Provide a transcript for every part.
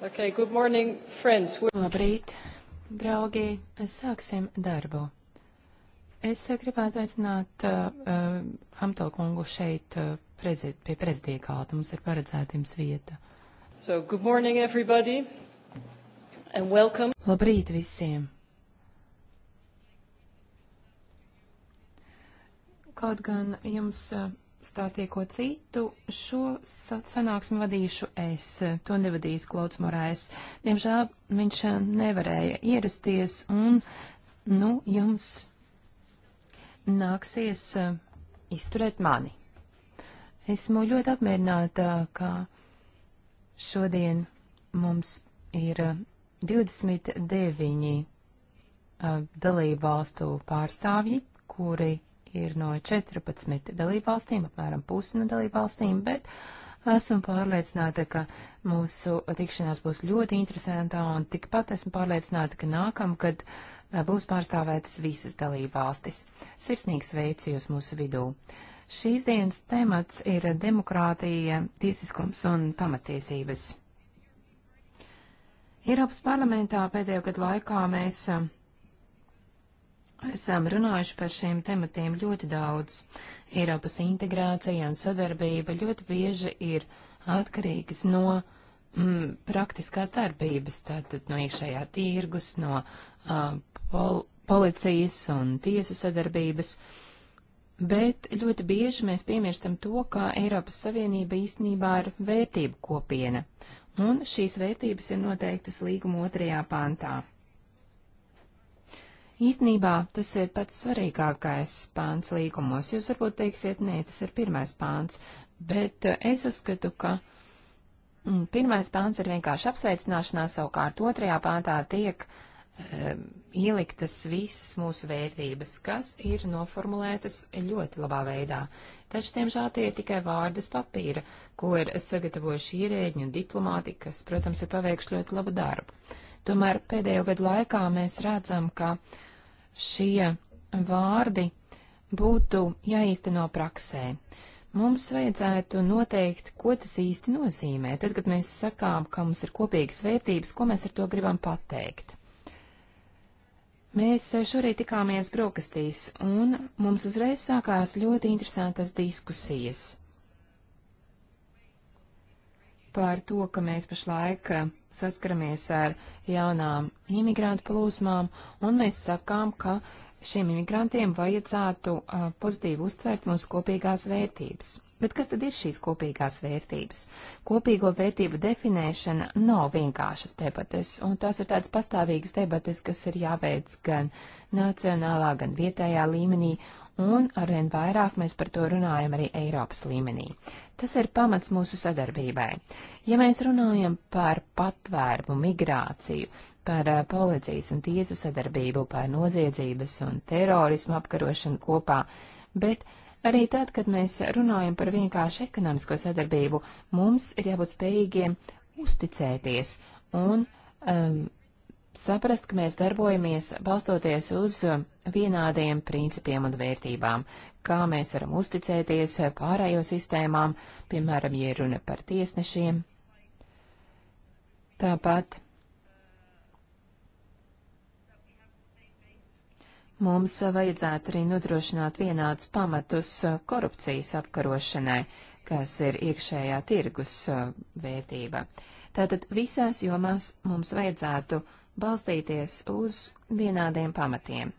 Okay, good morning, friends. Labrīt, draugi. Sāksim darbu. Es gribētu aicināt uh, uh Hamtala kungu šeit uh, prezid, pie prezidija kalta. Mums ir paredzēta jums vieta. So, good morning, everybody, and welcome. Labrīt visiem. Kaut gan jums uh, stāstīju ko citu. Šo sanāksmi vadīšu es. To nevadīs Klauds Morais. Diemžēl viņš eh, nevarēja ierasties un, nu, jums nāksies eh, izturēt mani. Esmu ļoti apmierināta, ka šodien mums ir 29 eh, dalību valstu pārstāvji, kuri ir no 14 dalībvalstīm, apmēram pusi no dalībvalstīm, bet esmu pārliecināta, ka mūsu tikšanās būs ļoti interesantā un tikpat esmu pārliecināta, ka nākamgad eh, būs pārstāvētas visas dalībvalstis. Sirsnīgi sveicu jūs mūsu vidū! Šīs dienas temats ir demokrātija, tiesiskums un pamatiesības. Eiropas parlamentā pēdējo gadu laikā mēs eh, Esam runājuši par šiem tematiem ļoti daudz. Eiropas integrācija un sadarbība ļoti bieži ir atkarīgas no mm, praktiskās darbības, tātad no iekšējā tirgus, no uh, pol policijas un tiesu sadarbības. Bet ļoti bieži mēs piemirstam to, ka Eiropas Savienība īstenībā ir vērtību kopiena, un šīs vērtības ir noteiktas līguma otrajā pantā. Īsnībā tas ir pats svarīgākais pāns līgumos. Jūs varbūt teiksiet, nē, tas ir pirmais pāns, bet eh, es uzskatu, ka mm, pirmais pāns ir vienkārši apsveicināšanās, savukārt otrajā pāntā tiek e, ieliktas visas mūsu vērtības, kas ir noformulētas ļoti labā veidā. Taču, diemžēl, tie ir tikai vārdas papīra, ko ir sagatavojuši ierēģi un diplomāti, kas, protams, ir paveikuši ļoti labu darbu. Tomēr pēdējo gadu laikā mēs redzam, ka uh, šie vārdi būtu jāīsteno praksē. Mums vajadzētu noteikt, ko tas īsti nozīmē, tad, kad mēs sakām, ka mums ir kopīgas vērtības, ko mēs ar to gribam pateikt. Mēs šorīt tikāmies brokastīs, un mums uzreiz sākās ļoti interesantas diskusijas par to, ka mēs pašlaik eh, saskaramies ar jaunām imigrantu plūsmām, un mēs sakām, ka šiem imigrantiem vajadzētu uh, pozitīvi uztvērt mūsu kopīgās vērtības. Bet kas tad ir šīs kopīgās vērtības? Kopīgo vērtību definēšana nav vienkāršas debates, un tās ir tādas pastāvīgas debates, kas ir jāveic gan nacionālā, gan vietējā līmenī, un arvien vairāk mēs par to runājam arī Eiropas līmenī. Tas ir pamats mūsu sadarbībai. Ja mēs runājam par patvērbu, migrāciju, par uh, policijas un tiesu sadarbību, par noziedzības un terorismu apkarošanu kopā, bet arī tad, kad mēs runājam par vienkāršu ekonomisko sadarbību, mums ir jābūt spējīgiem uzticēties un um, saprast, ka mēs darbojamies balstoties uz uh, vienādiem principiem un vērtībām, kā mēs varam uzticēties uh, pārējo sistēmām, piemēram, ja runa par tiesnešiem. Tāpat mums vajadzētu arī nodrošināt vienādus pamatus uh, korupcijas apkarošanai, kas ir iekšējā tirgus vērtība. Tātad visās jomās mums vajadzētu uh, balstīties uz vienādiem pamatiem.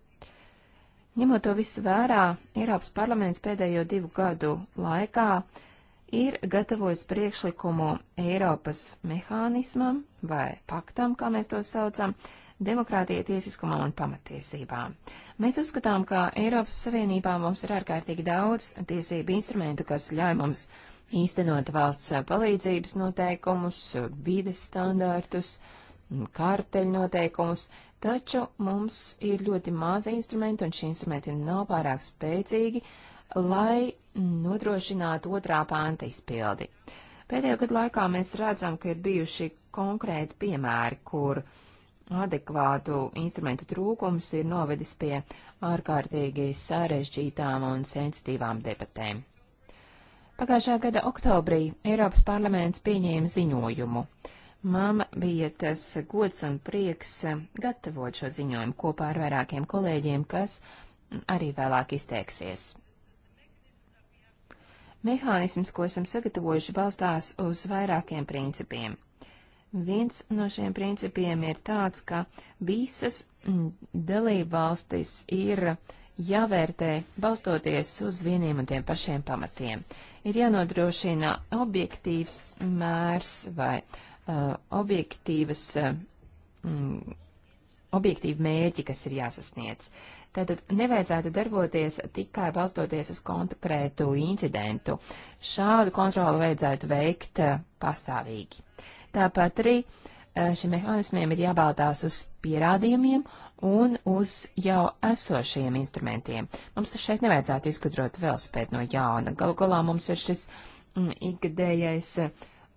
Ņemot to visu vērā, Eiropas parlaments pēdējo divu gadu laikā ir gatavojis priekšlikumu Eiropas mehānismam vai paktam, kā mēs to saucam, demokrātija, tiesiskumam un pamatiesībām. Mēs uzskatām, ka Eiropas Savienībā mums ir ārkārtīgi daudz tiesību instrumentu, kas ļauj mums īstenot valsts palīdzības noteikumus, vides standārtus, kārteļnoteikumus, taču mums ir ļoti maza instrumenta, un šie instrumenti nav pārāk spēcīgi, lai nodrošinātu otrā panta izpildi. Pēdējo gadu laikā mēs redzam, ka ir bijuši konkrēti piemēri, kur adekvātu instrumentu trūkums ir novedis pie ārkārtīgi sarežģītām un sensitīvām debatēm. Pagājušā gada oktobrī Eiropas parlaments pieņēma ziņojumu. Uh, Māma bija tas gods un prieks eh, gatavot šo ziņojumu kopā ar vairākiem kolēģiem, kas arī vēlāk izteiksies. Mehānisms, ko esam sagatavojuši, balstās uz vairākiem principiem. Viens no šiem principiem ir tāds, ka visas mm, dalībvalstis ir jāvērtē balstoties uz vieniem un tiem pašiem pamatiem. Ir jānodrošina objektīvs mērs vai Uh, objektīvas, uh, mm, objektīvi mērķi, kas ir jāsasniedz. Tātad nevajadzētu darboties tikai balstoties uz konkrētu incidentu. Šādu kontroli vajadzētu veikt uh, pastāvīgi. Tāpat arī šiem mehānismiem ir jābaltās uz pierādījumiem un uz jau esošajiem instrumentiem. Mums šeit nevajadzētu izgudrot velosipēdu no jauna. Galu galā mums ir šis mm, ikgadējais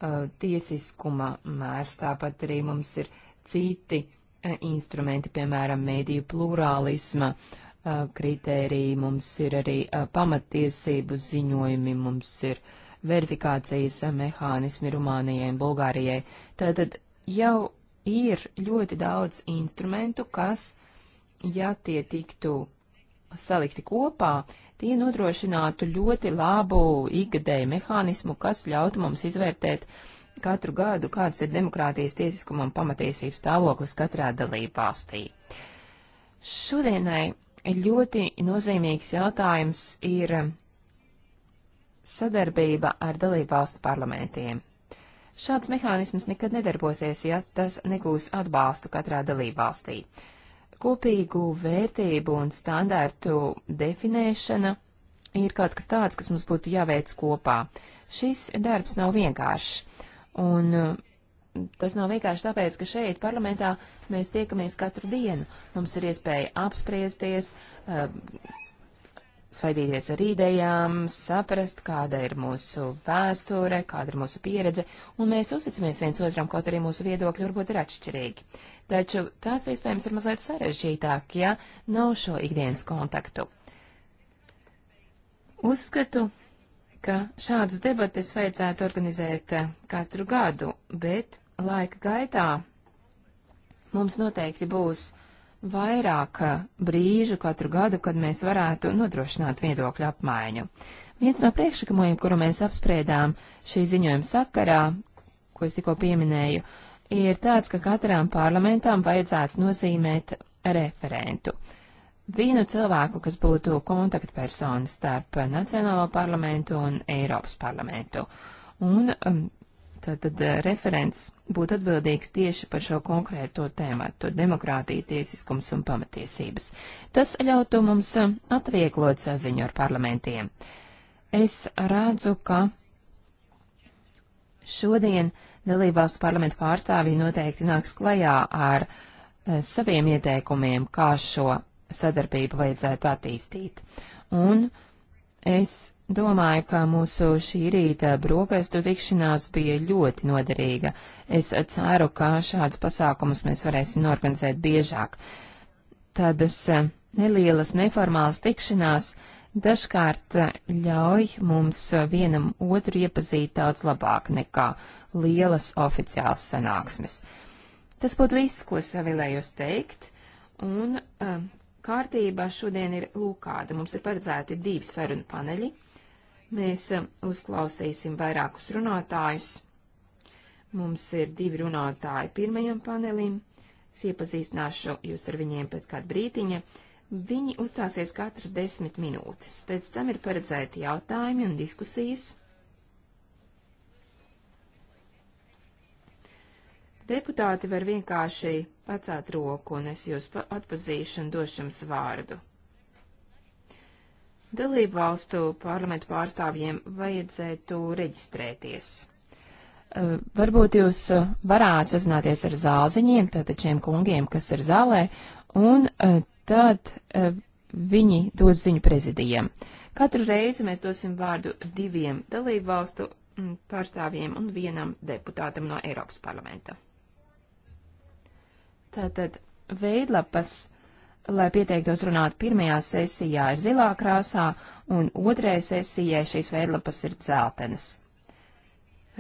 uh, tiesiskuma mērs, tāpat arī mums ir citi uh, instrumenti, piemēram, mēdīju plurālisma uh, kritēriji, mums ir arī uh, pamatiesību ziņojumi, mums ir verifikācijas uh, mehānismi Rumānijai un Bulgārijai. Tātad jau ir ļoti daudz instrumentu, kas, ja tie tiktu salikti kopā, Tie nodrošinātu ļoti labu ikgadēju mehānismu, kas ļautu mums izvērtēt katru gadu, kāds ir demokrātijas tiesiskuma un pamatiesības stāvoklis katrā dalību valstī. Šodienai ļoti nozīmīgs jautājums ir sadarbība ar dalību valstu parlamentiem. Šāds mehānisms nekad nedarbosies, ja tas negūs atbalstu katrā dalībvalstī. Kopīgu vērtību un standārtu definēšana ir kaut kas tāds, kas mums būtu jāveic kopā. Šis darbs nav vienkāršs. Un uh, tas nav vienkārši tāpēc, ka šeit parlamentā mēs tiekamies katru dienu. Mums ir iespēja apspriesties, uh, svaidīties ar idejām, saprast, kāda ir mūsu vēsture, kāda ir mūsu pieredze, un mēs uzticamies viens otram, kaut arī mūsu viedokļi varbūt ir atšķirīgi. Taču tās iespējams ir mazliet sarežģītāk, ja nav šo ikdienas kontaktu. Uzskatu, ka šādas debates vajadzētu organizēt eh, katru gadu, bet laika gaitā mums noteikti būs vairāk eh, brīžu katru gadu, kad mēs varētu nodrošināt viedokļu apmaiņu. Viens no priekšlikumiem, kuru mēs apspriedām šī ziņojuma sakarā, ko es tikko pieminēju, ir tāds, ka katram parlamentam vajadzētu nozīmēt referentu. Vienu cilvēku, kas būtu kontaktpersona starp Nacionālo parlamentu un Eiropas parlamentu. Un um, Tātad eh, referents būtu atbildīgs tieši par šo konkrēto tēmatu - demokrātija, tiesiskums un pamatiesības. Tas ļautu mums eh, atvieglot saziņu ar parlamentiem. Es redzu, ka šodien dalībvalstu parlamentu pārstāvji noteikti nāks klajā ar eh, saviem ieteikumiem, kā šo sadarbību vajadzētu attīstīt. Un es Domāju, ka mūsu šī rīta brokastu tikšanās bija ļoti noderīga. Es ceru, ka šādus pasākumus mēs varēsim norganizēt biežāk. Tādas eh, nelielas neformālas tikšanās dažkārt eh, ļauj mums vienam otru iepazīt daudz labāk nekā lielas oficiālas sanāksmes. Tas būtu viss, ko es vēlējos teikt, un eh, kārtībā šodien ir lūkāda. Mums ir paredzēti divi sarunu paneļi. Mēs eh, uzklausīsim vairākus runātājus. Mums ir divi runātāji pirmajam panelim. Es iepazīstināšu jūs ar viņiem pēc kāda brītiņa. Viņi uzstāsies katras desmit minūtes. Pēc tam ir paredzēti jautājumi un diskusijas. Deputāti var vienkārši pacelt roku, un es jūs atpazīšu un došu jums vārdu. Dalību valstu parlamentu pārstāvjiem vajadzētu reģistrēties. Varbūt jūs varētu sazināties ar zāziņiem, tātad šiem kungiem, kas ir zālē, un tad viņi dos ziņu prezidijam. Katru reizi mēs dosim vārdu diviem dalību valstu pārstāvjiem un vienam deputātam no Eiropas parlamenta. Tātad veidlapas lai pieteiktos runāt pirmajā sesijā, ir zilā krāsā, un otrajā sesijā šīs veidlapas ir dzeltenas.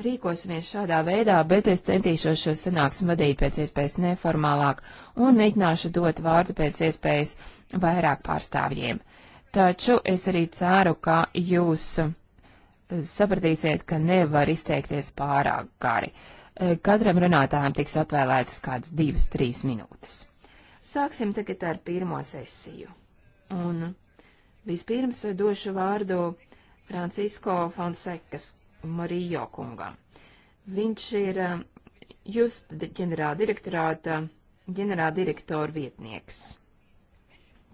Rīkosimies šādā veidā, bet es centīšos šo sanāksmu vadīt pēc iespējas neformālāk un mēģināšu dot vārdu pēc iespējas vairāk pārstāvjiem. Taču es arī ceru, ka jūs eh, sapratīsiet, ka nevar izteikties pārāk gari. Eh, katram runātājam tiks atvēlētas kādas divas, trīs minūtes. Sāksim tagad ar pirmo sesiju. Un vispirms došu vārdu Francisko Fonsekas Morijo kungam. Viņš ir eh, just ģenerāldirektorāta ģenerāldirektora vietnieks.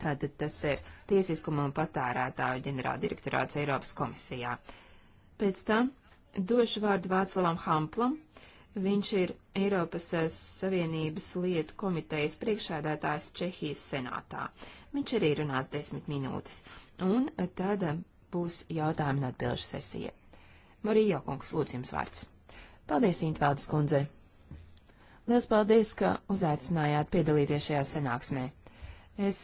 Tātad tas ir tiesiskuma un patārētāju ģenerāldirektorāts Eiropas komisijā. Pēc tam došu vārdu Vāclavam Hamplam, Viņš ir Eiropas eh, Savienības lietu komitejas priekšādātājs Čehijas senātā. Viņš arī runās desmit minūtes, un eh, tad eh, būs jautājumi un atbilžu sesija. Marija Jokungs, lūdzu jums vārds. Paldies, Intvaldes kundze! Liels paldies, ka uzaicinājāt piedalīties šajā senāksmē. Es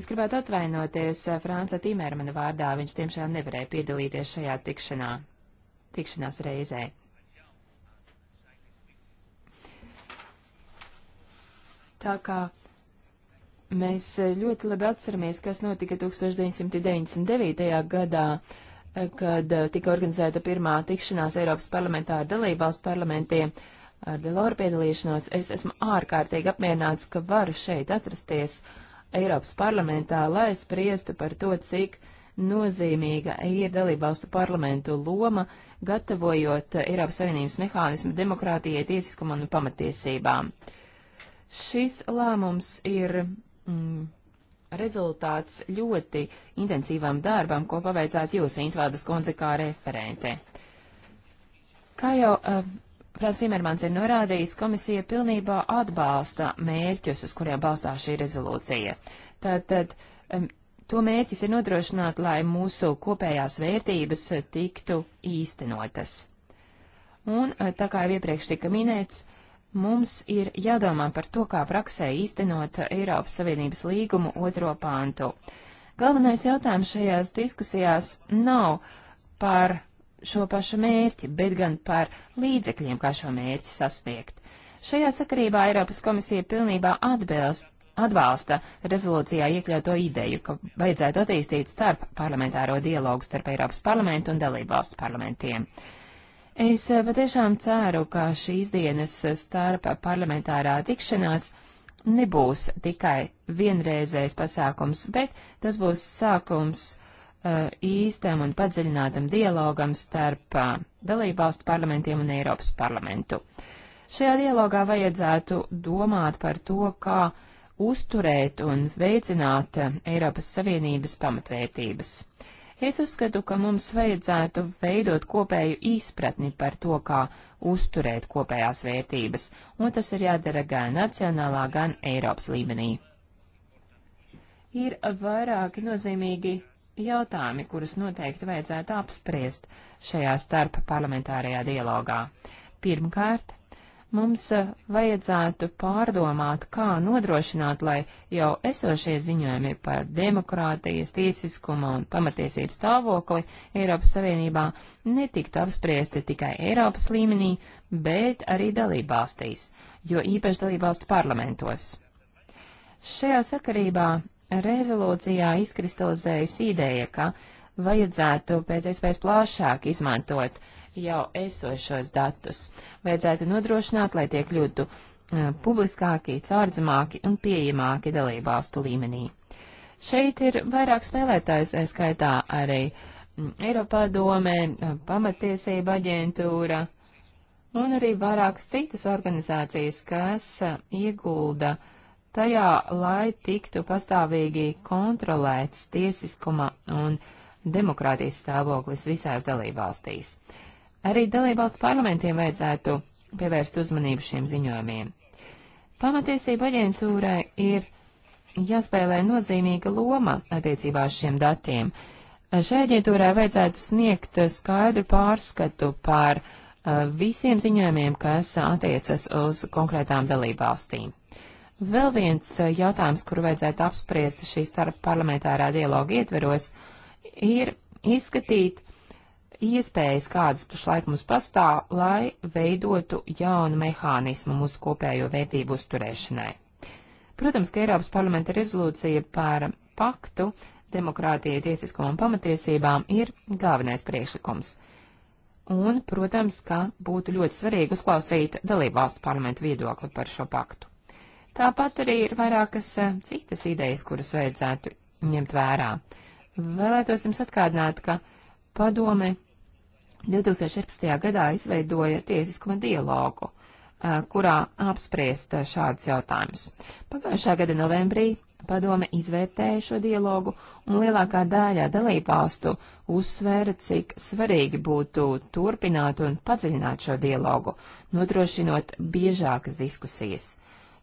Es gribētu atvainoties Franca Timermana vārdā, viņš tiemžēl nevarēja piedalīties šajā tikšanā, tikšanās reizē. Tā kā mēs e, ļoti labi atceramies, kas notika 1999. gadā, e, kad e, tika organizēta pirmā tikšanās Eiropas parlamentā ar dalībvalstu parlamentiem. Ar Deloru piedalīšanos es esmu ārkārtīgi apmierināts, ka varu šeit atrasties Eiropas parlamentā, lai spriestu par to, cik nozīmīga ir dalībvalstu parlamentu loma, gatavojot Eiropas Savienības mehānismu demokrātijai, tiesiskumam un pamatiesībām. Uh, Šis lēmums ir mm, rezultāts ļoti intensīvam darbam, ko paveicāt jūs, Intvādas kundze, kā referente. Kā jau uh, Frans Zimmermans ir norādījis, komisija pilnībā atbalsta mērķus, uz kuriem balstās šī rezolūcija. Tātad um, to mērķis ir nodrošināt, lai mūsu kopējās vērtības tiktu īstenotas. Un, eh, tā kā jau iepriekš tika minēts, Mums ir jādomā par to, kā praksē īstenot Eiropas Savienības līgumu otro pāntu. Galvenais jautājums šajās diskusijās nav par šo pašu mērķi, bet gan par līdzekļiem, kā šo mērķi sasniegt. Šajā sakarībā Eiropas komisija pilnībā atbilst, atbalsta rezolūcijā iekļauto ideju, ka vajadzētu attīstīt starp parlamentāro dialogu starp Eiropas parlamentu un dalībvalstu parlamentiem. Uh, Es eh, patiešām ceru, ka šīs dienas eh, starp parlamentārā tikšanās nebūs tikai vienreizējs pasākums, bet tas būs sākums eh, īstam un padziļinātam dialogam starp dalībvalstu parlamentiem un Eiropas parlamentu. Šajā dialogā vajadzētu domāt par to, kā uzturēt un veicināt Eiropas Savienības pamatvērtības. Uh, Es uzskatu, ka mums vajadzētu veidot kopēju izpratni par to, kā uzturēt kopējās vērtības, un tas ir jādara gan nacionālā, gan Eiropas līmenī. Ir vairāki nozīmīgi jautājumi, kurus noteikti vajadzētu apspriest šajā starp parlamentārajā dialogā. Pirmkārt, Mums eh, vajadzētu pārdomāt, kā nodrošināt, lai jau esošie ziņojumi par demokrātijas, tiesiskuma un pamatiesības stāvokli Eiropas Savienībā netiktu apspriesti tikai Eiropas līmenī, bet arī dalībvalstīs, jo īpaši dalībvalstu parlamentos. Šajā sakarībā rezolūcijā izkristalizējas ideja, ka vajadzētu pēc iespējas plašāk izmantot jau esošos datus. Vajadzētu nodrošināt, lai tie kļūtu uh, publiskāki, caurdzamāki un pieejamāki dalībvalstu līmenī. Šeit ir vairāk spēlētājs, e, skaitā arī Eiropadome, pamatiesība aģentūra un arī vairākas citas organizācijas, kas uh, iegulda tajā, lai tiktu pastāvīgi kontrolēts tiesiskuma un demokrātijas stāvoklis visās dalībvalstīs. Arī dalībvalstu parlamentiem vajadzētu pievērst uzmanību šiem ziņojumiem. Pamatiesība aģentūrai ir jāspēlē nozīmīga loma attiecībā uz šiem datiem. Šai aģentūrai vajadzētu sniegt skaidru pārskatu par uh, visiem ziņojumiem, kas attiecas uz konkrētām dalībvalstīm. Vēl viens uh, jautājums, kuru vajadzētu apspriest šī starp parlamentārā dialoga ietveros, ir izskatīt iespējas, kādas pašlaik mums pastāv, lai veidotu jaunu mehānismu mūsu kopējo vērtību uzturēšanai. Protams, ka Eiropas parlamenta rezolūcija par paktu demokrātijai, tiesiskumam un pamatiesībām ir galvenais priekšlikums. Un, protams, ka būtu ļoti svarīgi uzklausīt dalību valstu parlamentu viedokli par šo paktu. Tāpat arī ir vairākas eh, citas idejas, kuras vajadzētu ņemt vērā. Vēlētos jums atgādināt, ka padome 2014. gadā izveidoja tiesiskuma dialogu, kurā apspriest šādus jautājumus. Pagājušā gada novembrī padome izvērtēja šo dialogu, un lielākā daļa dalībvalstu uzsvēra, cik svarīgi būtu turpināt un padziļināt šo dialogu, nodrošinot biežākas diskusijas.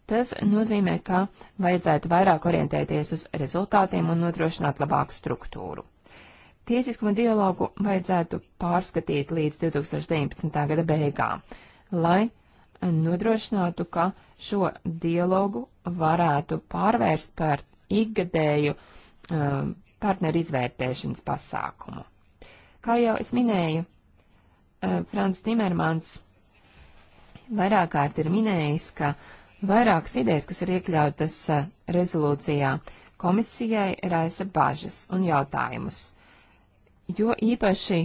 Tas nozīmē, ka vajadzētu vairāk orientēties uz rezultātiem un nodrošināt labāku struktūru. Tiesiskuma dialogu vajadzētu pārskatīt līdz 2019. gada beigām, lai nodrošinātu, ka šo dialogu varētu pārvērst par ikgadēju um, partneru izvērtēšanas pasākumu. Kā jau es minēju, uh, Frans Timermans vairāk kārt ir minējis, ka vairākas idejas, kas ir iekļautas uh, rezolūcijā, komisijai raisa bažas un jautājumus jo īpaši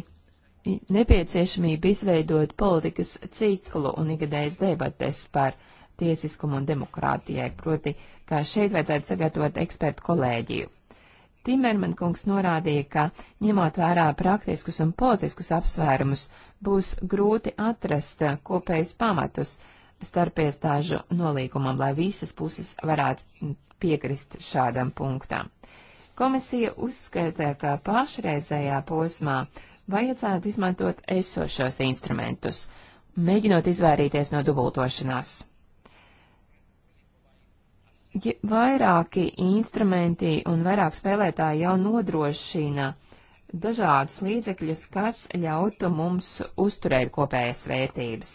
nepieciešamība izveidot politikas ciklu un ikgadējas debates par tiesiskumu un demokrātijai, proti, kā šeit vajadzētu sagatavot ekspertu kolēģiju. Timerman kungs norādīja, ka, ņemot vērā praktiskus un politiskus apsvērumus, būs grūti atrast kopējus pamatus starpiestāžu nolīgumam, lai visas puses varētu piekrist šādam punktam. Uh, Komisija uzskaita, ka pašreizējā posmā vajadzētu izmantot esošos instrumentus, mēģinot izvairīties no dubultošanās. Ja vairāki instrumenti un vairāk spēlētāji jau nodrošina dažādus līdzekļus, kas ļautu mums uzturēt kopējas vērtības.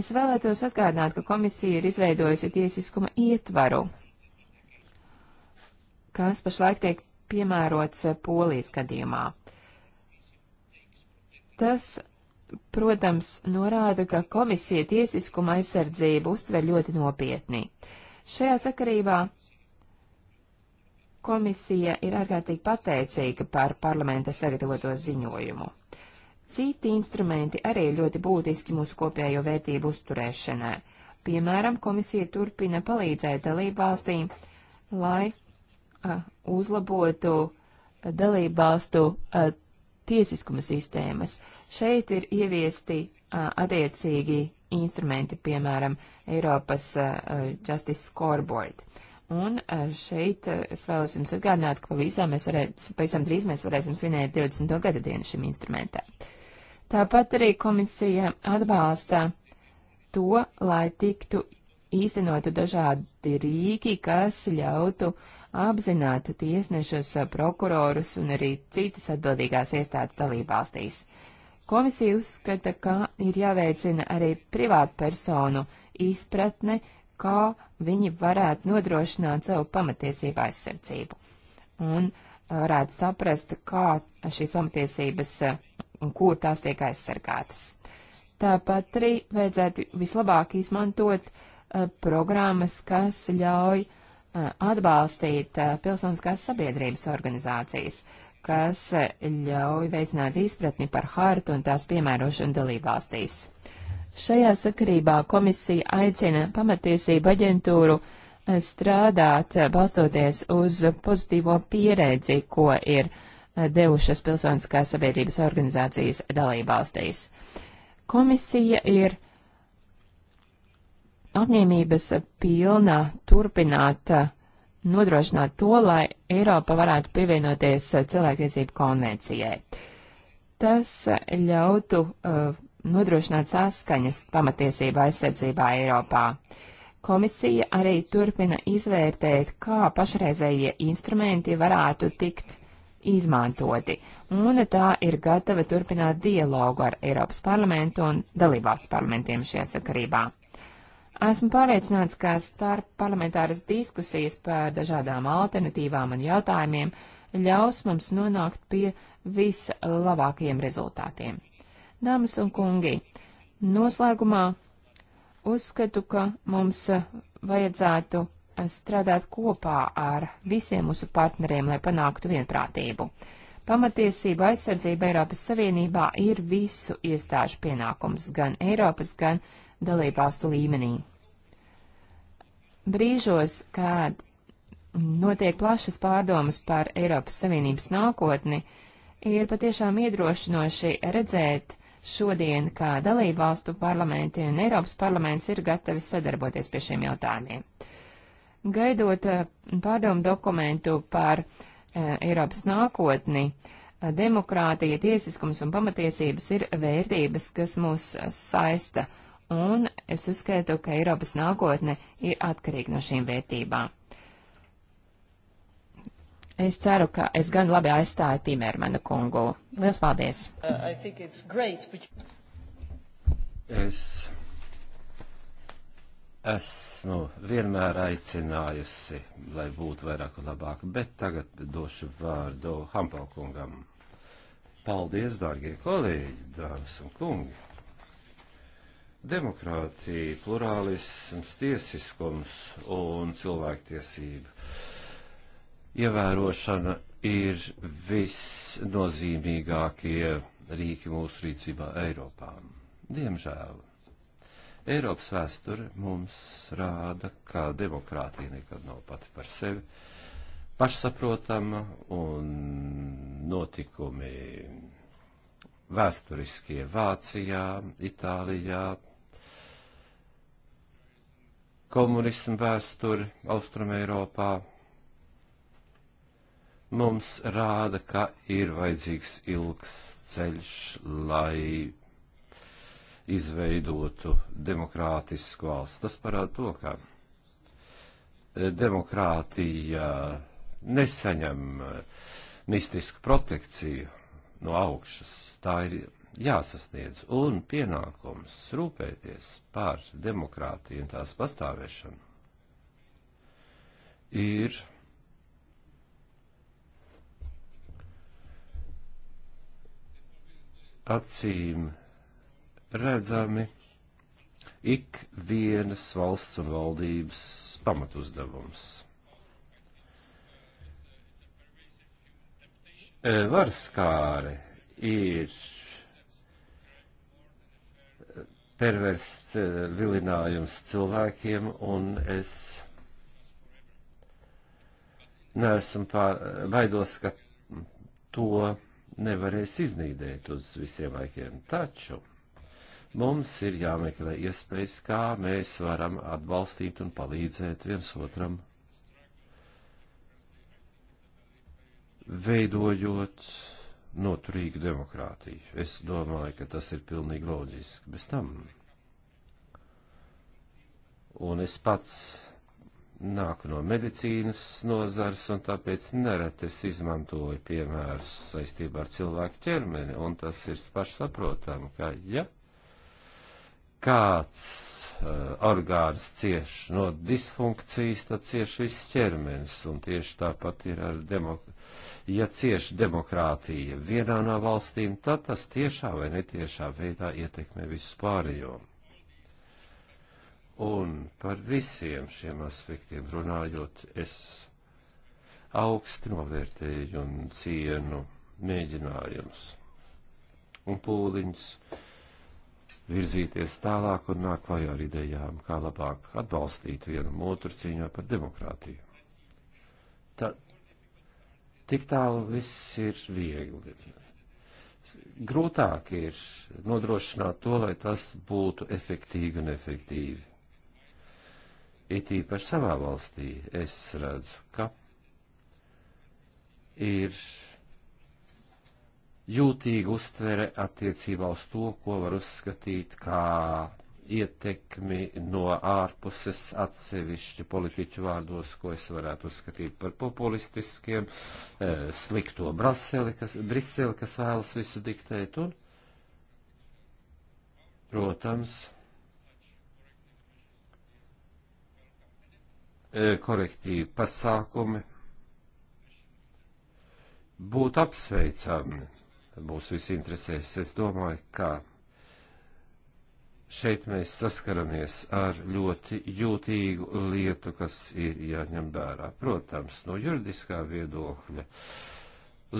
Es vēlētos atgādināt, ka komisija ir izveidojusi tiesiskuma ietvaru, kas pašlaik tiek piemērots eh, Polijas gadījumā. Tas, protams, norāda, ka komisija tiesiskuma aizsardzību uztver ļoti nopietni. Šajā sakarībā komisija ir ārkārtīgi pateicīga par parlamenta sagatavoto ziņojumu. Citi instrumenti arī ir ļoti būtiski mūsu kopējo vērtību uzturēšanai. Piemēram, komisija turpina palīdzēt dalībvalstīm, lai uzlabotu dalībvalstu tiesiskuma sistēmas. Šeit ir ieviesti attiecīgi instrumenti, piemēram, Eiropas Justice Scoreboard. Un šeit es vēlos jums atgādināt, ka pavisam, mēs varētu, pavisam drīz mēs varēsim svinēt 20. gada dienu šim instrumentam. Tāpat arī komisija atbalsta to, lai tiktu īstenotu dažādi rīki, kas ļautu apzināt tiesnešus, prokurorus un arī citas atbildīgās iestādes dalībvalstīs. Komisija uzskata, ka ir jāveicina arī privātpersonu izpratne, kā viņi varētu nodrošināt savu pamatiesību aizsardzību. Un uh, varētu saprast, kā šīs pamatiesības uh, un kur tās tiek aizsargātas. Tāpat arī vajadzētu vislabāk izmantot uh, Eh, programmas, kas ļauj eh, atbalstīt eh, pilsoniskās sabiedrības organizācijas, kas ļauj veicināt izpratni par hartu un tās piemērošanu dalībvalstīs. Šajā sakarībā komisija aicina pamatiesību aģentūru strādāt, balstoties uz pozitīvo pieredzi, ko ir devušas pilsoniskās sabiedrības organizācijas dalībvalstīs. Komisija ir uh, apņēmības pilna turpināt eh, nodrošināt to, lai Eiropa varētu pievienoties eh, cilvēktiesību konvencijai. Tas eh, ļautu uh, nodrošināt saskaņas pamatiesību aizsardzībā Eiropā. Komisija arī turpina izvērtēt, kā pašreizējie instrumenti varētu tikt izmantoti, un tā ir gatava turpināt dialogu ar Eiropas parlamentu un dalībvalstu parlamentiem šajā sakarībā. Esmu pārliecināts, ka starp parlamentāras diskusijas par dažādām alternatīvām un jautājumiem ļaus mums nonākt pie vislabākajiem rezultātiem. Dāmas un kungi, noslēgumā uzskatu, ka mums vajadzētu strādāt kopā ar visiem mūsu partneriem, lai panāktu vienprātību. Pamatiesība aizsardzība Eiropas Savienībā ir visu iestāžu pienākums gan Eiropas, gan dalībvalstu līmenī brīžos, kad notiek plašas pārdomas par Eiropas Savienības nākotni, ir patiešām iedrošinoši redzēt šodien, kā dalību valstu parlamenti un Eiropas parlaments ir gatavi sadarboties pie šiem jautājumiem. Gaidot eh, pārdomu dokumentu par eh, Eiropas nākotni, eh, demokrātija, tiesiskums un pamatiesības ir vērtības, kas mūs saista un es uzskaitu, ka Eiropas nākotne ir atkarīga no šīm vērtībām. Es ceru, ka es gan labi aizstāju Timermana kungu. Lielas paldies! Uh, great, but... Es esmu vienmēr aicinājusi, lai būtu vairāk un labāk, bet tagad došu vārdu Hampelkungam. Paldies, dārgie kolēģi, dāmas un kungi! Demokrātija, plurālisms, tiesiskums un cilvēktiesība ievērošana ir visnozīmīgākie rīki mūsu rīcībā Eiropā. Diemžēl Eiropas vēsture mums rāda, ka demokrātija nekad nav pati par sevi pašsaprotama un notikumi vēsturiskie Vācijā, Itālijā, komunismu vēsturi Austrum Eiropā mums rāda, ka ir vajadzīgs ilgs ceļš, lai izveidotu demokrātisku valsts. Tas parāda to, ka eh, demokrātija nesaņem eh, mistisku protekciju no augšas. Tā ir jāsasniedz un pienākums rūpēties par demokrātiju un tās pastāvēšanu ir acīm redzami ik vienas valsts un valdības pamatuzdevums. E, Varskāre ir perversts eh, vilinājums cilvēkiem, un es neesmu pār, baidos, ka to nevarēs iznīdēt uz visiem laikiem. Taču mums ir jāmeklē iespējas, kā mēs varam atbalstīt un palīdzēt viens otram, veidojot noturīgu demokrātiju. Es domāju, ka tas ir pilnīgi loģiski bez tam. Un es pats nāku no medicīnas nozars, un tāpēc nereti es izmantoju piemērus saistībā ar cilvēku ķermeni, un tas ir pašsaprotami, ka ja kāds Eh, orgāns cieš no disfunkcijas, tad cieš viss ķermenis, un tieši tāpat ir ar demokrātiju. Ja cieš demokrātija vienā no valstīm, tad tas tiešā vai netiešā veidā ietekmē visus pārējo. Un par visiem šiem aspektiem runājot, es augsti novērtēju un cienu mēģinājumus un pūliņus virzīties tālāk un nāk klajā ar idejām, kā labāk atbalstīt vienam otru cīņā par demokrātiju. Ta, tik tālu viss ir viegli. Grūtāk ir nodrošināt to, lai tas būtu efektīgi un efektīvi. It īpaši savā valstī es redzu, ka ir jūtīgi uztvere attiecībā uz to, ko var uzskatīt kā ietekmi no ārpuses atsevišķi politiķu vārdos, ko es varētu uzskatīt par populistiskiem, eh, slikto Braseli, kas, Briseli, kas vēlas visu diktēt, un, protams, eh, korektīvi pasākumi būtu apsveicami mūsu visi interesēs. Es domāju, ka šeit mēs saskaramies ar ļoti jūtīgu lietu, kas ir jāņem vērā. Protams, no juridiskā viedokļa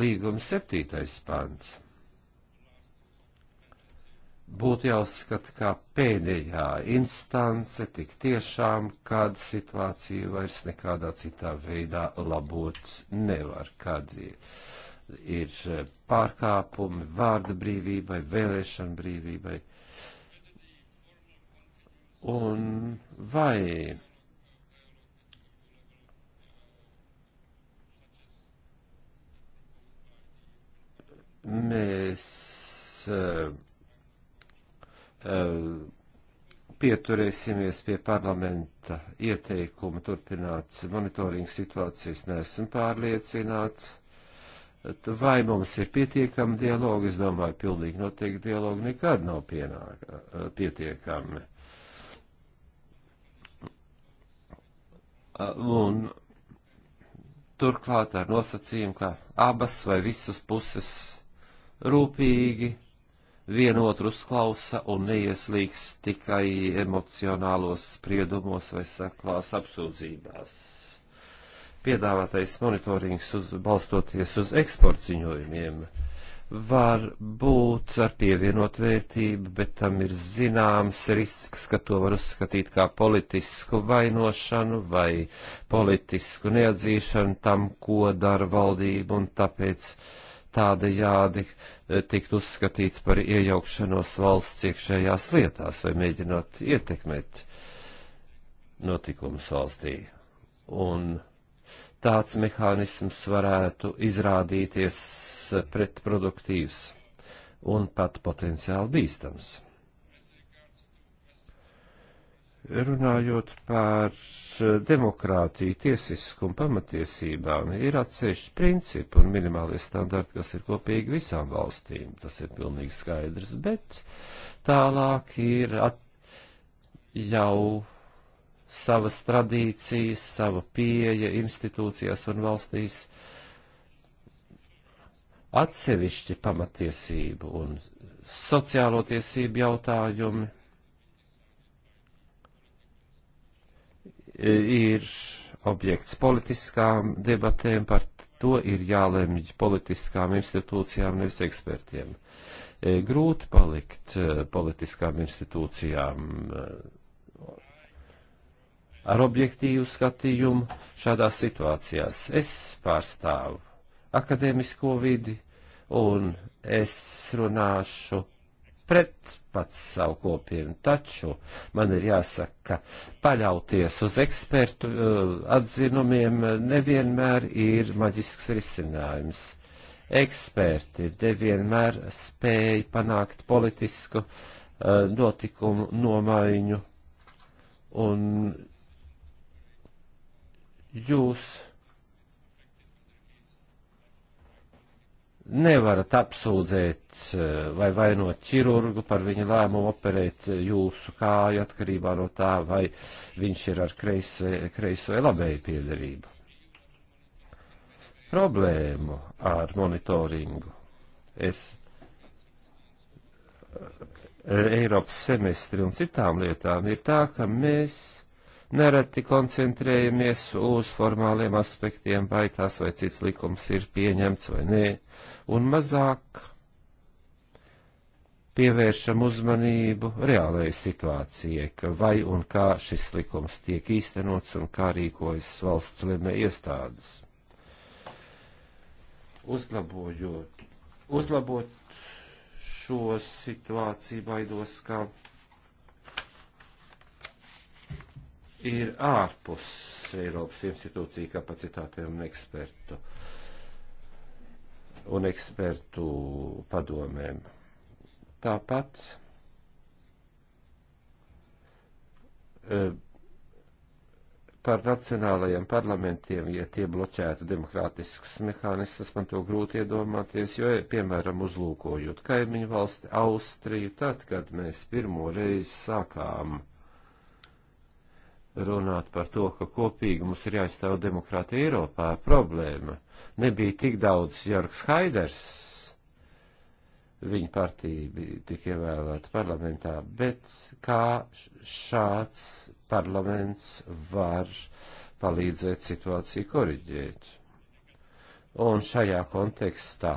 līguma septītais pants būtu jāuzskata kā pēdējā instance tik tiešām, kad situācija vairs nekādā citā veidā labot nevar, kad ir ir eh, pārkāpumi vārda brīvībai, vēlēšana brīvībai. Un vai mēs uh, uh, pieturēsimies pie parlamenta ieteikuma turpināt monitoringu situācijas, neesmu pārliecināts vai mums ir pietiekami dialogi, es domāju, pilnīgi noteikti dialogi nekad nav pienāk, eh, pietiekami. Eh, un turklāt ar nosacījumu, ka abas vai visas puses rūpīgi vienotru uzklausa un neieslīgs tikai emocionālos spriedumos vai saklās apsūdzībās piedāvātais monitorings uz, balstoties uz eksporta ziņojumiem var būt ar pievienot vērtību, bet tam ir zināms risks, ka to var uzskatīt kā politisku vainošanu vai politisku neatzīšanu tam, ko dara valdība, un tāpēc tāda jādi e, tikt uzskatīts par iejaukšanos valsts iekšējās lietās vai mēģinot ietekmēt notikumus valstī. Un tāds mehānisms varētu izrādīties pretproduktīvs un pat potenciāli bīstams. Runājot par demokrātiju, tiesiskumu, pamatiesībām, ir atsevišķi principi un minimālie standarti, kas ir kopīgi visām valstīm. Tas ir pilnīgi skaidrs, bet tālāk ir at, jau savas tradīcijas, sava pieeja institūcijās un valstīs atsevišķi pamatiesību un sociālo tiesību jautājumi ir objekts politiskām debatēm, par to ir jālemj politiskām institūcijām, nevis ekspertiem. Grūti palikt eh, politiskām institūcijām eh, ar objektīvu skatījumu šādās situācijās. Es pārstāvu akadēmisko vidi un es runāšu pret pats savu kopienu, taču man ir jāsaka, ka paļauties uz ekspertu eh, atzinumiem nevienmēr ir maģisks risinājums. Eksperti nevienmēr spēj panākt politisku eh, notikumu nomaiņu un jūs nevarat apsūdzēt eh, vai vainot ķirurgu par viņa lēmumu operēt jūsu kāju atkarībā no tā, vai viņš ir ar kreiso, kreiso vai labēju piedarību. Problēmu ar monitoringu es eh, Eiropas semestri un citām lietām ir tā, ka mēs nereti koncentrējamies uz formāliem aspektiem, vai tas vai cits likums ir pieņemts vai nē, un mazāk pievēršam uzmanību reālajai situācijai, ka vai un kā šis likums tiek īstenots un kā rīkojas valsts lemē iestādes. Uzlabojot, uzlabot šo situāciju baidos, ka ir ārpus Eiropas institūciju kapacitātēm un ekspertu un ekspertu padomēm. Tāpat e, par nacionālajiem parlamentiem, ja tie bloķētu demokrātiskus mehānismus, man to grūti iedomāties, jo, piemēram, uzlūkojot kaimiņu valsti Austriju, tad, kad mēs pirmo reizi sākām runāt par to, ka kopīgi mums ir jāizstāv demokrātija Eiropā problēma. Nebija tik daudz Jorgs Haiders, viņa partija bija tik ievēlēta parlamentā, bet kā šāds parlaments var palīdzēt situāciju koriģēt? Un šajā kontekstā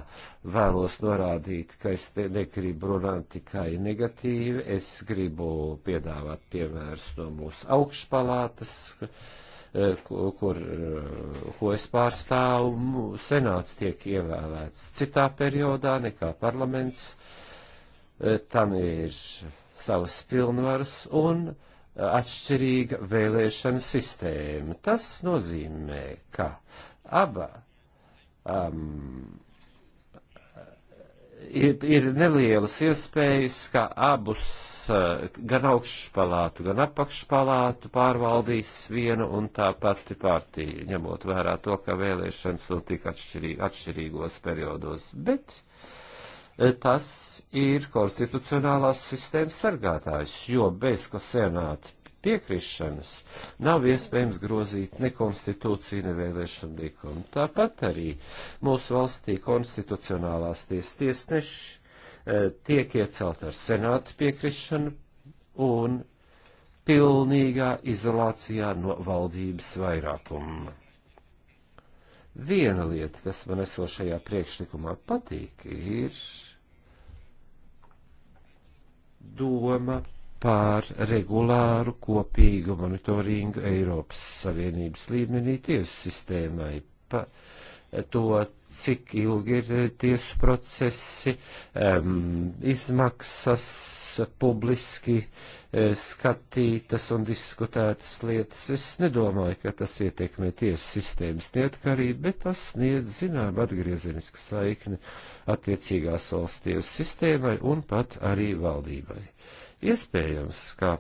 vēlos norādīt, ka es negribu runāt tikai negatīvi, es gribu piedāvāt piemērus no mūsu augšpalātas, eh, kur, eh, ko es pārstāvu. Senāts tiek ievēlēts citā periodā nekā parlaments, eh, tam ir savas pilnvaras un atšķirīga vēlēšana sistēma. Tas nozīmē, ka abā um, ir, ir nelielas iespējas, ka abus, uh, gan augšpalātu, gan apakšpalātu pārvaldīs viena un tā pati partija, ņemot vērā to, ka vēlēšanas notika atšķirī, atšķirīgos periodos. Bet uh, tas ir konstitucionālās sistēmas sargātājs, jo bez ko senāti piekrišanas nav iespējams grozīt ne konstitūciju, ne vēlēšanu likumu. Tāpat arī mūsu valstī konstitucionālās tiesas tiesneši eh, tiek iecelt ar senātu piekrišanu un pilnīgā izolācijā no valdības vairākuma. Viena lieta, kas man esošajā priekšlikumā patīk, ir doma pār regulāru kopīgu monitoringu Eiropas Savienības līmenī tiesu sistēmai. Pa, to, cik ilgi ir tiesu procesi, um, izmaksas, publiski e, skatītas un diskutētas lietas. Es nedomāju, ka tas ietekmē tiesu sistēmas neatkarību, bet tas sniedz zinām atgriezenisku saikni attiecīgās valsts tiesu sistēmai un pat arī valdībai. Uh, Iespējams, ka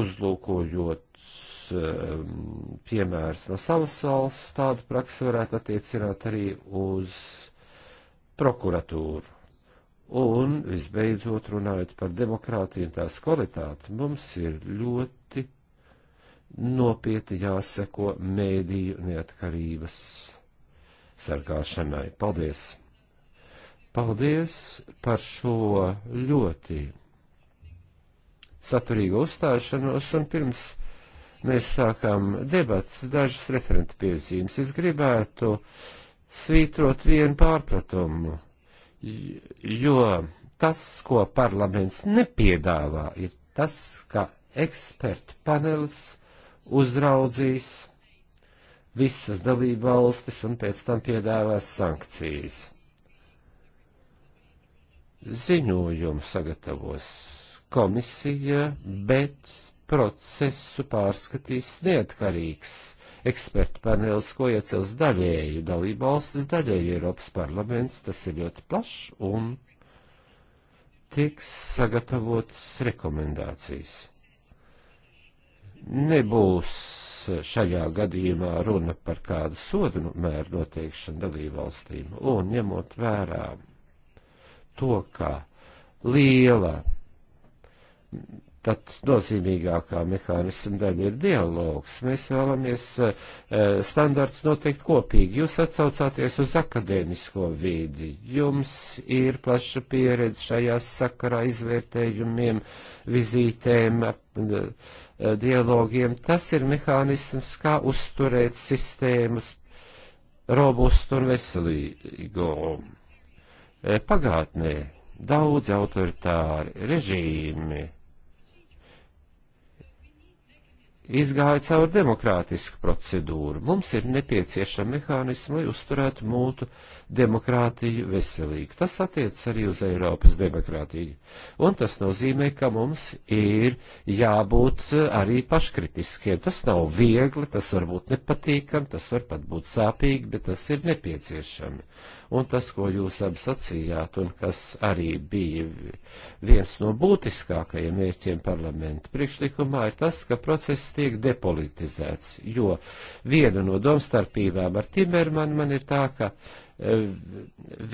uzlūkojot um, piemērs no savas valsts, tādu praksi varētu attiecināt arī uz prokuratūru. Un, visbeidzot, runājot par demokrātiju un tās kvalitāti, mums ir ļoti nopietni jāseko mēdīju neatkarības sargāšanai. Paldies! Paldies par šo ļoti saturīgu uzstāšanos, un pirms mēs sākām debats, dažas referenta piezīmes. Es gribētu svītrot vienu pārpratumu, jo tas, ko parlaments nepiedāvā, ir tas, ka ekspertu panelis uzraudzīs visas dalībvalstis un pēc tam piedāvās sankcijas. Ziņojumu sagatavos komisija, bet procesu pārskatīs neatkarīgs ekspertu panelis, ko iecels daļēju dalību valstis, daļēju Eiropas parlaments. Tas ir ļoti plašs un tiks sagatavotas rekomendācijas. Nebūs šajā gadījumā runa par kādu sodu nu, mēru noteikšanu dalību valstīm, un ņemot vērā to, ka liela, pat nozīmīgākā mehānisma daļa ir dialogs. Mēs vēlamies eh, standarts noteikt kopīgi. Jūs atsaucāties uz akadēmisko vīdi. Jums ir plaša pieredze šajā sakarā izvērtējumiem, vizītēm, eh, dialogiem. Tas ir mehānisms, kā uzturēt sistēmas robustu un veselīgu E, pagātnē daudz autoritāri režīmi izgāja cauri demokrātisku procedūru. Mums ir nepieciešama mehānisma, lai uzturētu mūtu demokrātiju veselīgu. Tas attiecas arī uz Eiropas demokrātiju. Un tas nozīmē, ka mums ir jābūt eh, arī paškritiskiem. Tas nav viegli, tas var būt nepatīkam, tas var pat būt sāpīgi, bet tas ir nepieciešami. Un tas, ko jūs abi sacījāt, un kas arī bija viens no būtiskākajiem mērķiem parlamenta priekšlikumā, ir tas, ka process tiek depolitizēts, jo viena no domstarpībām ar Timermanu man ir tā, ka eh,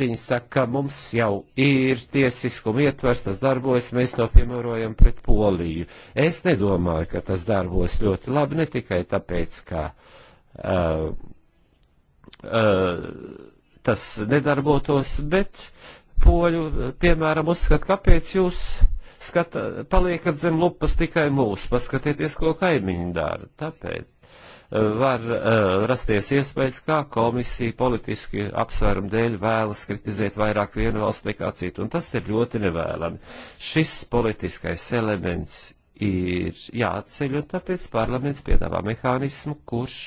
viņi saka, ka mums jau ir tiesiskuma ietvers, tas darbojas, mēs to piemērojam pret Poliju. Es nedomāju, ka tas darbojas ļoti labi, ne tikai tāpēc, ka uh, uh, tas nedarbotos, bet poļu, piemēram, uzskat, kāpēc jūs uh, skata, paliekat zem lupas tikai mūs, paskatieties, ko kaimiņi dara. Tāpēc eh, var uh, rasties iespējas, kā komisija politiski apsvērumu dēļ vēlas kritizēt vairāk vienu valstu nekā citu, un tas ir ļoti nevēlami. Šis politiskais elements ir jāatceļ, un tāpēc parlaments piedāvā mehānismu, kurš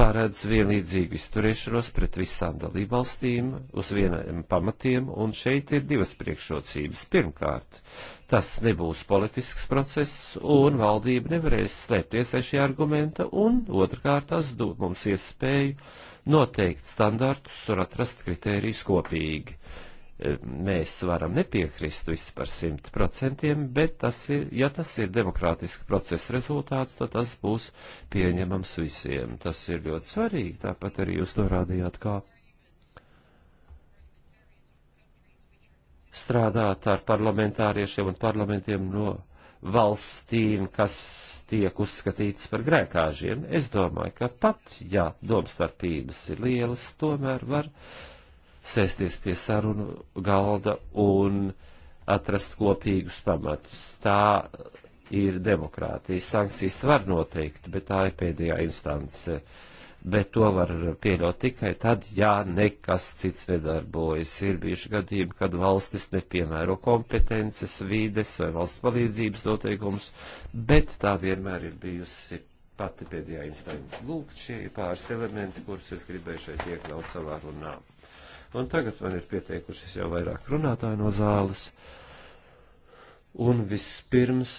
paredz vienlīdzīgu izturēšanos pret visām dalībvalstīm uz vieniem pamatiem, un šeit ir divas priekšrocības. Pirmkārt, tas nebūs politisks process, un valdība nevarēs slēpties aiz šī argumenta, un otrkārt, tas dod mums iespēju noteikt standartus un atrast kritērijus kopīgi mēs varam nepiekrist viss par simt procentiem, bet tas ir, ja tas ir demokrātiska procesa rezultāts, tad tas būs pieņemams visiem. Tas ir ļoti svarīgi, tāpat arī jūs norādījāt, kā strādāt ar parlamentāriešiem un parlamentiem no valstīm, kas tiek uzskatītas par grēkāžiem. Es domāju, ka pat, ja domstarpības ir lielas, tomēr var sēsties pie sarunu galda un atrast kopīgus pamatus. Tā ir demokrātija. Sankcijas var noteikt, bet tā ir pēdējā instance. Bet to var pieļaut tikai tad, ja nekas cits nedarbojas. Ir bijuši gadījumi, kad valstis nepiemēro kompetences, vīdes vai valsts palīdzības noteikumus, bet tā vienmēr ir bijusi pati pēdējā instance. Lūk, šie ir pāris elementi, kurus es gribēju šeit iekļaut savā runā. Un tagad man ir pieteikušies jau vairāk runātāju no zāles. Un vispirms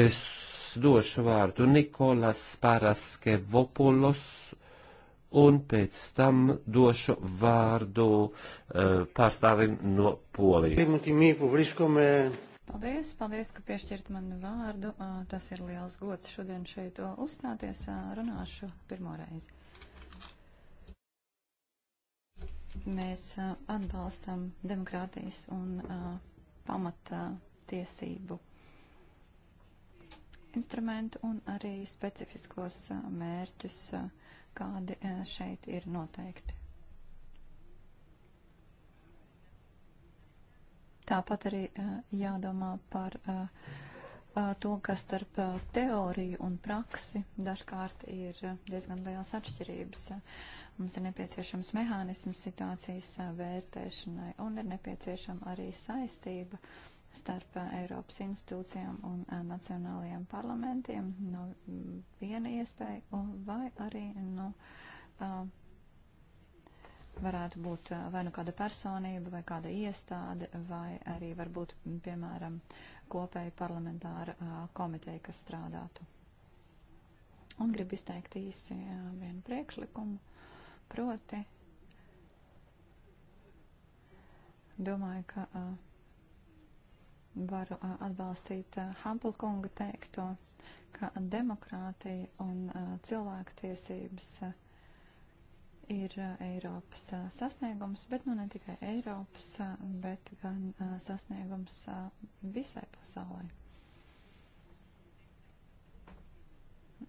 es došu vārdu Nikolas Paraske Vopulos un pēc tam došu vārdu uh, pārstāvim no Polijas. Paldies, paldies, ka piešķirt man vārdu. Uh, tas ir liels gods šodien šeit uzstāties. Uh, runāšu pirmo reizi. Mēs atbalstam demokrātijas un pamatiesību instrumentu un arī specifiskos mērķus, kādi šeit ir noteikti. Tāpat arī jādomā par to, ka starp teoriju un praksi dažkārt ir diezgan liels atšķirības. Mums ir nepieciešams mehānisms situācijas vērtēšanai un ir nepieciešama arī saistība starp Eiropas institūcijām un nacionālajiem parlamentiem no viena iespēja vai arī no. Nu, uh, varētu būt vai nu kāda personība, vai kāda iestāde, vai arī varbūt, piemēram, kopēja parlamentāra komiteja, kas strādātu. Un gribu izteikt īsi vienu priekšlikumu. Proti, domāju, ka uh, varu uh, atbalstīt uh, Hampelkunga teikto, ka demokrātija un uh, cilvēktiesības uh, ir uh, Eiropas uh, sasniegums, bet nu ne tikai Eiropas, uh, bet gan uh, sasniegums uh, visai pasaulē.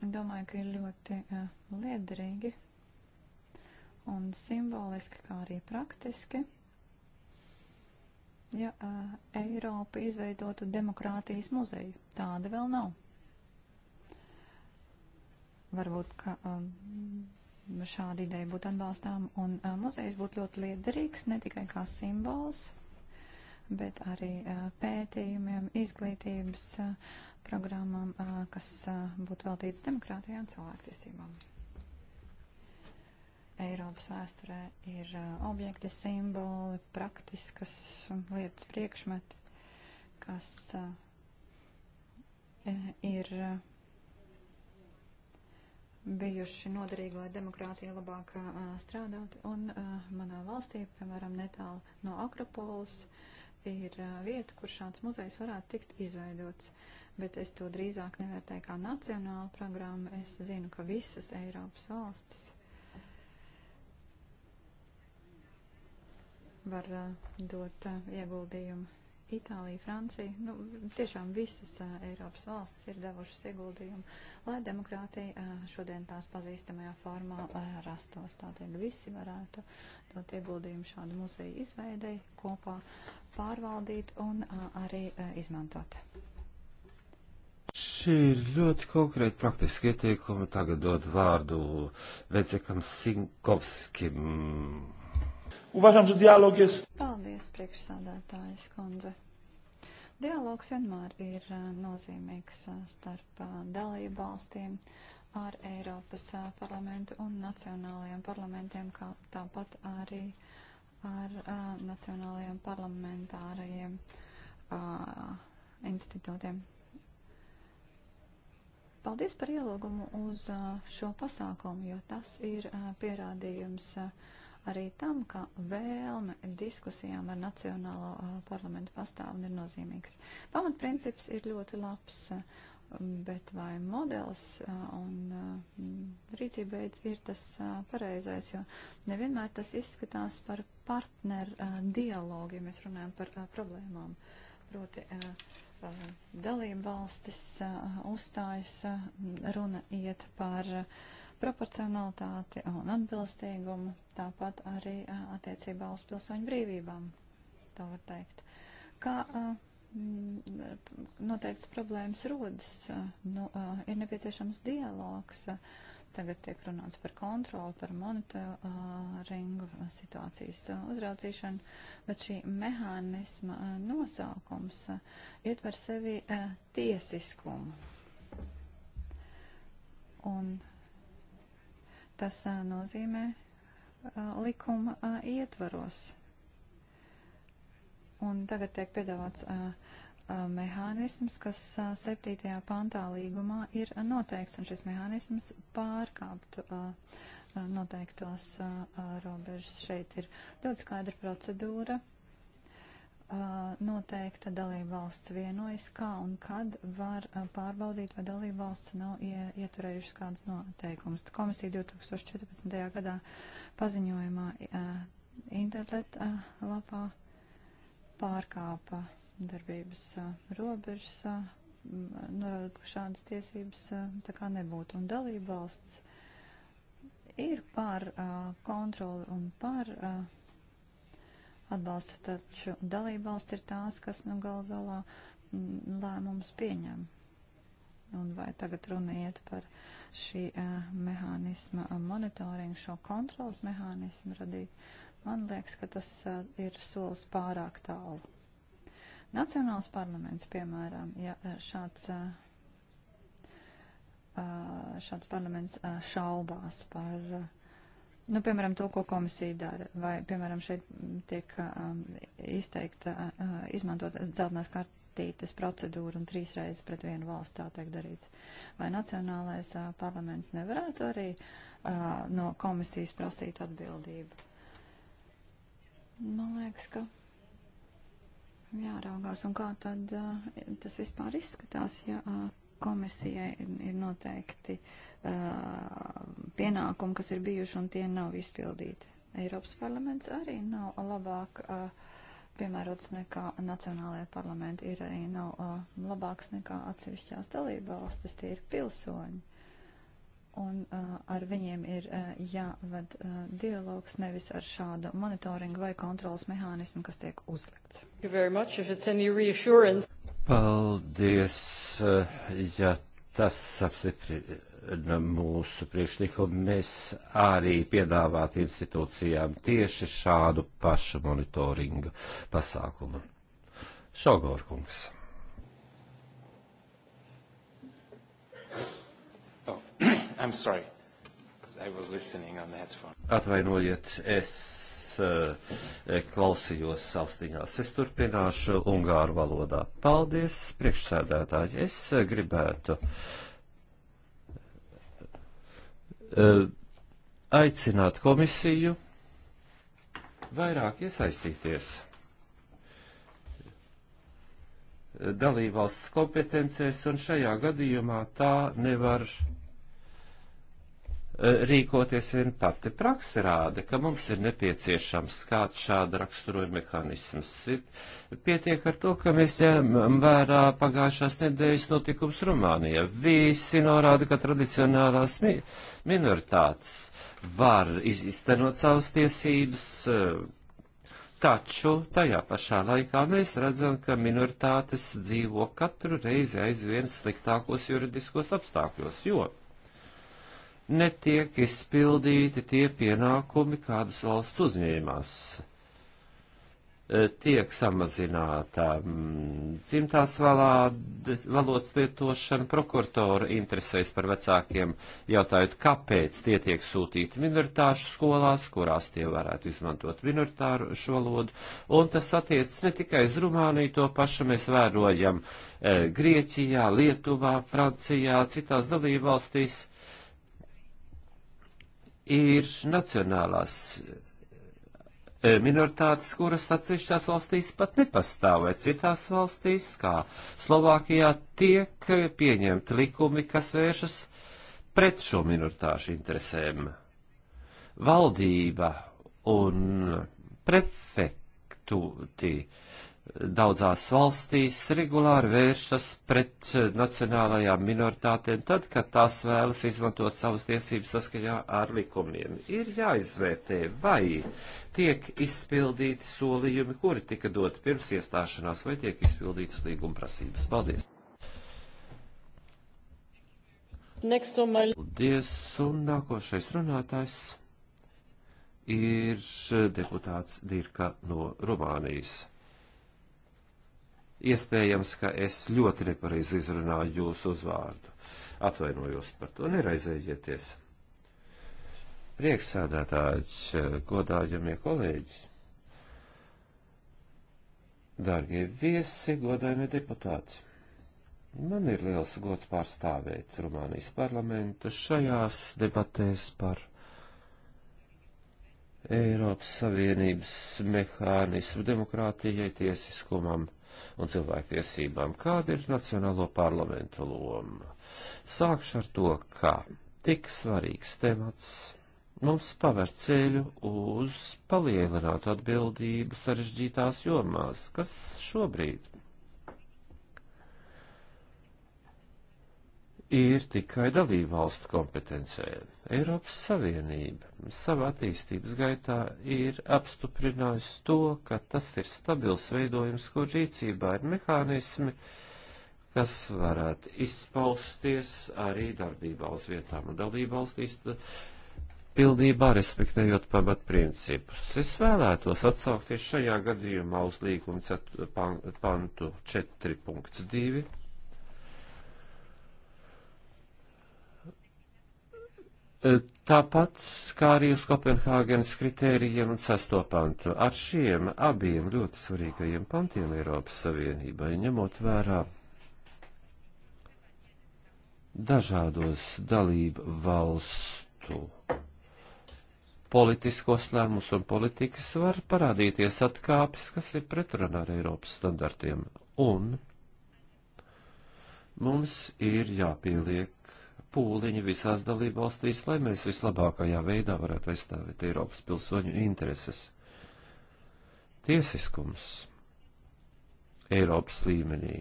Domāju, ka ir ļoti uh, liederīgi un simboliski, kā arī praktiski. Ja uh, Eiropa izveidotu demokrātijas muzeju, tāda vēl nav. Varbūt, ka um, šāda ideja būtu atbalstām, un uh, muzejs būtu ļoti liederīgs ne tikai kā simbols, bet arī uh, pētījumiem, izglītības uh, programmām, uh, kas uh, būtu veltīts demokrātijām cilvēktiesībām. Eiropas vēsturē ir uh, objekti, simboli, praktiskas lietas priekšmeti, kas uh, e, ir uh, bijuši noderīgi, lai demokrātija labāk strādātu. Un manā valstī, piemēram, netālu no Akropolas, ir vieta, kur šāds muzejs varētu tikt izveidots. Bet es to drīzāk nevērtēju kā nacionālu programmu. Es zinu, ka visas Eiropas valstis var dot ieguldījumu. Itālija, Francija, nu, tiešām visas Eiropas valstis ir devušas ieguldījumu, lai demokrātija šodien tās pazīstamajā formā rastos. Tātad visi varētu dot ieguldījumu šādu muzeju izveidei, kopā pārvaldīt un arī izmantot. Šī ir ļoti konkrēta praktiska ieteikuma. Tagad dod vārdu Vecekam Sinkovskim Uważam, że dialog jest. Paldies, priekšsādātājas kundze. Dialogs vienmēr ir eh, nozīmīgs eh, starp eh, dalību valstīm ar Eiropas parlamentu un nacionālajiem parlamentiem, kā tāpat arī ar uh, nacionālajiem parlamentārajiem uh, institūtiem. Paldies par ielūgumu uz uh, šo pasākumu, jo tas ir uh, pierādījums. Uh, arī tam, ka vēlme diskusijām ar Nacionālo parlamentu pastāvni ir nozīmīgs. Pamatprincips ir ļoti labs, bet vai modelis un rīcība veids ir tas pareizais, jo nevienmēr tas izskatās par partneru dialogu, ja mēs runājam par problēmām. Proti, dalību valstis uzstājas, runa iet par uh, proporcionalitāti un atbilstīgumu, tāpat arī attiecībā uz pilsoņu brīvībām, to var teikt. Kā noteikts problēmas rodas, nu, ir nepieciešams dialogs. Tagad tiek runāts par kontroli, par monitoringu, situācijas uzraudzīšanu, bet šī mehānisma nosaukums ietver sevi tiesiskumu. Un Tas a, nozīmē a, likuma a, ietvaros. Un tagad tiek piedāvāts mehānisms, kas septītajā pantā līgumā ir noteikts, un šis mehānisms pārkāptu noteiktos robežas. Šeit ir ļoti skaidra procedūra noteikta dalība valsts vienojas, kā un kad var pārbaudīt, vai dalība valsts nav ieturējušas kādas noteikumus. Komisija 2014. gadā paziņojumā interneta lapā pārkāpa darbības robežas, norādot, ka šādas tiesības tā kā nebūtu. Un dalība valsts ir par kontroli un par. A, atbalsta, taču dalība valsts ir tās, kas nu gal galā mm, lēmums pieņem. Un vai tagad runa iet par šī uh, mehānisma eh, monitoringu, šo kontrolas mehānismu radīt, man liekas, ka tas uh, ir solis pārāk tālu. Nacionāls parlaments, piemēram, ja šāds, uh, šāds parlaments uh, šaubās par uh, Nu, piemēram, to, ko komisija dara, vai, piemēram, šeit tiek um, izteikta uh, uh izmantot dzeltenās kartītes procedūru un trīs reizes pret vienu valstu tā tiek darīts. Vai nacionālais uh, parlaments nevarētu arī uh, no komisijas prasīt atbildību? Man liekas, ka jāraugās, un kā tad uh, tas vispār izskatās, ja uh, komisijai ir noteikti uh, pienākumi, kas ir bijuši un tie nav izpildīti. Eiropas parlaments arī nav labāk uh, piemērots nekā nacionālajie parlamenti, ir arī nav uh, labāks nekā atsevišķās dalība valstis, tie ir pilsoņi un uh, ar viņiem ir uh, jāved uh, dialogs, nevis ar šādu monitoringu vai kontrolas mehānismu, kas tiek uzlikts. Paldies, ja tas apstiprina mūsu priekšlikumu. Mēs arī piedāvāt institūcijām tieši šādu pašu monitoringu pasākumu. Šogorkungs. I'm sorry. I was listening on the headphone. Atvainojiet, es uh, klausījos austiņās. Es turpināšu ungāru valodā. Paldies, priekšsēdētāji. Es eh, gribētu uh, aicināt komisiju vairāk iesaistīties dalībvalsts kompetencēs, un šajā gadījumā tā nevar Eh, rīkoties vien pati praksa rāda, ka mums ir nepieciešams kāds šāda raksturojuma mehānisms. Pietiek ar to, ka mēs ņemam vērā pagājušās nedēļas notikums Rumānijā. Visi norāda, ka tradicionālās mi minoritātes var iztenot savas tiesības, eh, taču tajā pašā laikā mēs redzam, ka minoritātes dzīvo katru reizi aizvien sliktākos juridiskos apstākļos, jo netiek izpildīti tie pienākumi, kādas valsts uzņēmās. E, tiek samazināta mm, dzimtās valodas lietošana, prokuratora interesēs par vecākiem jautājot, kāpēc tie tiek sūtīti minoritāšu skolās, kurās tie varētu izmantot minoritāru šo valodu, un tas attiec ne tikai uz Rumāniju, to pašu mēs vērojam e, Grieķijā, Lietuvā, Francijā, citās dalībvalstīs ir nacionālās e, minoritātes, kuras atsevišķās valstīs pat nepastāv, vai citās valstīs, kā Slovākijā, tiek pieņemti likumi, kas vēršas pret šo minoritāšu interesēm. Valdība un prefektūti daudzās valstīs regulāri vēršas pret eh, nacionālajām minoritātēm tad, kad tās vēlas izmantot savas tiesības saskaņā ar likumiem. Ir jāizvērtē, vai tiek izpildīti solījumi, kuri tika dot pirms iestāšanās, vai tiek izpildītas līguma prasības. Paldies! My... Paldies, un nākošais runātājs ir eh, deputāts Dirka no Rumānijas. Iespējams, ka es ļoti nepareizi izrunāju jūsu uzvārdu. Atvainojos par to, neraizējieties. Prieksādātāji, godājamie kolēģi, dārgie viesi, godājamie deputāti. Man ir liels gods pārstāvēt Rumānijas parlamentu šajās debatēs par Eiropas Savienības mehānismu demokrātijai, tiesiskumam un cilvēktiesībām. Kāda ir Nacionālo parlamentu loma? Sākšu ar to, ka tik svarīgs temats mums paver ceļu uz palielinātu atbildību sarežģītās jomās, kas šobrīd ir tikai dalību valstu kompetencē. Eiropas Savienība savā attīstības gaitā ir apstiprinājusi to, ka tas ir stabils veidojums, kur rīcībā ir mehānismi, kas varētu izpausties arī darbībā uz vietām un dalību valstīs pilnībā respektējot pamatprincipus. Es vēlētos atsaukties šajā gadījumā uz līguma pantu 4.2 Eh, tāpat kā arī uz Kopenhāgenes kritērijiem un sesto pantu. Ar šiem abiem ļoti svarīgajiem pantiem Eiropas Savienībai ņemot vērā dažādos dalību valstu politiskos lēmumus un politikas var parādīties atkāpes, kas ir pretrunā ar Eiropas standartiem. Un mums ir jāpieliek pūliņi visās dalībvalstīs, lai mēs vislabākajā veidā varētu aizstāvēt Eiropas pilsoņu intereses. Tiesiskums Eiropas līmenī.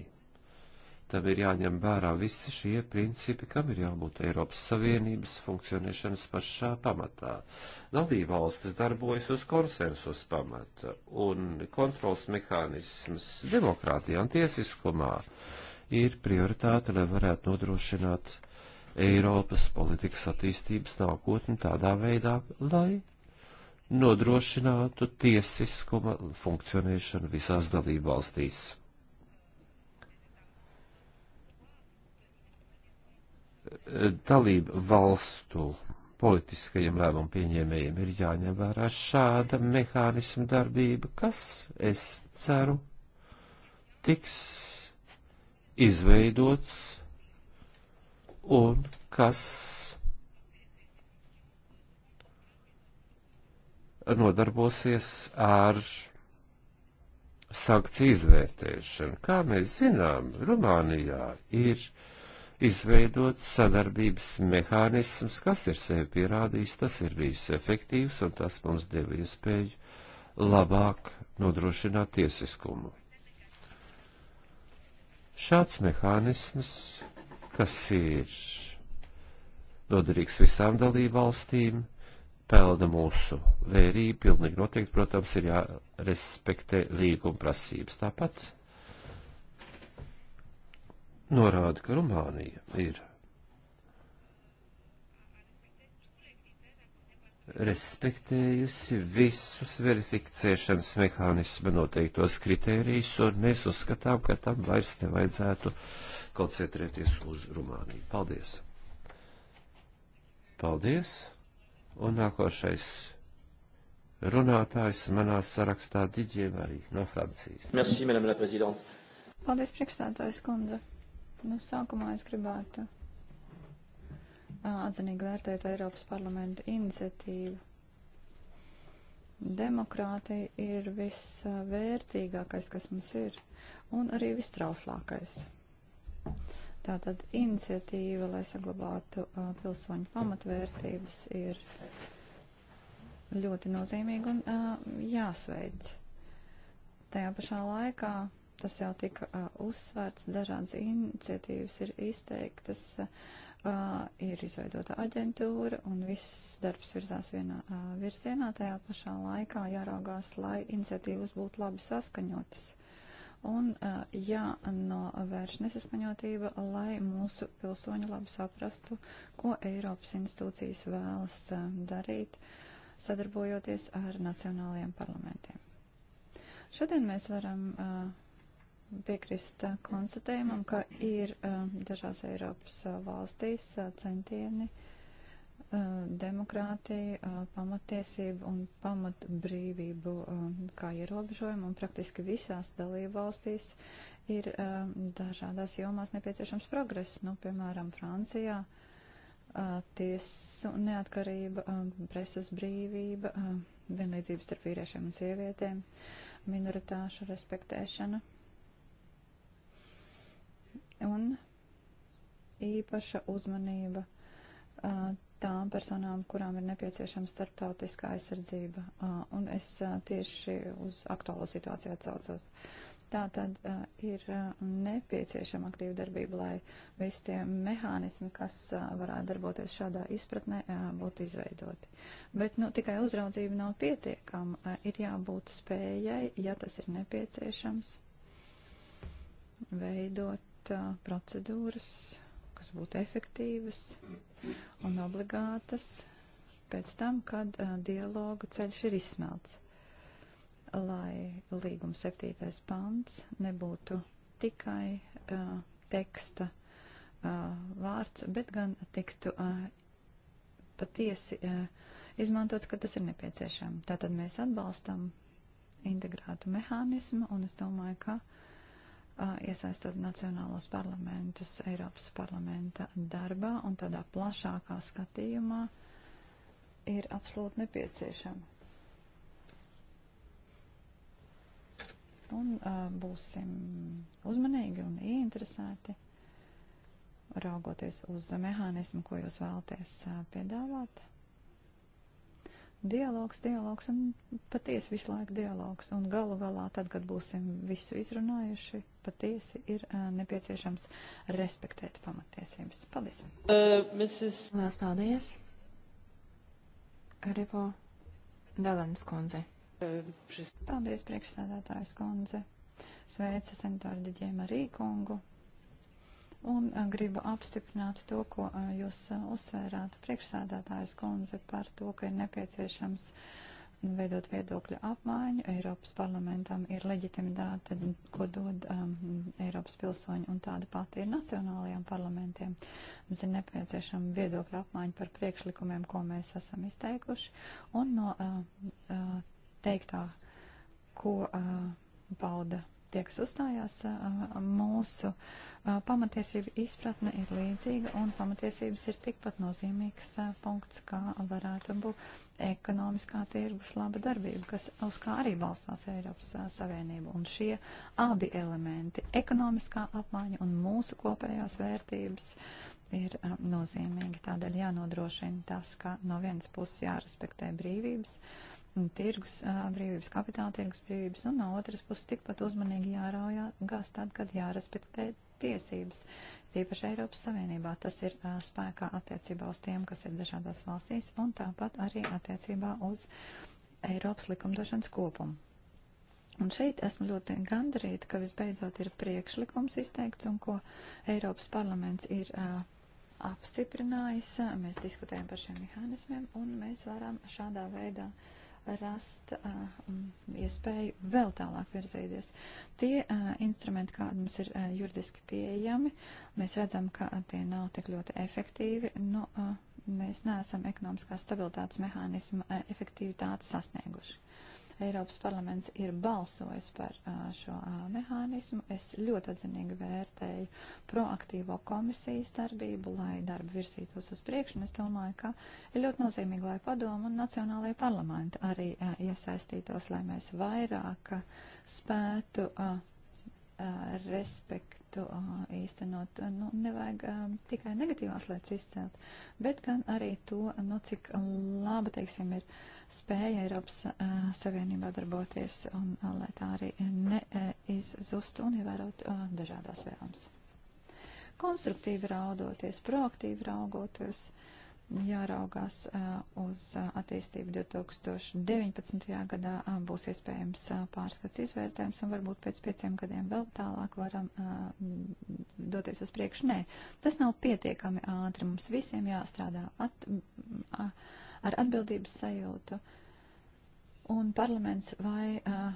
Tam ir jāņem vērā visi šie principi, kam ir jābūt Eiropas Savienības funkcionēšanas pašā pamatā. Dalībvalstis darbojas uz konsensus pamata, un kontrols mehānisms demokrātijā un tiesiskumā ir prioritāte, lai varētu nodrošināt Eiropas politikas attīstības nākotni tādā veidā, lai nodrošinātu tiesiskuma funkcionēšanu visās dalību valstīs. Dalību valstu politiskajiem lēmumu pieņēmējiem ir jāņem vērā šāda mehānisma darbība, kas, es ceru, tiks izveidots un kas nodarbosies ar sankciju izvērtēšanu. Kā mēs zinām, Rumānijā ir izveidots sadarbības mehānisms, kas ir sevi pierādījis, tas ir bijis efektīvs un tas mums deva iespēju labāk nodrošināt tiesiskumu. Šāds mehānisms kas ir noderīgs visām dalībvalstīm, pelna mūsu vērību, pilnīgi noteikti, protams, ir jārespektē līguma prasības. Tāpat norāda, ka Rumānija ir respektējusi visus verifikēšanas mehānismu noteiktos kritērijus, un mēs uzskatām, ka tam vairs nevajadzētu koncentrēties uz Rumāniju. Paldies! Paldies! Un nākošais runātājs manā sarakstā Diģiem arī no Francijas. Merci, madame la prezidente. Paldies, priekšstādājas kundze. Nu, sākumā es gribētu atzinīgi vērtēt Eiropas parlamenta iniciatīvu. Demokrātija ir visvērtīgākais, kas mums ir, un arī vistrauslākais. Tātad iniciatīva, lai saglabātu uh, pilsoņu pamatvērtības, ir ļoti nozīmīga un uh, jāsveic. Tajā pašā laikā tas jau tika uh, uzsvērts, dažādas iniciatīvas ir izteiktas. Uh, Uh, ir izveidota aģentūra un viss darbs virzās vienā uh, virzienā, tajā pašā laikā jāraugās, lai iniciatīvas būtu labi saskaņotas. Un uh, jānovērš nesaskaņotība, lai mūsu pilsoņi labi saprastu, ko Eiropas institūcijas vēlas uh, darīt, sadarbojoties ar nacionālajiem parlamentiem. Šodien mēs varam uh, piekrist konstatējumam, ka ir dažās Eiropas valstīs centieni demokrātiju, pamatiesību un pamatbrīvību kā ierobežojumu, un praktiski visās dalību valstīs ir dažādās jomās nepieciešams progress, nu, piemēram, Francijā tiesu neatkarība, presas brīvība, vienlīdzības starp vīriešiem un sievietēm, minoritāšu respektēšana un īpaša uzmanība tām personām, kurām ir nepieciešama starptautiskā aizsardzība. Un es tieši uz aktuālo situāciju atsaucos. Tā tad ir nepieciešama aktīva darbība, lai visi tie mehānismi, kas varētu darboties šādā izpratnē, būtu izveidoti. Bet nu, tikai uzraudzība nav pietiekama. Ir jābūt spējai, ja tas ir nepieciešams, veidot ieviest uh, procedūras, kas būtu efektīvas un obligātas pēc tam, kad uh, dialoga ceļš ir izsmelts, lai līguma septītais pants nebūtu tikai uh, teksta uh, vārds, bet gan tiktu uh, patiesi uh, izmantots, kad tas ir nepieciešams. Tātad mēs atbalstam integrētu mehānismu, un es domāju, ka uh, iesaistot nacionālos parlamentus Eiropas parlamenta darbā un tādā plašākā skatījumā ir absolūti nepieciešama. Un uh, būsim uzmanīgi un ieinteresēti, raugoties uz mehānismu, ko jūs vēlaties uh, piedāvāt. Dialogs, dialogs un patiesi visu laiku dialogs. Un galu galā, tad, kad būsim visu izrunājuši, patiesi ir uh, nepieciešams respektēt pamatiesības. Paldies! Uh, Mrs. Lielas paldies! Revo Delenas kundze. Uh, paldies, priekšstādātājs kundze. Sveicu sentāru Diģiem Arīkungu. Un eh, gribu apstiprināt to, ko eh, jūs eh, uzsvērāt priekšsādātājas kundze par to, ka ir nepieciešams veidot viedokļu apmaiņu. Eiropas parlamentam ir leģitimitāte, ko dod um, Eiropas pilsoņi, un tāda pati ir nacionālajiem parlamentiem. Mums ir nepieciešama viedokļu apmaiņa par priekšlikumiem, ko mēs esam izteikuši, un no uh, uh, teiktā, ko uh, pauda tie, kas uzstājās, mūsu pamatiesība izpratne ir līdzīga un pamatiesības ir tikpat nozīmīgs punkts, kā varētu būt ekonomiskā tirgus laba darbība, kas uz kā arī balstās Eiropas Savienība. Un šie abi elementi - ekonomiskā apmaiņa un mūsu kopējās vērtības ir nozīmīgi. Tādēļ jānodrošina tas, ka no vienas puses jārespektē brīvības tirgus brīvības, kapitāla tirgus brīvības, un no otras puses tikpat uzmanīgi jāraujās tad, kad jārespektē tiesības, tīpaši Eiropas Savienībā. Tas ir a, spēkā attiecībā uz tiem, kas ir dažādās valstīs, un tāpat arī attiecībā uz Eiropas likumdošanas kopumu. Un šeit esmu ļoti gandarīta, ka visbeidzot ir priekšlikums izteikts un ko Eiropas parlaments ir a, apstiprinājis. Mēs diskutējam par šiem mehānismiem un mēs varam šādā veidā uh, rast uh, iespēju vēl tālāk virzīties. Tie uh, instrumenti, kādi mums ir uh, juridiski pieejami, mēs redzam, ka tie nav tik ļoti efektīvi. Nu, uh, mēs neesam ekonomiskās stabilitātes mehānisma uh, efektivitāti sasnieguši. Eiropas parlaments ir balsojis par šo mehānismu. Es ļoti atzinīgi vērtēju proaktīvo komisijas darbību, lai darba virsītos uz priekšu, un es domāju, ka ir ļoti nozīmīgi, lai padomu un nacionālajie parlamenti arī iesaistītos, lai mēs vairāk spētu respektēt varētu īstenot. Nu, nevajag tikai negatīvās lietas izcelt, bet gan arī to, nu, cik laba, teiksim, ir spēja Eiropas Savienībā darboties, un lai tā arī neizzustu un ievērot dažādās vēlmes. Konstruktīvi raudoties, proaktīvi raugoties jāraugās uz attīstību 2019. gadā. Būs iespējams pārskats izvērtējums un varbūt pēc pieciem gadiem vēl tālāk varam doties uz priekšu. Nē, tas nav pietiekami ātri. Mums visiem jāstrādā at, ar atbildības sajūtu. Un parlaments vai uh,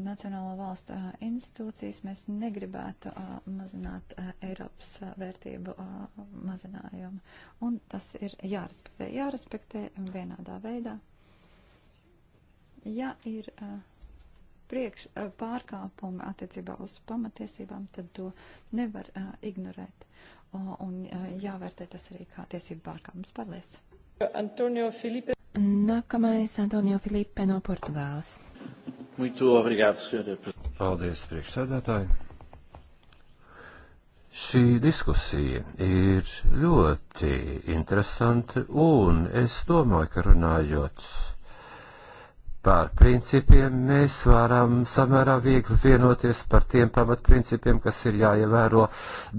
Nacionālo valstu institūcijas mēs negribētu mazināt Eiropas vērtību mazinājumu. Un tas ir jārespektē. Jārespektē vienādā veidā. Ja ir priekš pārkāpumi attiecībā uz pamatiesībām, tad to nevar ignorēt. Un jāvērtē tas arī kā tiesību pārkāpums. Paldies! Antonio Filipe. Nākamais Antonio Filipe no Portugāles. Muito obrigado, senhora. Paldies, priekšsēdētāji. Šī diskusija ir ļoti interesanta, un es domāju, ka runājot par principiem, mēs varam samērā viegli vienoties par tiem pamatprincipiem, kas ir jāievēro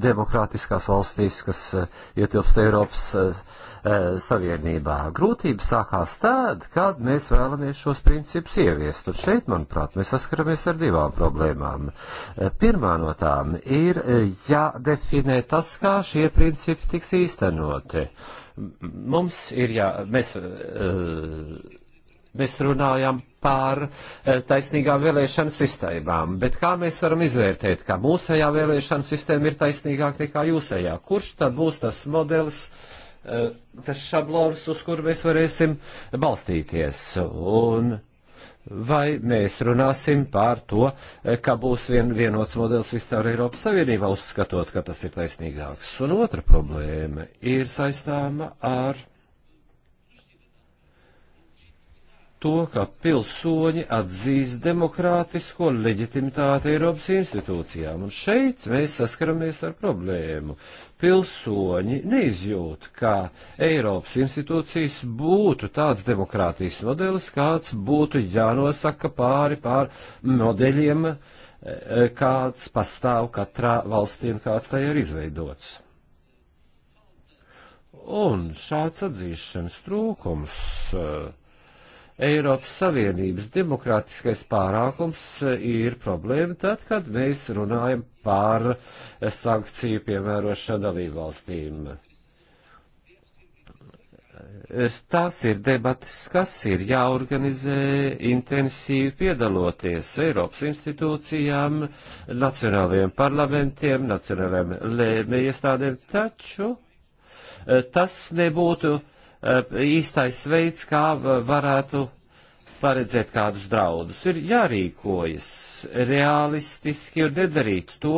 demokrātiskās valstīs, kas eh, ietilpst Eiropas eh, eh, Savienībā. Grūtības sākās tad, kad mēs vēlamies šos principus ieviest, un šeit, manuprāt, mēs saskaramies ar divām problēmām. Eh, pirmā no tām ir jādefinē tas, kā šie principi tiks īstenoti. Mums ir jā, mēs. Uh, eh, Mēs runājam par eh, taisnīgām vēlēšanu sistēmām, bet kā mēs varam izvērtēt, ka mūsējā vēlēšanu sistēma ir taisnīgāka nekā jūsējā? Kurš tad būs tas modelis, eh, tas šablons, uz kur mēs varēsim balstīties? Un vai mēs runāsim par to, eh, ka būs vien, vienots modelis viscaur Eiropas Savienībā, uzskatot, ka tas ir taisnīgāks. Un otra problēma ir saistāma ar to, ka pilsoņi atzīs demokrātisko leģitimitāti Eiropas institūcijām. Un šeit mēs saskaramies ar problēmu. Pilsoņi neizjūt, ka Eiropas institūcijas būtu tāds demokrātijas modelis, kāds būtu jānosaka pāri pār modeļiem, e, kāds pastāv katrā valstī un kāds tajā ir izveidots. Un šāds atzīšanas trūkums uh, Eiropas Savienības demokrātiskais pārākums eh, ir problēma tad, kad mēs runājam par eh, sankciju piemērošanu dalībvalstīm. Tās ir debatas, kas ir jāorganizē intensīvi piedaloties Eiropas institūcijām, nacionālajiem parlamentiem, nacionālajiem lēmējiestādēm, taču eh, tas nebūtu uh, Eh, īstais veids, kā varētu paredzēt kādus draudus. Ir jārīkojas realistiski un nedarīt to,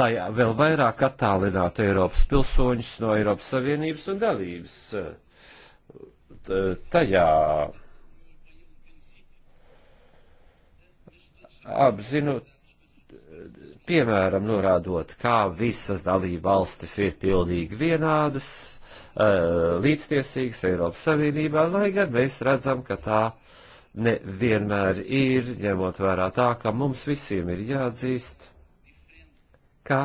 lai vēl vairāk attālinātu Eiropas pilsoņus no Eiropas Savienības un dalības eh, tajā. Apzinu, piemēram, norādot, kā visas dalība valstis ir pilnīgi vienādas, Uh, līdztiesīgs Eiropas Savienībā, lai gan mēs redzam, ka tā nevienmēr ir, ņemot vērā tā, ka mums visiem ir jāatzīst, ka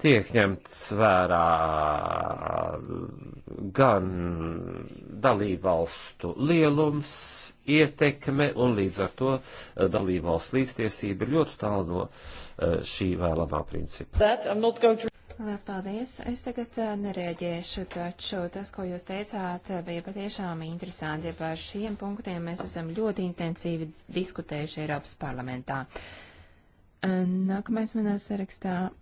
tiek ņemts vērā gan dalībvalstu lielums, ietekme, un līdz ar to uh, dalībvalstu līdztiesība ir ļoti tālu no uh, šī vēlamā principa. That, Lielas paldies! Es tagad eh, nereaģēšu, taču tas, ko jūs teicāt, eh, bija patiešām interesanti. Par šiem punktiem mēs esam ļoti intensīvi diskutējuši Eiropas parlamentā. Eh, nākamais manā sarakstā.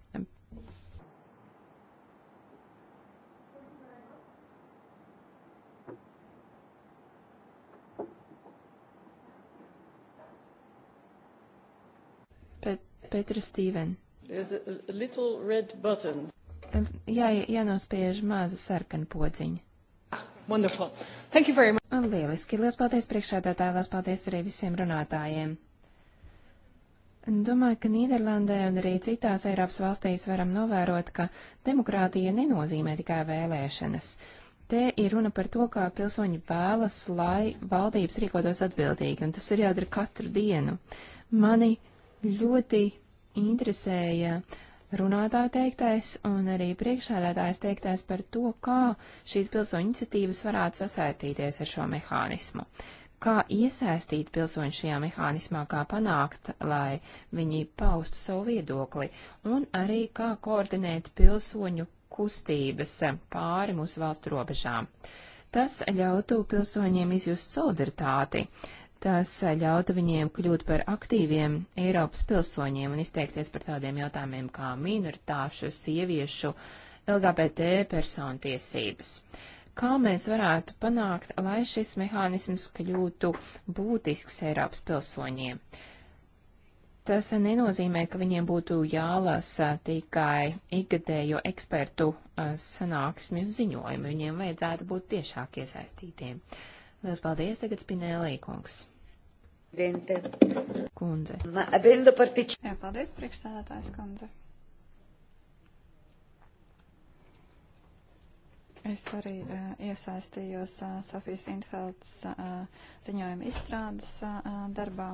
Pet Petra Stīvena. There's a little red button. Um, jā, jānospiež maza sarkana podziņa. Ah, wonderful. Thank you very much. Un lieliski. Lielas paldies priekšādātāji, lielas paldies arī visiem runātājiem. Domāju, ka Nīderlandē un arī citās Eiropas valstīs varam novērot, ka demokrātija nenozīmē tikai vēlēšanas. Te ir runa par to, kā pilsoņi vēlas, lai valdības rīkotos atbildīgi, un tas ir jādara katru dienu. Mani ļoti interesēja runātāja teiktais un arī priekšādātājs teiktais par to, kā šīs pilsoņu iniciatīvas varētu sasaistīties ar šo mehānismu. Kā iesaistīt pilsoņu šajā mehānismā, kā panākt, lai viņi paustu savu viedokli, un arī kā koordinēt pilsoņu kustības pāri mūsu valstu robežām. Tas ļautu pilsoņiem izjust solidaritāti. Uh, Tas eh, ļautu viņiem kļūt par aktīviem Eiropas pilsoņiem un izteikties par tādiem jautājumiem kā minoritāšu, sieviešu, LGBT personu tiesības. Kā mēs varētu panākt, lai šis mehānisms kļūtu būtisks Eiropas pilsoņiem? Tas eh, nenozīmē, ka viņiem būtu jālasa tikai ikgadējo ekspertu eh, sanāksmju ziņojumi. Viņiem vajadzētu būt tiešāk iesaistītiem. Lielas paldies, tagad Spinēlī kungs. Kundze. Jā, paldies, priekšsēdētājs kundze. Es arī uh, iesaistījos uh, Sofijas Infelds uh, ziņojuma izstrādes uh, darbā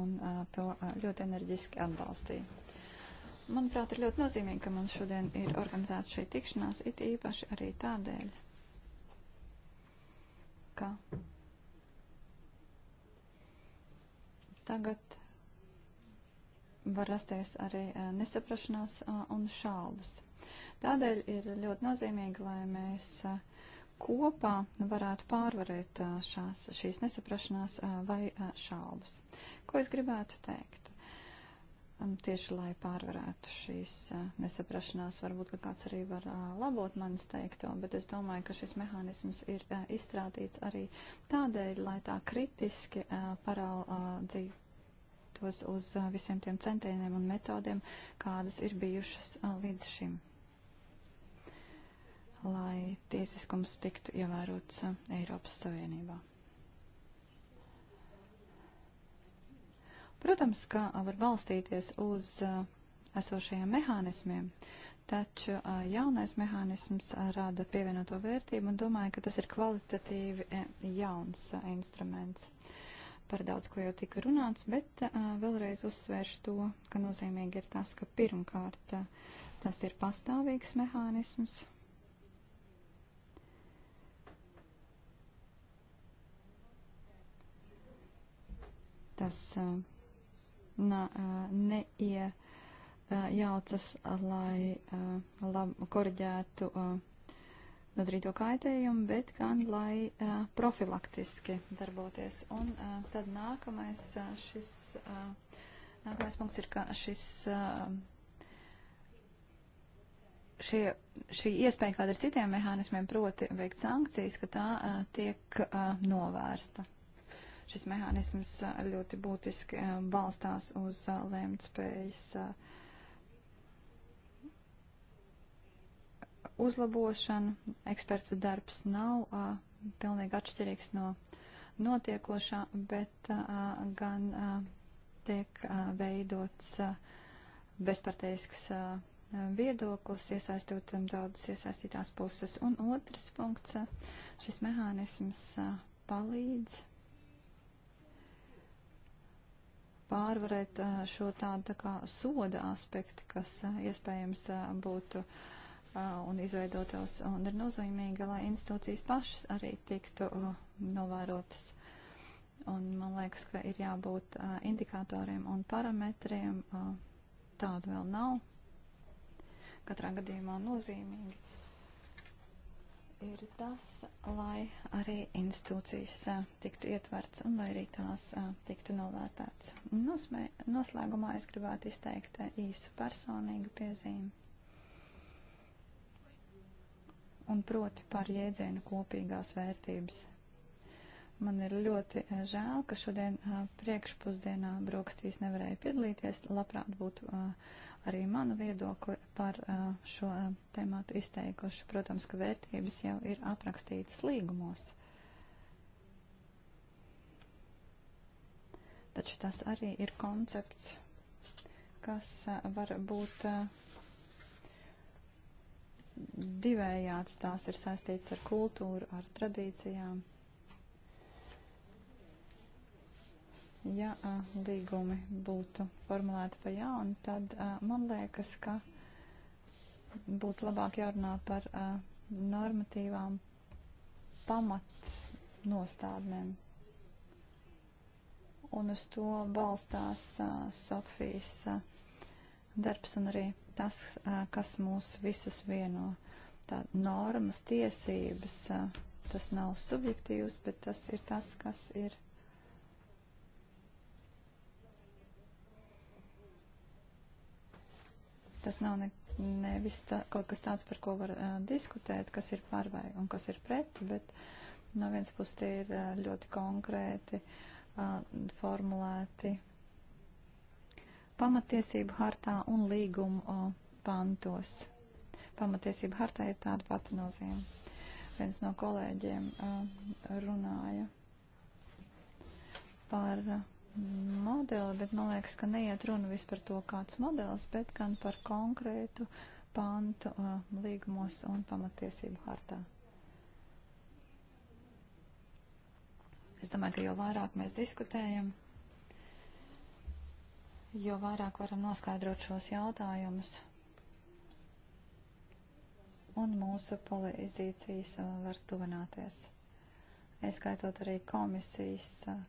un uh, to uh, ļoti enerģiski atbalstīju. Manuprāt, ir ļoti nozīmīgi, ka mums šodien ir organizēta šī tikšanās, it īpaši arī tādēļ, ka tagad var rasties arī e, nesaprašanās e, un šaubas. Tādēļ ir ļoti nozīmīgi, lai mēs e, kopā varētu pārvarēt šās, šīs nesaprašanās vai šaubas. Ko es gribētu teikt? tieši lai pārvarētu šīs nesaprašanās. Varbūt, ka kāds arī var labot manis teikto, bet es domāju, ka šis mehānisms ir izstrādīts arī tādēļ, lai tā kritiski paraudzītos uz visiem tiem centieniem un metodiem, kādas ir bijušas līdz šim lai tiesiskums tiktu ievērots Eiropas Savienībā. Protams, ka var balstīties uz uh, esošajiem mehānismiem, taču uh, jaunais mehānisms uh, rada pievienoto vērtību un domāju, ka tas ir kvalitatīvi e, jauns instruments. Par daudz, ko jau tika runāts, bet vēlreiz uzsvēršu to, ka nozīmīgi ir tas, ka pirmkārt tas ir pastāvīgs mehānisms, tas na, neiejaucas, lai lab, koriģētu nodarīto kaitējumu, bet gan lai profilaktiski darboties. Un tad nākamais šis, nākamais punkts ir, ka šis, šie, šī iespēja, kāda ir citiem mehānismiem, proti veikt sankcijas, ka tā tiek novērsta. Šis mehānisms ļoti būtiski balstās uz lēmtspējas uzlabošanu. Ekspertu darbs nav pilnīgi atšķirīgs no notiekošā, bet gan tiek veidots bezparteisks viedoklis, iesaistot um, daudzas iesaistītās puses. Un otrs punkts, šis mehānisms palīdz pārvarēt šo tādu tā kā soda aspektu, kas iespējams būtu un izveidotos un ir nozīmīga, lai institūcijas pašas arī tiktu novērotas. Un man liekas, ka ir jābūt indikatoriem un parametriem. Tādu vēl nav. Katrā gadījumā nozīmīgi ir tas, lai arī institūcijas a, tiktu ietverts un lai arī tās a, tiktu novērtēts. Nosmē, noslēgumā es gribētu izteikt a, īsu personīgu piezīmi. Un proti par jēdzienu kopīgās vērtības. Man ir ļoti žēl, ka šodien priekšpusdienā brokastīs nevarēja piedalīties. Labprāt būtu uh, arī manu viedokli par uh, šo uh, tēmātu izteikuši. Protams, ka vērtības jau ir aprakstītas līgumos. Taču tas arī ir koncepts, kas uh, var būt divējāds. Tās ir saistīts ar kultūru, ar tradīcijām. Ja a, līgumi būtu formulēti pa jaunu, tad a, man liekas, ka būtu labāk jārunā par a, normatīvām pamatnostādnēm. Un uz to balstās a, Sofijas a, darbs un arī tas, a, kas mūs visus vieno. Tā normas, tiesības, a, tas nav subjektīvs, bet tas ir tas, kas ir Tas nav ne, nevis tā, kaut kas tāds, par ko var uh, diskutēt, kas ir par vai un kas ir pret, bet no vienas puses tie ir uh, ļoti konkrēti uh, formulēti pamatiesību hartā un līgumu uh, pantos. Pamatiesība hartā ir tāda pati nozīme. Viens no kolēģiem uh, runāja par. Uh, modeli, bet man liekas, ka neiet runa vispār par to, kāds modelis, bet gan par konkrētu pantu uh, līgumos un pamatiesību hartā. Es domāju, ka jo vairāk mēs diskutējam, jo vairāk varam noskaidrot šos jautājumus. Un mūsu polizīcijas uh, var tuvināties. Ieskaitot arī komisijas uh,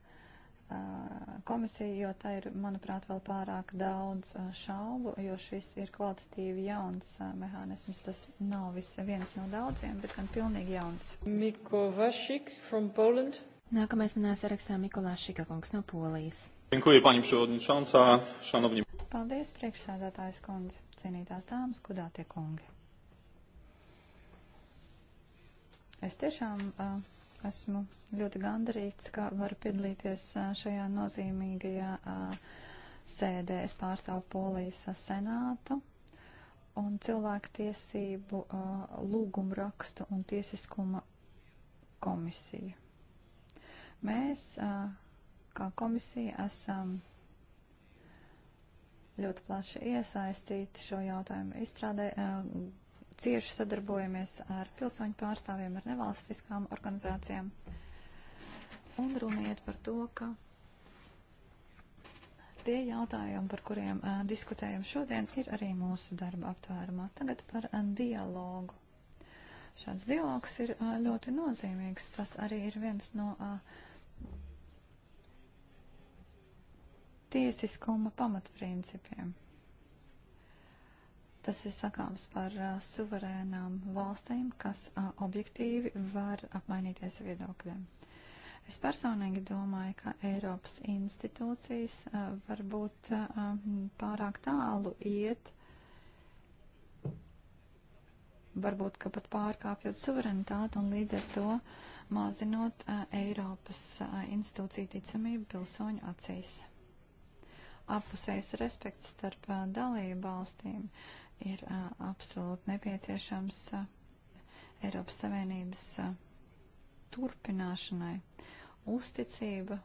komisiju, jo tā ir, manuprāt, vēl pārāk daudz šaubu, jo šis ir kvalitatīvi jauns mehānisms. Tas nav viss viens no daudziem, bet gan pilnīgi jauns. Miko Vašik from Poland. Nākamais manā sarakstā Mikolās Šikakungs no Polijas. Dziękuję pani przewodnicząca, szanowni. Paldies, priekšsēdētājs kundze, cienītās dāmas, kudātie kungi. Es tiešām uh, Esmu ļoti gandarīts, ka varu piedalīties šajā nozīmīgajā sēdē. Es pārstāvu Polijas senātu un cilvēku tiesību lūgumu rakstu un tiesiskuma komisiju. Mēs kā komisija esam ļoti plaši iesaistīti šo jautājumu izstrādē cieši sadarbojamies ar pilsoņu pārstāvjiem, ar nevalstiskām organizācijām. Un runiet par to, ka tie jautājumi, par kuriem uh, diskutējam šodien, ir arī mūsu darba aptvērumā. Tagad par uh, dialogu. Šāds dialogs ir uh, ļoti nozīmīgs. Tas arī ir viens no uh, tiesiskuma pamatprincipiem. Tas ir sakāms par uh, suverēnām valstīm, kas uh, objektīvi var apmainīties viedokļiem. Es personīgi domāju, ka Eiropas institūcijas uh, varbūt uh, pārāk tālu iet, varbūt ka pat pārkāpjot suverenitāti un līdz ar to mazinot uh, Eiropas uh, institūciju ticamību pilsoņu acīs. Apusējs respekts starp uh, dalību valstīm. Uh, ir uh, absolūti nepieciešams uh, Eiropas Savienības uh, turpināšanai. Uzticība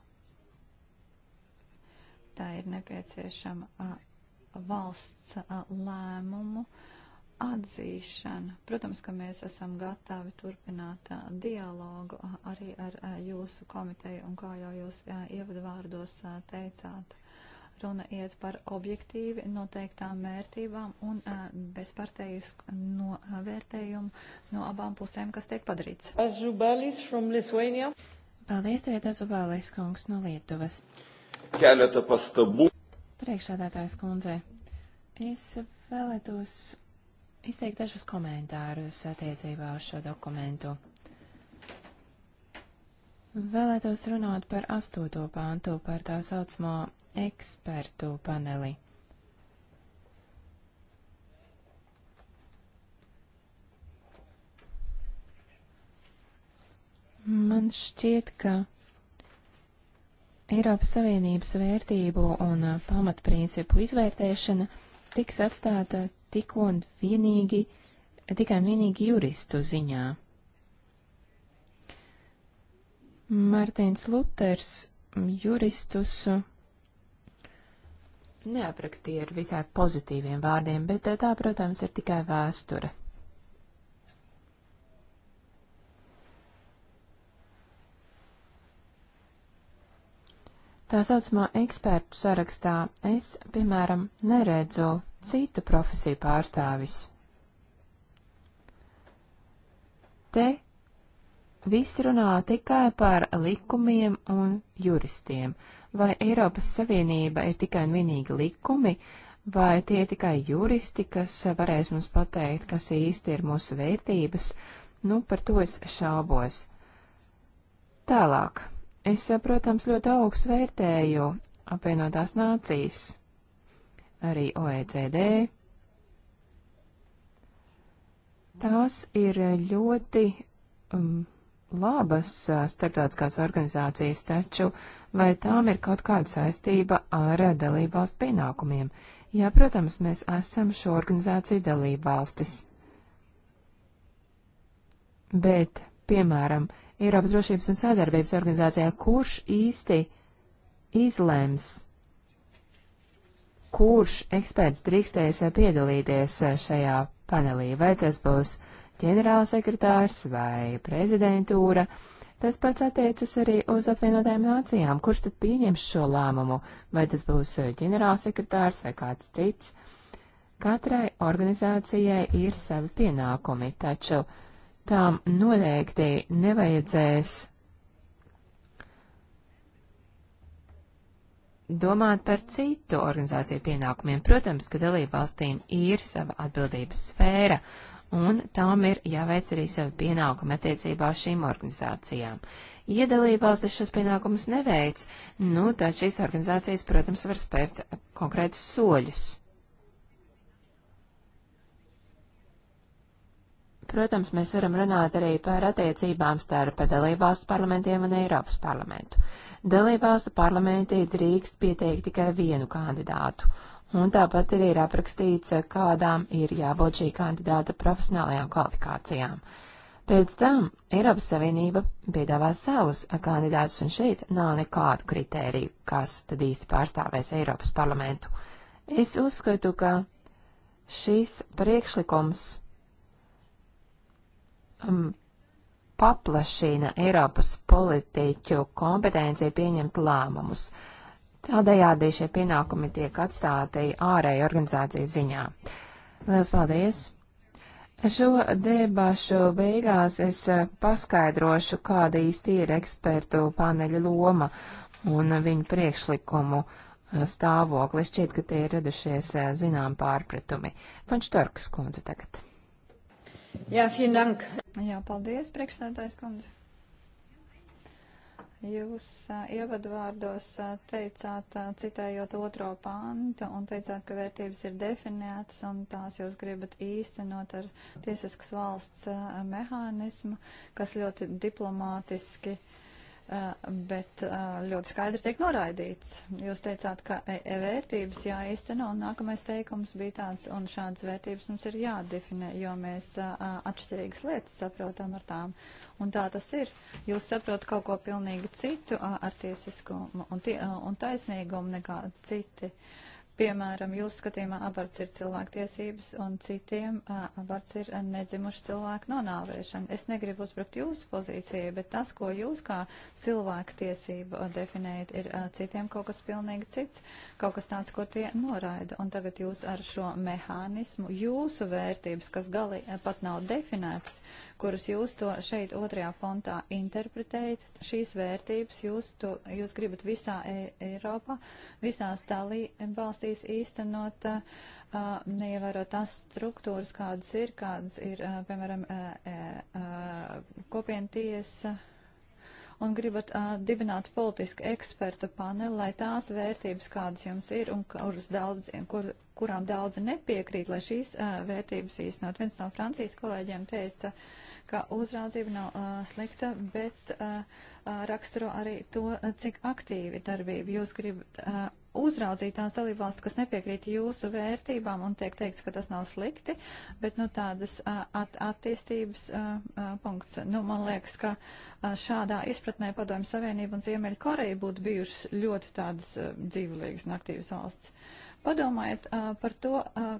tā ir nepieciešama uh, valsts uh, lēmumu atzīšana. Protams, ka mēs esam gatavi turpināt uh, dialogu uh, arī ar uh, jūsu komiteju un kā jau jūs uh, ievadvārdos uh, teicāt. Runa iet par objektīvi noteiktām mērtībām un uh, bezpartējisku novērtējumu no abām pusēm, kas tiek padarīts. Paldies, Rieta Zubālis kungs no Lietuvas. Keletą pastabų. Priekšādātājs kundze, es vēlētos izteikt dažus komentārus attiecībā uz šo dokumentu. Vēlētos runāt par astoto pāntu, par tā saucamo ekspertu paneli. Man šķiet, ka Eiropas Savienības vērtību un uh, pamatprincipu izvērtēšana tiks atstāta tikko un vienīgi, tikai un vienīgi juristu ziņā. Mārtiņš Luters juristus neaprakstīja ar visai pozitīviem vārdiem, bet eh, tā, protams, ir tikai vēsture. Tā saucamā ekspertu sarakstā es, piemēram, neredzu citu profesiju pārstāvis. Te viss runā tikai par likumiem un juristiem, vai Eiropas Savienība ir tikai un vienīgi likumi, vai tie ir tikai juristi, kas varēs mums pateikt, kas īsti ir mūsu vērtības, nu, par to es šaubos. Tālāk. Es, protams, ļoti augstu vērtēju apvienotās nācijas, arī OECD. Tās ir ļoti um, labas starptautiskās organizācijas, taču vai tām ir kaut kāda saistība ar dalībvalstu pienākumiem? Jā, protams, mēs esam šo organizāciju dalībvalstis. Bet, piemēram, Eiropas drošības un sadarbības organizācijā, kurš īsti izlems, kurš eksperts drīkstēs piedalīties šajā panelī, vai tas būs uh, ģenerālsekretārs vai prezidentūra. Tas pats attiecas arī uz apvienotajām nācijām. Kurš tad pieņems šo lēmumu? Vai tas būs eh, ģenerālsekretārs vai kāds cits? Katrai organizācijai ir savi pienākumi, taču tām noteikti nevajadzēs domāt par citu organizāciju pienākumiem. Protams, ka dalībvalstīm ir sava atbildības sfēra, un tām ir jāveic arī savi pienākumi attiecībā uz šīm organizācijām. Ja dalībvalstis šos pienākumus neveic, nu, tad šīs organizācijas, protams, var spērt konkrētus soļus. Protams, mēs varam runāt arī par attiecībām starp dalībvalstu parlamentiem un Eiropas parlamentu. Dalībvalstu parlamenti drīkst pieteikt tikai vienu kandidātu, Un tāpat arī ir aprakstīts, kādām ir jābūt šī kandidāta profesionālajām kvalifikācijām. Pēc tam Eiropas Savienība piedāvā savus kandidātus, un šeit nav nekādu kritēriju, kas tad īsti pārstāvēs Eiropas parlamentu. Es uzskatu, ka šīs priekšlikums um, paplašina Eiropas politiķu kompetenciju pieņemt lēmumus. Uh, Tādējādi šie pienākumi tiek atstāti ārēju organizāciju ziņā. Lielas paldies! Šo debašu beigās es eh, paskaidrošu, kāda īsti ir ekspertu paneļa loma un viņu priekšlikumu eh, stāvokli. Šķiet, ka tie ir radušies eh, zinām pārpratumi. Pančtorkas kundze tagad. Jā, vielen dank. Jā, paldies, priekšsētājs kundze. Jūs ievadvārdos teicāt, citējot otro pantu, un teicāt, ka vērtības ir definētas, un tās jūs gribat īstenot ar tiesiskas valsts mehānismu, kas ļoti diplomātiski uh, Eh, bet eh, ļoti skaidri tiek noraidīts. Jūs teicāt, ka e, e, vērtības jāīsteno, un nākamais teikums bija tāds, un šādas vērtības mums ir jādefinē, jo mēs eh, atšķirīgas lietas saprotam ar tām. Un tā tas ir. Jūs saprotat kaut ko pilnīgi citu ar tiesiskumu un, tie, un taisnīgumu nekā citi. Uh, Piemēram, jūsu skatījumā aborts ir cilvēktiesības un citiem aborts ir nedzimuši cilvēku nonāvēšana. Es negribu uzbrukt jūsu pozīcijai, bet tas, ko jūs kā cilvēktiesību definējat, ir citiem kaut kas pilnīgi cits, kaut kas tāds, ko tie noraida. Un tagad jūs ar šo mehānismu, jūsu vērtības, kas galīgi pat nav definētas, kurus jūs to šeit otrajā fontā interpretējat, šīs vērtības jūs, to, jūs gribat visā e Eiropā, visās dalī valstīs īstenot, neievērot tās struktūras, kādas ir, kādas ir, a, piemēram, kopientiesa un gribat uh, dibināt politisku ekspertu paneli, lai tās vērtības, kādas jums ir un kuras daudz, kur, kurām daudzi nepiekrīt, lai šīs uh, vērtības īstenot. Viens no Francijas kolēģiem teica, uh, ka uzraudzība nav uh, slikta, bet uh, raksturo arī to, cik aktīvi darbība jūs gribat uh, uzraudzīt tās dalībvalstis, kas nepiekrīt jūsu vērtībām un tiek teikts, ka tas nav slikti, bet nu tādas uh, at attīstības uh, punkts. Nu, man liekas, ka uh, šādā izpratnē Padomju Savienība un Ziemeļa Koreja būtu bijušas ļoti tādas uh, dzīvelīgas un aktīvas valsts. Padomājiet uh, par to, uh,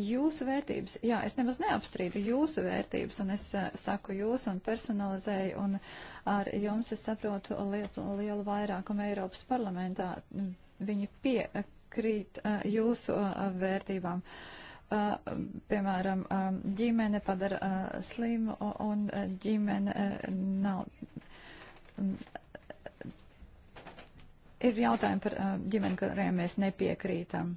Jūsu vērtības, jā, es nemaz neapstrīdu jūsu vērtības, un es uh, saku jūs un personalizēju, un ar jums es saprotu lielu, lielu vairākumu Eiropas parlamentā. Viņi piekrīt uh, jūsu uh, vērtībām. Piemēram, ģimene padara slimu, un ģimene nav. Mm, ir jautājumi par ģimeni, kuriem mēs nepiekrītam.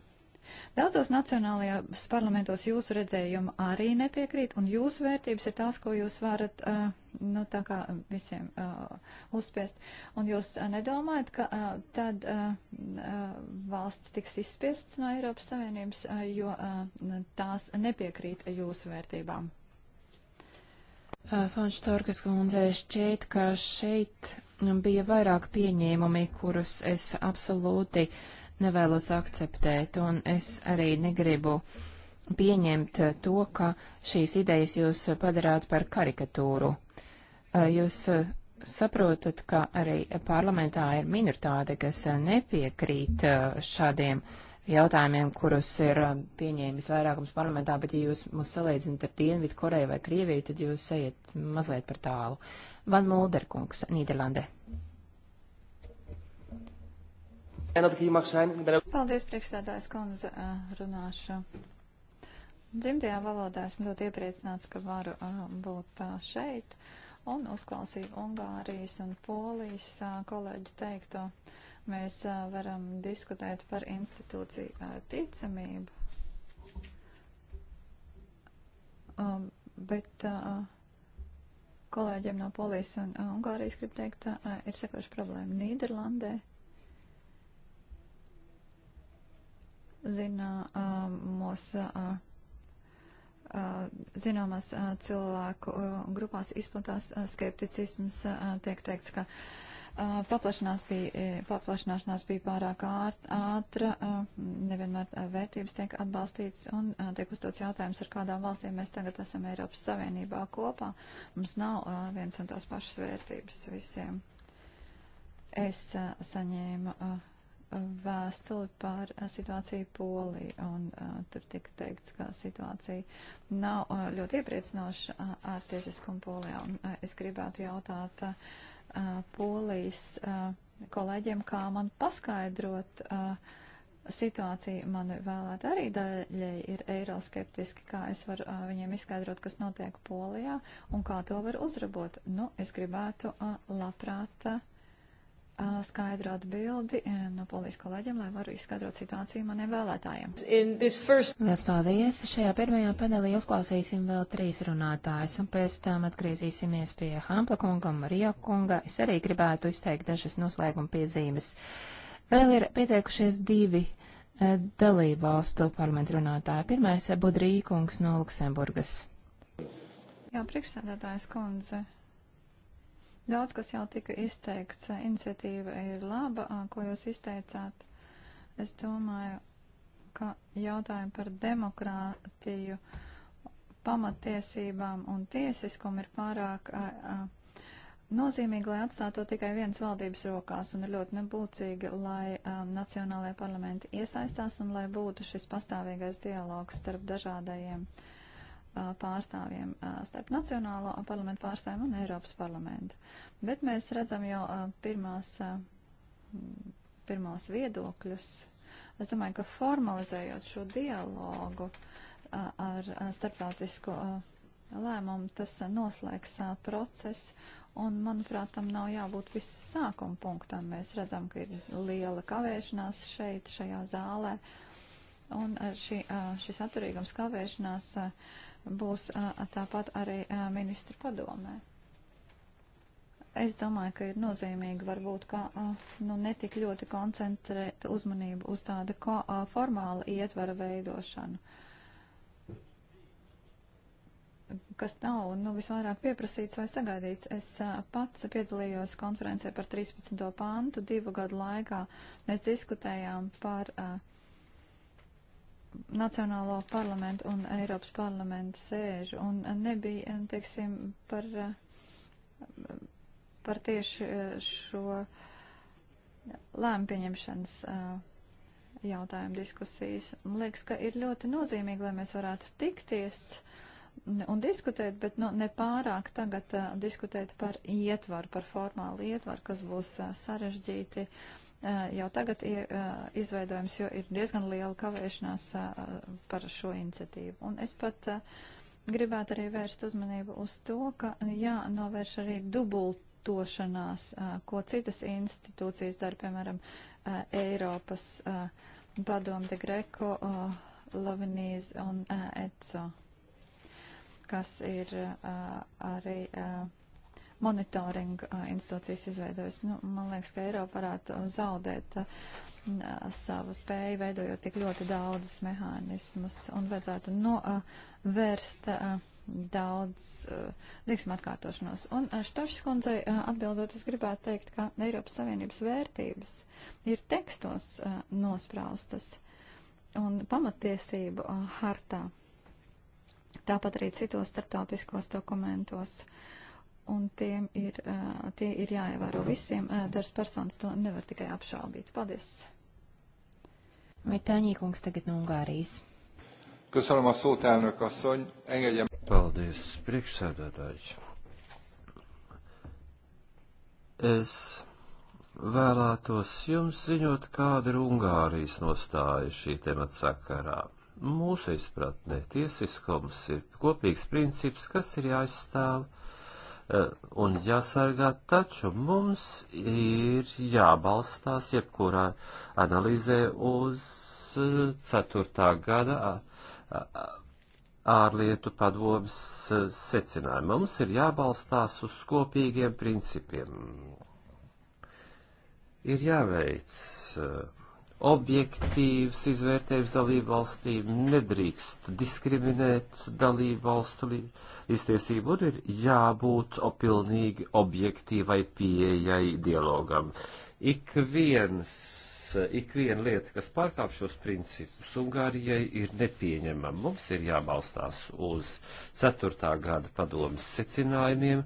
Daudzos nacionālajos parlamentos jūsu redzējumu arī nepiekrīt, un jūsu vērtības ir tās, ko jūs varat, uh, nu, tā kā visiem uh, uzspiest. Un jūs uh, nedomājat, ka uh, tad uh, uh, valsts tiks izspiests no Eiropas Savienības, uh, jo uh, tās nepiekrīt jūsu vērtībām? Fonš Torkas kundze, šķiet, ka šeit bija vairāk pieņēmumi, kurus es absolūti uh, nevēlos akceptēt, un es arī negribu pieņemt to, ka šīs idejas jūs padarāt par karikatūru. Jūs saprotat, ka arī parlamentā ir minoritāte, kas nepiekrīt šādiem jautājumiem, kurus ir pieņēmis vairākums parlamentā, bet ja jūs mūs salīdzinat ar Dienvidu Koreju vai Krieviju, tad jūs ejat mazliet par tālu. Van Mulderkungs, Nīderlandē. Paldies, priekšstādājs kundze, runāšu. Dzimtajā valodā esmu ļoti iepriecināts, ka varu būt šeit un uzklausīju Ungārijas un Polijas kolēģu teikto. Mēs varam diskutēt par institūciju ticamību. Bet kolēģiem no Polijas un Ungārijas, gribu teikt, ir sekoša problēma Nīderlandē zināmos, zināmās cilvēku grupās izplatās skepticisms, tiek teikts, ka paplašanās bija, paplašanāšanās bija pārāk ātra, nevienmēr vērtības tiek atbalstītas un tiek uzdots jautājums, ar kādām valstīm mēs tagad esam Eiropas Savienībā kopā. Mums nav viens un tās pašas vērtības visiem. Es saņēmu. Uh, vēstuli par situāciju Poliju, un uh, tur tika teikts, ka situācija nav uh, ļoti iepriecinoša uh, ar tiesiskumu Polijā, un uh, es gribētu jautāt uh, Polijas uh, kolēģiem, kā man paskaidrot uh, situāciju. Man vēlēt arī daļai ir eiroskeptiski, kā es varu uh, viņiem izskaidrot, kas notiek Polijā, un kā to var uzrabot. Nu, es gribētu uh, labprāt. Uh, skaidru atbildi no polijas kolēģiem, lai varu izskaidrot situāciju maniem vēlētājiem. First... Lielas paldies! Šajā pirmajā panelī uzklausīsim vēl trīs runātājus, un pēc tam atgriezīsimies pie Hampla kunga un Rio kunga. Es arī gribētu izteikt dažas noslēguma piezīmes. Vēl ir pieteikušies divi eh, dalībvalstu parlamentu runātāji. Pirmais eh, - Budrī kungs no Luksemburgas. Jā, priekšsēdētājs kundze. Daudz, kas jau tika izteikts, iniciatīva ir laba, ko jūs izteicāt. Es domāju, ka jautājumi par demokrātiju, pamatiesībām un tiesiskumu ir pārāk a, a, nozīmīgi, lai atstātu to tikai vienas valdības rokās un ir ļoti nebūtīgi, lai a, nacionālajie parlamenti iesaistās un lai būtu šis pastāvīgais dialogs starp dažādajiem uh, pārstāvjiem, starp Nacionālo parlamentu pārstāvjiem un Eiropas parlamentu. Bet mēs redzam jau pirmās, pirmos viedokļus. Es domāju, ka formalizējot šo dialogu ar starptautisko lēmumu, tas noslēgs procesu. Un, manuprāt, tam nav jābūt viss sākuma punktam. Mēs redzam, ka ir liela kavēšanās šeit, šajā zālē. Un šī, šis atturīgums kavēšanās uh, būs tāpat arī ministru padomē. Es domāju, ka ir nozīmīgi varbūt, ka nu, netik ļoti koncentrēt uzmanību uz tāda ko, formāla ietvara veidošanu, kas nav nu, visvairāk pieprasīts vai sagaidīts. Es pats piedalījos konferencē par 13. pāntu. Divu gadu laikā mēs diskutējām par uh, Nacionālo parlamentu un Eiropas parlamentu sēžu un nebija, teiksim, par, par tieši šo lēmu pieņemšanas jautājumu diskusijas. Man liekas, ka ir ļoti nozīmīgi, lai mēs varētu tikties un diskutēt, bet nu, nepārāk tagad uh, diskutēt par ietvaru, par formālu ietvaru, kas būs uh, sarežģīti. Uh, Eh, jau tagad ir eh, izveidojams, jo ir diezgan liela kavēšanās eh, par šo iniciatīvu. Un es pat gribētu arī vērst uzmanību uz to, ka jānovērš arī dubultošanās, ko citas institūcijas dara, piemēram, Eiropas padomu de Greco, Lavinīs un ECO, kas ir arī. Uh, monitoringa institūcijas izveidojas. Nu, man liekas, ka Eiropa varētu zaudēt uh, savu spēju, veidojot tik ļoti daudzus mehānismus un vajadzētu novērst uh, daudz uh, līdzekļu atkārtošanos. Un Štošs kundzei atbildot, es gribētu teikt, ka Eiropas Savienības vērtības ir tekstos nospraustas un pamatiesību hartā. Tāpat arī citos starptautiskos dokumentos. Uh, un tiem ir, tie ir jāievēro visiem. Dažas personas to nevar tikai apšaubīt. Paldies! Mitāņī kungs tagad no Ungārijas. Köszönöm a szót, elnök asszony. Engedjem. Paldies, priekšsēdētājs. Es vēlētos jums ziņot, kāda ir Ungārijas nostāja šī temata sakarā. Mūsu izpratnē tiesiskums ir kopīgs princips, kas ir jāizstāv Eh, un jāsargā, taču mums ir jābalstās jebkurā analīzē uz 4. Eh, gada ārlietu padomas eh, secinājumu. Mums ir jābalstās uz kopīgiem principiem. Ir jāveic uh, objektīvs izvērtējums dalību valstīm nedrīkst diskriminēt dalību valstu iztiesību un ir jābūt pilnīgi objektīvai pieejai dialogam. Ik viens Eh, ikviena lieta, kas pārkāp šos principus, Ungārijai ir nepieņemama. Mums ir jābalstās uz 4. gada padomas secinājumiem,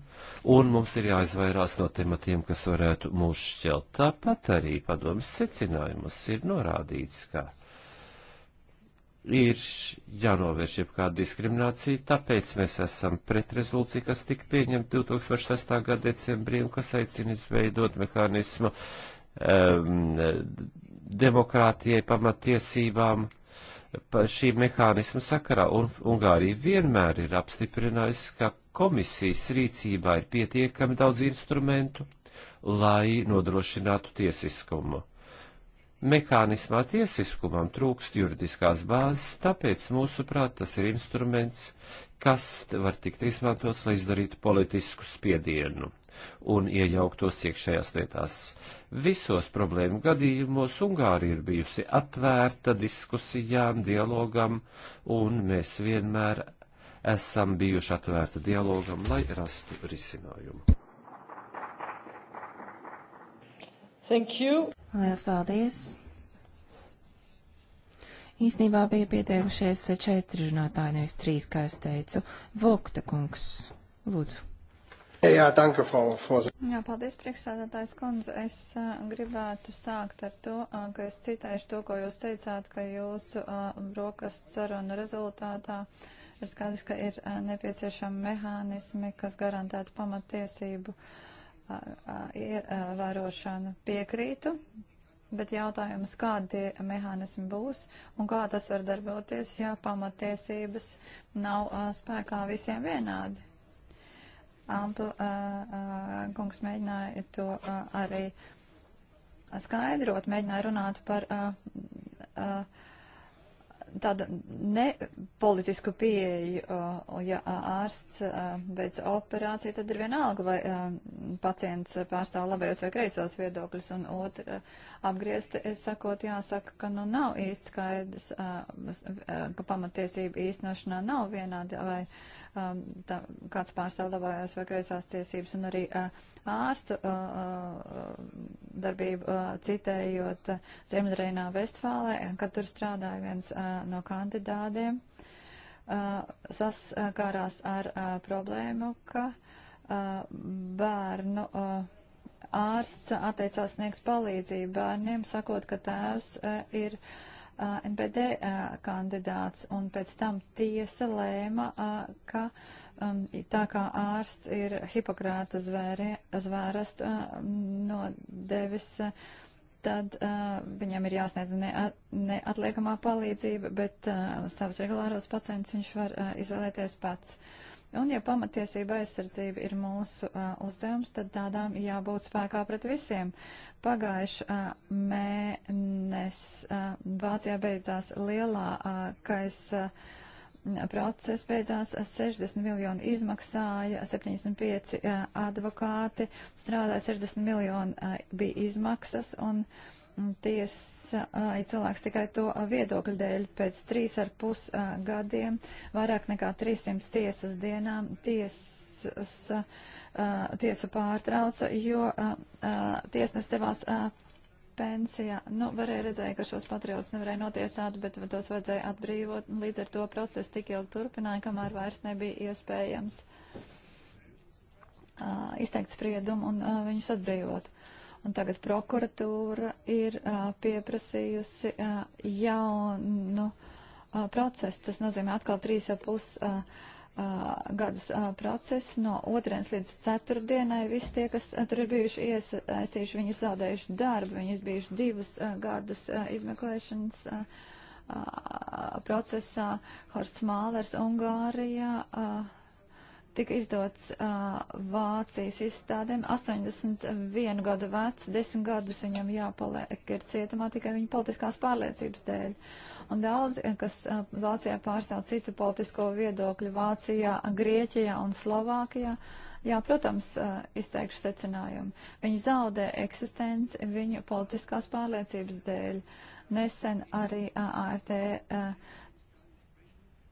un mums ir jāizvairās no tematiem, kas varētu mūs šķelt. Tāpat arī padomas secinājumus ir norādīts, ka ir jānovērš jebkāda diskriminācija, tāpēc mēs esam pret rezolūciju, kas tika pieņemta 2006. gada decembrī un kas aicina izveidot mehānismu um, demokrātijai, pamatiesībām šī mehānisma sakarā, un Ungārija vienmēr ir apstiprinājusi, ka komisijas rīcībā ir pietiekami daudz instrumentu, lai nodrošinātu tiesiskumu. Mehānismā tiesiskumam trūkst juridiskās bāzes, tāpēc, mūsuprāt, tas ir instruments, kas var tikt izmantots, lai izdarītu politisku spiedienu un iejauktos iekšējās lietās. Visos problēmu gadījumos Ungārija ir bijusi atvērta diskusijām, dialogam, un mēs vienmēr esam bijuši atvērta dialogam, lai rastu risinājumu. Thank you. Lielas paldies. Īsnībā bija pieteikušies četri runātāji, nevis trīs, kā es teicu. Vokta kungs, lūdzu. Jā, danke, Frau Vorsitzende. Jā, paldies, priekšsēdētājs kundze. Es uh, gribētu sākt ar to, uh, ka es citēšu to, ko jūs teicāt, ka jūsu uh, brokastu saruna rezultātā ir skaidrs, ka ir uh, nepieciešami mehānismi, kas garantētu pamatiesību uh, uh, ievērošanu. Piekrītu, Bet jautājums, kādi tie mehānismi būs un kā tas var darboties, ja pamatiesības nav a, spēkā visiem vienādi? Ampl kungs mēģināja to arī skaidrot, mēģināja runāt par tādu nepolitisku pieeju, ja ārsts beidz operāciju, tad ir vienalga, vai pacients pārstāv labējos vai kreisos viedokļus, un otra apgriezt, es eh, sakot, jāsaka, ka nu nav īsti skaidrs, ka pamatiesība īstenošanā nav vienāda, vai um, tā, kāds pārstāv labājās vai kreisās tiesības un arī uh, ārstu uh, uh darbību uh, citējot uh, Ziemedreinā Vestfālē, kad tur strādāja viens uh, no kandidādiem, uh, saskārās ar uh, problēmu, ka uh, bērnu. Uh, Ārsts atteicās sniegt palīdzību bērniem, sakot, ka tēvs uh, ir uh, Uh, NPD uh, kandidāts, un pēc tam tiesa lēma, uh, ka um, tā kā ārsts ir Hipokrāta zvērest no devis, tad viņam ir jāsniedz neatliekamā palīdzība, bet savus regulāros pacientus viņš var izvēlēties pats. Un ja pamatiesība aizsardzība ir mūsu uh, uzdevums, tad tādām jābūt spēkā pret visiem. Pagājuši uh, mēnes uh, Vācijā beidzās lielā uh, kais. Uh, Process beidzās 60 miljonu izmaksāja, 75 uh, advokāti strādāja, 60 miljonu uh, bija izmaksas un uh, tiesa ir cilvēks tikai to viedokļu dēļ. Pēc trīs ar pus gadiem, vairāk nekā 300 tiesas dienām, tiesas, tiesu pārtrauca, jo tiesnes devās pensijā. Nu, varēja redzēt, ka šos patriotus nevarēja notiesāt, bet tos vajadzēja atbrīvot. Līdz ar to procesu tik ilgi turpināja, kamēr vairs nebija iespējams uh, izteikt spriedumu un uh, viņus atbrīvot. Uh, Un tagad prokuratūra ir uh, pieprasījusi uh, jaunu uh, procesu. Tas nozīmē atkal trīs ap pus uh, uh, gadus uh, procesu. No otrienes līdz ceturtdienai visi tie, kas uh, tur ir bijuši iesaistījuši, viņi ir zaudējuši darbu, viņi ir bijuši divus uh, gadus uh, izmeklēšanas. Uh, procesā Horsts Mālers Ungārijā uh, tika izdots uh, Vācijas izstādēm. 81 gadu vecs, 10 gadus viņam jāpaliek ir cietumā tikai viņa politiskās pārliecības dēļ. Un daudz, kas uh, Vācijā pārstāv citu politisko viedokļu Vācijā, Grieķijā un Slovākijā, jā, protams, uh, izteikšu secinājumu. Viņi zaudē eksistenci viņu politiskās pārliecības dēļ. Nesen arī uh, ART. Uh,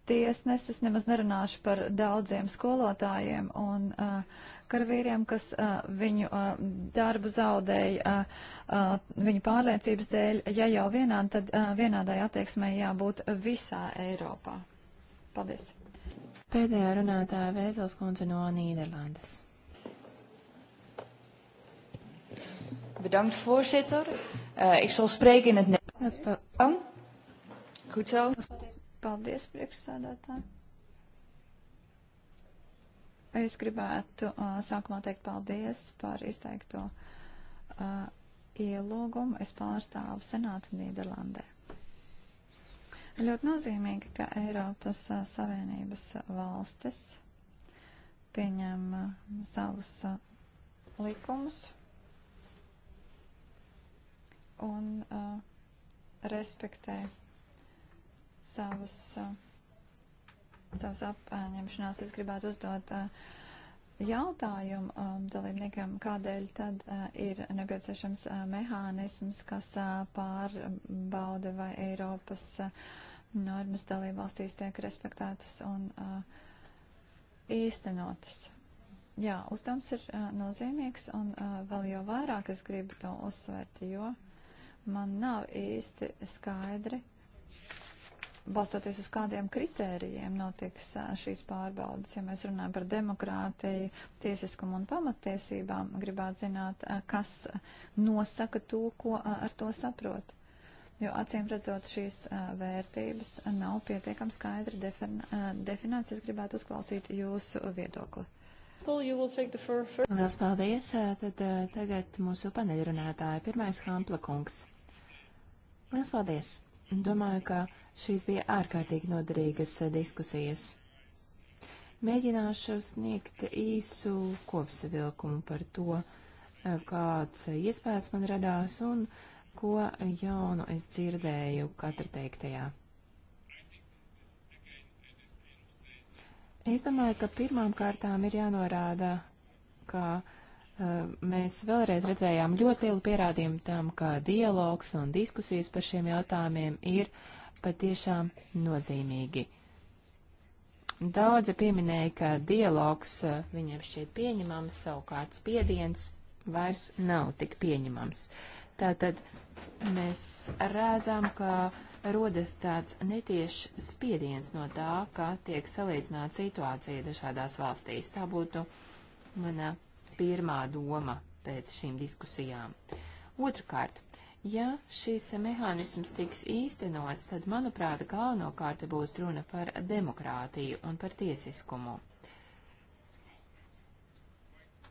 tiesneses, nemaz nerunāšu par daudziem skolotājiem un uh, karavīriem, kas uh, viņu uh, darbu zaudēja uh, uh, viņu pārliecības dēļ. Ja jau vienādi, tad uh, vienādai attieksmē jābūt visā Eiropā. Paldies. Pēdējā runātāja Vēzels kundze no Nīderlandes. Bedankt, voorzitter. Uh, ik zal spreken in het Nederlands. Goed zo. Paldies. Paldies, priekšsādātāji. Es gribētu uh, sākumā teikt paldies par izteikto uh, ielūgumu. Es pārstāvu Senātu Nīderlandē. Ļoti nozīmīgi, ka Eiropas uh, Savienības valstis pieņem uh, savus uh, likumus un uh, respektē savus, eh, savus apņemšanās. Es gribētu uzdot eh, jautājumu eh, dalībniekam, kādēļ tad ir nepieciešams mehānisms, kas pārbauda vai Eiropas normas dalībvalstīs tiek respektētas un īstenotas. Jā, uzdevums ir uh, nozīmīgs, un uh, vēl jau vairāk es gribu to uzsvērt, jo man nav īsti skaidri, balstoties uz kādiem kritērijiem notiks šīs pārbaudas. Ja mēs runājam par demokrātiju, tiesiskumu un pamatiesībām, gribētu zināt, kas nosaka to, ko ar to saprot. Jo acīm redzot, šīs vērtības nav pietiekami skaidri definētas. Es gribētu uzklausīt jūsu viedokli. Lielas paldies. Tad tagad mūsu paneļrunātāja pirmais Hampla kungs. Lielas paldies. Domāju, ka Šīs bija ārkārtīgi noderīgas eh, diskusijas. Mēģināšu sniegt īsu kopsavilkumu par to, eh, kāds eh, iespējas man radās un ko jaunu es dzirdēju katra teiktajā. Es domāju, ka pirmām kārtām ir jānorāda, ka mēs vēlreiz redzējām ļoti lielu pierādījumu tam, ka dialogs un diskusijas par šiem jautājumiem ir patiešām nozīmīgi. Daudzi pieminēja, ka dialogs viņiem šķiet pieņemams, savukārt spiediens vairs nav tik pieņemams. Tātad mēs redzam, ka rodas tāds netieši spiediens no tā, ka tiek salīdzināta situācija dažādās valstīs. Tā būtu mana pirmā doma pēc šīm diskusijām. Otrakārt, Ja šīs mehānisms tiks īstenots, tad, manuprāt, galvenokārt būs runa par demokrātiju un par tiesiskumu.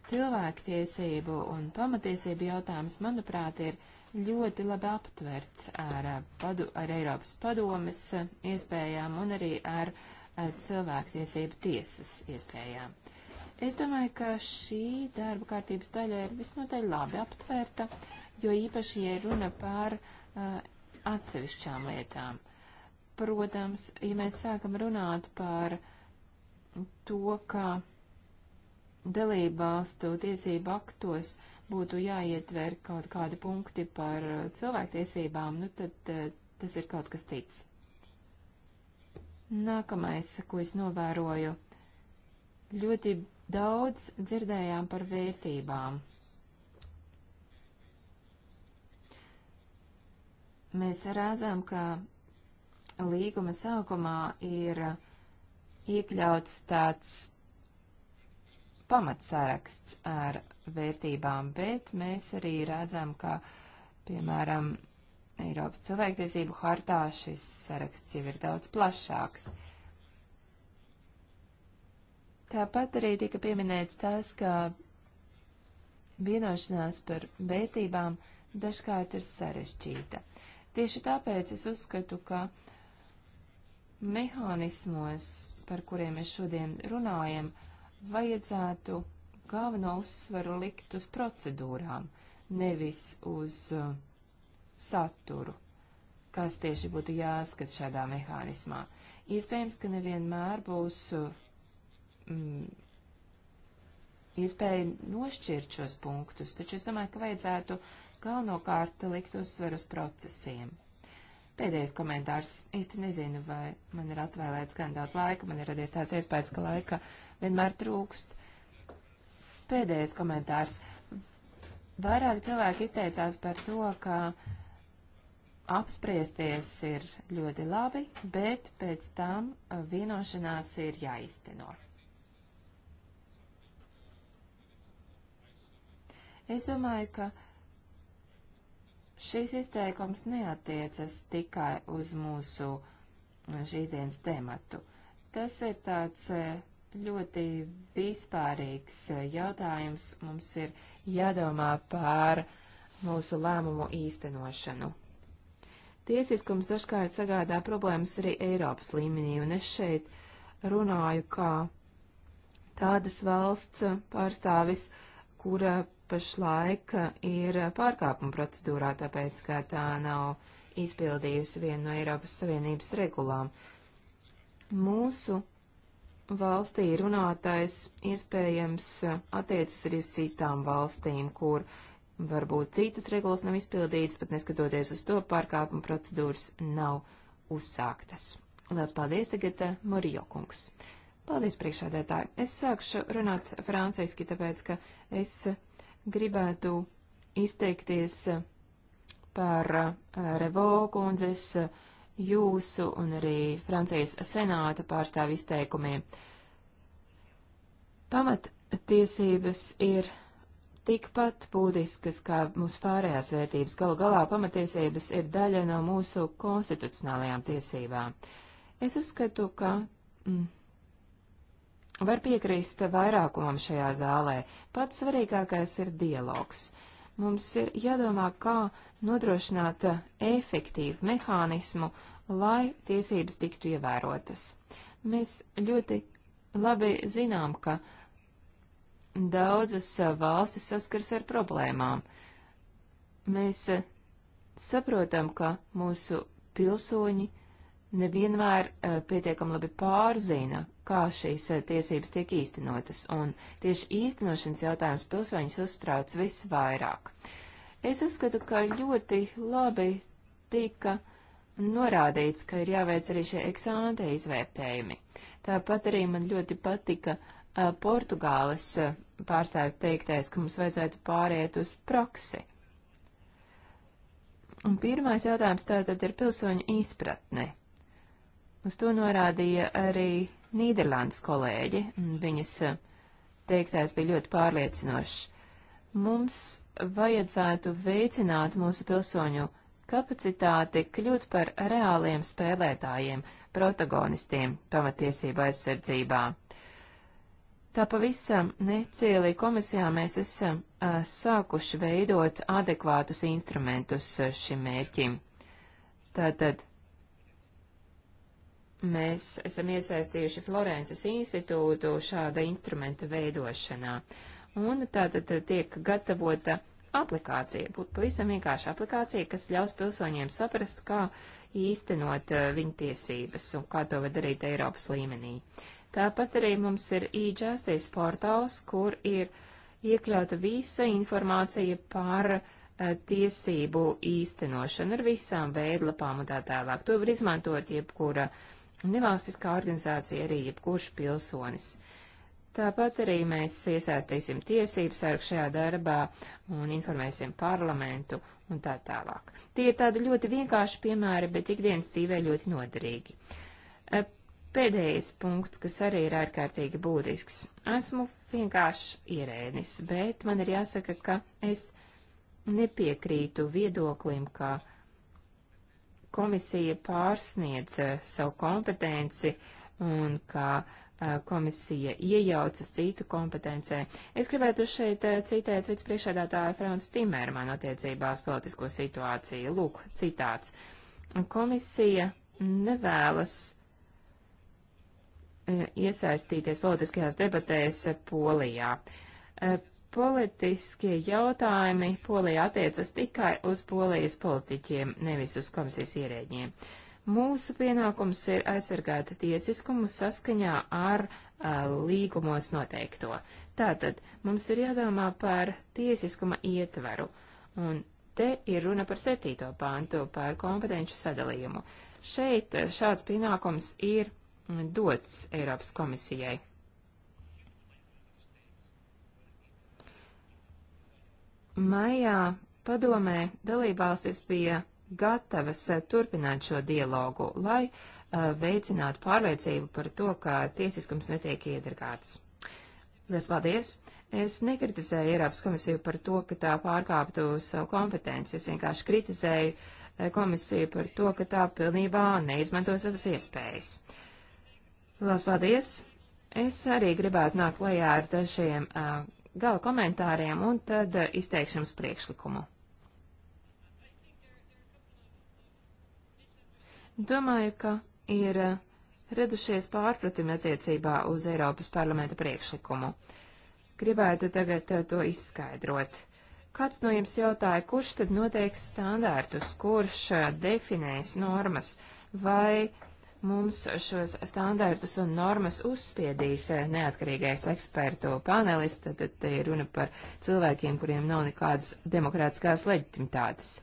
Cilvēktiesību un pamatiesību jautājums, manuprāt, ir ļoti labi aptverts ar, eh, padu, ar Eiropas padomes eh, iespējām un arī ar, ar eh, cilvēktiesību tiesas iespējām. Es domāju, ka šī darba kārtības daļa ir visnotaļ labi aptvērta. Uh, jo īpaši, ja runa par uh, atsevišķām lietām. Protams, ja mēs sākam runāt par to, ka dalībvalstu tiesību aktos būtu jāietver kaut kādi punkti par uh, cilvēktiesībām, nu tad uh, tas ir kaut kas cits. Nākamais, ko es novēroju, ļoti daudz dzirdējām par vērtībām, Mēs redzam, ka līguma sākumā ir iekļauts tāds pamatsāraksts ar vērtībām, bet mēs arī redzam, ka, piemēram, Eiropas cilvēktiesību hartā šis saraksts jau ir daudz plašāks. Tāpat arī tika pieminēts tas, ka vienošanās par vērtībām dažkārt ir sarežģīta. Tieši tāpēc es uzskatu, ka mehānismos, par kuriem mēs šodien runājam, vajadzētu galveno uzsvaru likt uz procedūrām, nevis uz uh, saturu, kas tieši būtu jāskat šādā mehānismā. Iespējams, ka nevienmēr būs uh, mm, iespēja nošķirt šos punktus, taču es domāju, ka vajadzētu uh, galvenokārt likt uzsveru uz procesiem. Pēdējais komentārs. Īsti nezinu, vai man ir atvēlēts gan daudz laika, man ir radies tāds iespējas, ka laika vienmēr trūkst. Pēdējais komentārs. Vairāk cilvēki izteicās par to, ka apspriesties ir ļoti labi, bet pēc tam uh, vienošanās ir jāizteno. Es domāju, ka Šis izteikums neatiecas tikai uz mūsu šīs dienas tematu. Tas ir tāds e, ļoti vispārīgs e, jautājums. Mums ir jādomā par mūsu lēmumu īstenošanu. Tiesiskums dažkārt sagādā problēmas arī Eiropas līmenī, un es šeit runāju kā tādas valsts pārstāvis, kura pašlaik ir pārkāpuma procedūrā, tāpēc, ka tā nav izpildījusi vienu no Eiropas Savienības regulām. Mūsu valstī runātais iespējams attiecas arī uz citām valstīm, kur varbūt citas regulas nav izpildītas, bet neskatoties uz to pārkāpuma procedūras nav uzsāktas. Lielas paldies tagad eh, Morijo kungs. Paldies, priekšādētāji. Es sākšu runāt franciski, tāpēc, ka es gribētu izteikties par eh, Revo kundzes, eh, jūsu un arī Francijas senāta pārstāvu izteikumiem. Pamattiesības ir tikpat būtiskas kā mūsu pārējās vērtības. Galu galā pamatiesības ir daļa no mūsu konstitucionālajām tiesībām. Es uzskatu, ka mm, Var piekrīst vairākumam šajā zālē. Pats svarīgākais ir dialogs. Mums ir jādomā, kā nodrošināt efektīvu mehānismu, lai tiesības tiktu ievērotas. Mēs ļoti labi zinām, ka daudzas valstis saskars ar problēmām. Mēs saprotam, ka mūsu pilsoņi nevienmēr eh, pietiekam labi pārzina kā šīs eh, tiesības tiek īstenotas, un tieši īstenošanas jautājums pilsoņus uztrauc visvairāk. Es uzskatu, ka ļoti labi tika norādīts, ka ir jāveic arī šie eksāmente izvērtējumi. Tāpat arī man ļoti patika a, eh, Portugāles eh, pārstāvju teiktais, ka mums vajadzētu pāriet uz praksi. Un pirmais jautājums tātad ir pilsoņu izpratne. Uz to norādīja arī Nīderlandes kolēģi, un viņas eh, teiktais bija ļoti pārliecinošs. Mums vajadzētu veicināt mūsu pilsoņu kapacitāti kļūt par reāliem spēlētājiem, protagonistiem pamatiesība aizsardzībā. Tā pavisam necielī komisijā mēs esam a, eh, sākuši veidot adekvātus instrumentus a, eh, šim mērķim. Tātad Mēs esam iesaistījuši Florences institūtu šāda instrumenta veidošanā. Un tātad tiek gatavota aplikācija, būtu pavisam vienkārši aplikācija, kas ļaus pilsoņiem saprast, kā īstenot eh, viņu tiesības un kā to var darīt Eiropas līmenī. Tāpat arī mums ir e-justice portāls, kur ir iekļauta visa informācija par uh, tiesību īstenošanu ar visām veidlapām un tā tālāk. To var izmantot jebkura uh, nevalstiskā organizācija arī jebkurš pilsonis. Tāpat arī mēs iesaistīsim tiesības sargu šajā darbā un informēsim parlamentu un tā tālāk. Tie ir tādi ļoti vienkārši piemēri, bet ikdienas dzīvē ļoti noderīgi. E, pēdējais punkts, kas arī ir ārkārtīgi būtisks. Esmu vienkārši ierēnis, bet man ir jāsaka, ka es nepiekrītu viedoklim, ka uh, komisija pārsniedz eh, savu kompetenci un ka eh, komisija iejaucas citu kompetencē. Es gribētu šeit eh, citēt vicepriekšēdātāju Francu Timermanu attiecībā uz politisko situāciju. Lūk, citāts. Komisija nevēlas iesaistīties politiskajās debatēs Polijā politiskie jautājumi Polijā attiecas tikai uz Polijas politiķiem, nevis uz komisijas ierēģiem. Mūsu pienākums ir aizsargāt tiesiskumu saskaņā ar a, līgumos noteikto. Tātad mums ir jādomā par tiesiskuma ietveru, un te ir runa par septīto pāntu, par kompetenču sadalījumu. Šeit šāds pienākums ir dots Eiropas komisijai Maijā padomē dalībvalstis bija gatavas eh, turpināt šo dialogu, lai uh, veicinātu pārliecību par to, ka tiesiskums netiek iedargāts. Liels paldies! Es nekritizēju Eiropas komisiju par to, ka tā pārkāptu savu kompetenci. Es vienkārši kritizēju eh, komisiju par to, ka tā pilnībā neizmanto savas iespējas. Liels paldies! Es arī gribētu nākt klajā ar dažiem uh, gala komentāriem un tad eh, izteikšu jums priekšlikumu. Domāju, ka ir eh, redušies pārpratumi attiecībā uz Eiropas parlamenta priekšlikumu. Gribētu tagad eh, to izskaidrot. Kāds no jums jautāja, kurš tad noteiks standārtus, kurš definēs normas, vai uh, Mums šos standartus un normas uzspiedīs eh, neatkarīgais ekspertu panelis, tad te ir runa par cilvēkiem, kuriem nav nekādas demokrātiskās leģitimitātes.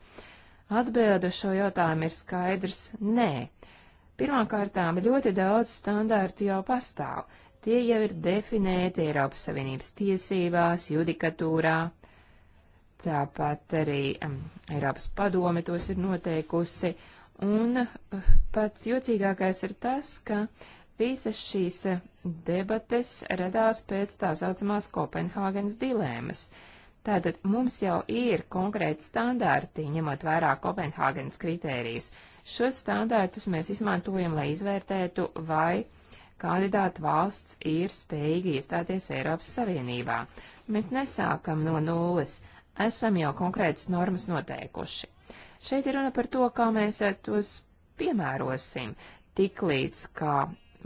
Atbilde šo jautājumu ir skaidrs - nē. Pirmkārtām ļoti daudz standārtu jau pastāv. Tie jau ir definēti Eiropas Savienības tiesībās, judikatūrā. Tāpat arī um, Eiropas padome tos ir noteikusi, Un eh, pats jocīgākais ir tas, ka visas šīs eh, debates radās pēc tā saucamās Kopenhāgenes dilēmas. Tātad mums jau ir konkrēti standārti, ņemot vērā Kopenhāgenes kritērijus. Šos standārtus mēs izmantojam, lai izvērtētu, vai kandidāta valsts ir spējīga iestāties Eiropas Savienībā. Mēs nesākam no nulles, esam jau konkrētas normas noteikuši. Šeit ir runa par to, kā mēs eh, tos piemērosim tiklīdz, kā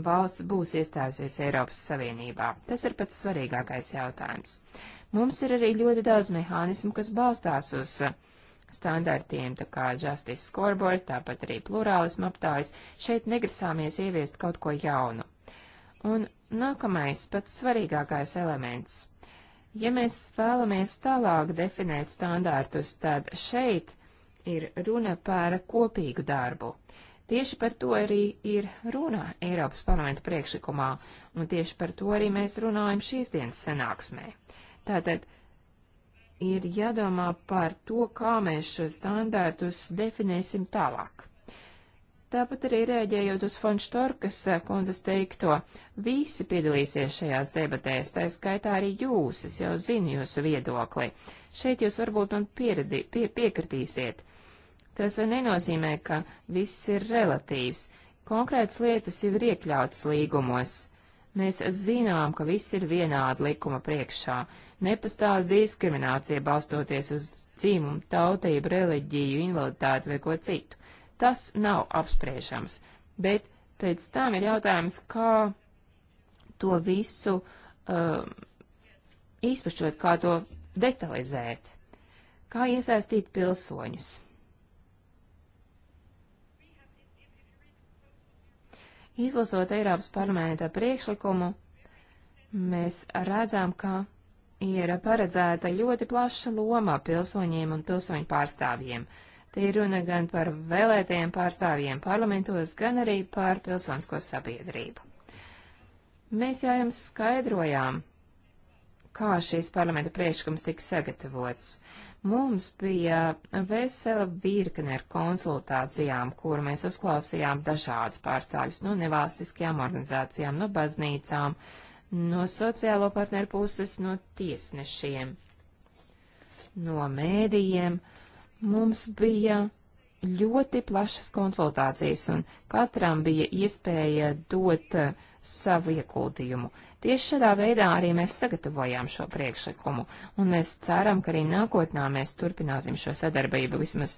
valsts būs iestājusies Eiropas Savienībā. Tas ir pats svarīgākais jautājums. Mums ir arī ļoti daudz mehānismu, kas balstās uz eh, standartiem, tā kā Justice Scoreboard, tāpat arī plurālismu aptājas. Šeit negrasāmies ieviest kaut ko jaunu. Un nākamais, pats svarīgākais elements. Ja mēs vēlamies tālāk definēt standārtus, tad šeit ir runa par kopīgu darbu. Tieši par to arī ir runa Eiropas parlamenta priekšlikumā, un tieši par to arī mēs runājam šīs dienas senāksmē. Tātad ir jādomā par to, kā mēs šos standārtus definēsim tālāk. Tāpat arī rēģējot uz Fonštorkas kundzes teikto, visi piedalīsies šajās debatēs, tā skaitā arī jūs, es jau zinu jūsu viedokli. Šeit jūs varbūt man pieredi, pie, piekritīsiet. Tas nenozīmē, ka viss ir relatīvs. Konkrētas lietas jau ir iekļautas līgumos. Mēs zinām, ka viss ir vienādi likuma priekšā. Nepastāv diskriminācija balstoties uz dzīmumu, tautību, reliģiju, invaliditāti vai ko citu. Tas nav apspriešams. Bet pēc tam ir jautājums, kā to visu uh, izpašot, kā to detalizēt, kā iesaistīt pilsoņus. Izlasot Eiropas parlamenta priekšlikumu, mēs redzam, ka ir paredzēta ļoti plaša loma pilsoņiem un pilsoņu pārstāvjiem. Te ir runa gan par vēlētajiem pārstāvjiem parlamentos, gan arī par pilsonisko sabiedrību. Mēs jau jums skaidrojām, kā šīs parlamenta priekšlikums tika sagatavots. Mums bija vesela virkne ar konsultācijām, kur mēs uzklausījām dažādas pārstāvis no nevalstiskajām organizācijām, no baznīcām, no sociālo partneru puses, no tiesnešiem, no mēdījiem. Mums bija ļoti plašas konsultācijas, un katram bija iespēja dot savu ieguldījumu. Tieši šādā veidā arī mēs sagatavojām šo priekšlikumu, un mēs ceram, ka arī nākotnē mēs turpināsim šo sadarbību, vismaz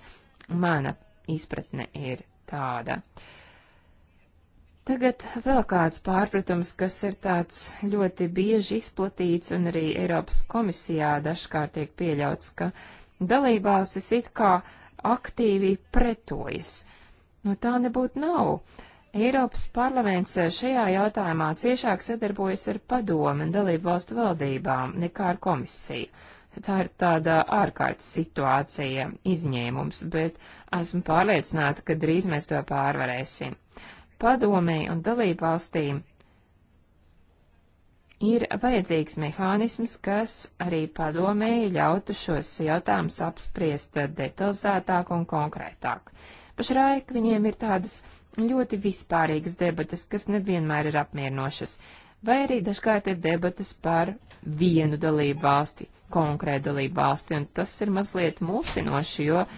mana izpratne ir tāda. Tagad vēl kāds pārpratums, kas ir tāds ļoti bieži izplatīts, un arī Eiropas komisijā dažkārt tiek pieļauts, ka dalībvalstis it kā aktīvi pretojas. Nu, tā nebūtu nav. Eiropas parlaments šajā jautājumā ciešāk sadarbojas ar padomu un dalību valstu valdībām nekā ar komisiju. Tā ir tāda ārkārtas situācija, izņēmums, bet esmu pārliecināta, ka drīz mēs to pārvarēsim. Padomēji un dalību valstīm ir vajadzīgs mehānisms, kas arī padomēji ļautu šos jautājumus apspriest detalizētāk un konkrētāk. Pašlaik viņiem ir tādas ļoti vispārīgas debatas, kas nevienmēr ir apmierinošas, vai arī dažkārt ir debatas par vienu dalību valsti, konkrētu dalību valsti, un tas ir mazliet mulsinoši, jo e,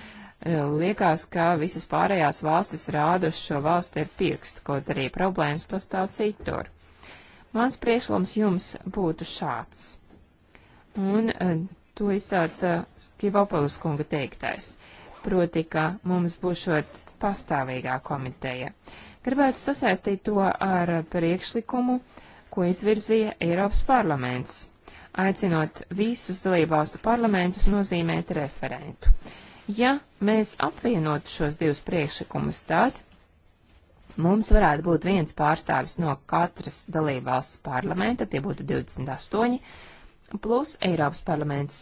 liekas, ka visas pārējās valstis rāda uz šo valsti ar pirkstu, kaut arī problēmas pastāv citur. Mans priekšlums jums būtu šāds. Un e, to izsāca Skivopolis kunga teiktais. Uh, proti, ka mums būs šot pastāvīgā komiteja. Gribētu sasaistīt to ar priekšlikumu, ko izvirzīja Eiropas parlaments, aicinot visus dalībvalstu parlamentus nozīmēt referentu. Ja mēs apvienotu šos divus priekšlikumus tad, Mums varētu būt viens pārstāvis no katras dalībvalsts parlamenta, tie būtu 28, plus Eiropas parlaments.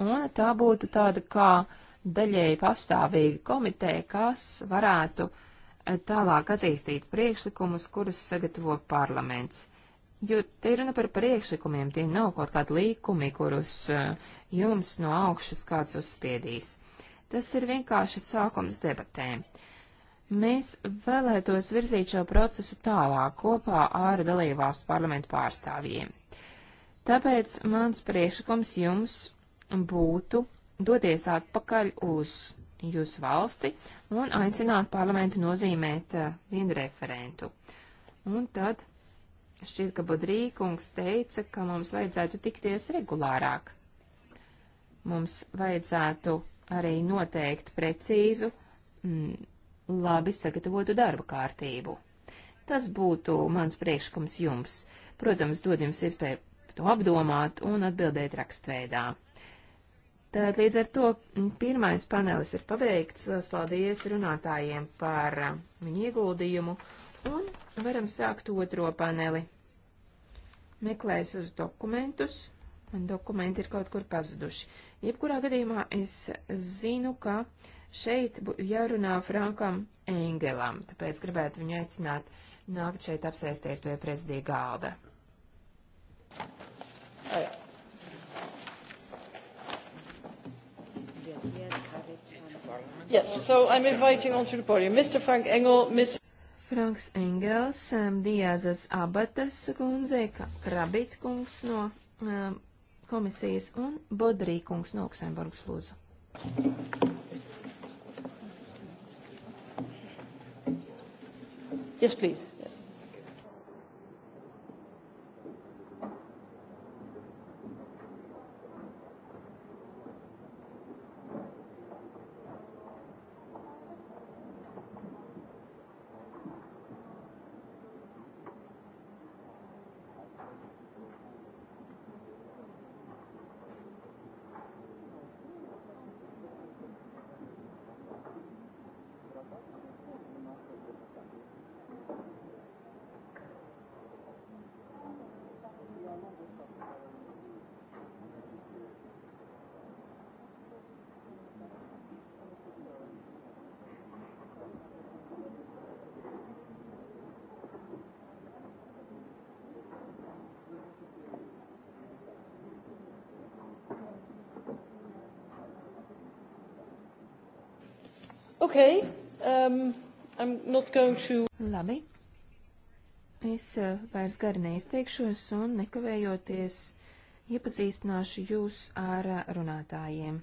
Un tā būtu tāda kā uh, daļēji pastāvīga komiteja, kas varētu eh, tālāk attīstīt priekšlikumus, kurus sagatavo parlaments. Jo te ir runa par priekšlikumiem, tie nav kaut kādi līkumi, kurus eh, jums no augšas kāds uzspiedīs. Tas ir vienkārši sākums debatēm. Mēs vēlētos virzīt šo procesu tālāk kopā ar dalībvalstu parlamentu pārstāvjiem. Tāpēc mans priekšlikums jums būtu doties atpakaļ uz jūsu valsti un aicināt parlamentu nozīmēt uh, vienu referentu. Un tad šķiet, ka Bodrīkungs teica, ka mums vajadzētu tikties regulārāk. Mums vajadzētu arī noteikt precīzu, mm, labi sagatavotu darba kārtību. Tas būtu mans priekšlikums jums. Protams, dod jums iespēju to apdomāt un atbildēt rakstveidā. Tad līdz ar to mm, pirmais panelis ir pabeigts. Lielas paldies runātājiem par mm, viņu ieguldījumu. Un varam sākt otro paneli. Meklēs uz dokumentus. Man dokumenti ir kaut kur pazuduši. Jebkurā gadījumā es zinu, ka šeit jārunā Frankam Engelam, tāpēc gribētu viņu aicināt nākt šeit apsēsties pie prezidija galda. Oh, yeah. Yes, so I'm inviting onto the podium Mr. Frank Engel, Ms. Franks Engels, um, Diāzas Abatas kundze, Krabit kungs no um, komisijas un Bodrī kungs no Luksemburgas lūdzu. Yes, please. Okay. Um, I'm not going to. Labi. Es uh, vairs gari neizteikšos un nekavējoties iepazīstināšu jūs ar uh, runātājiem.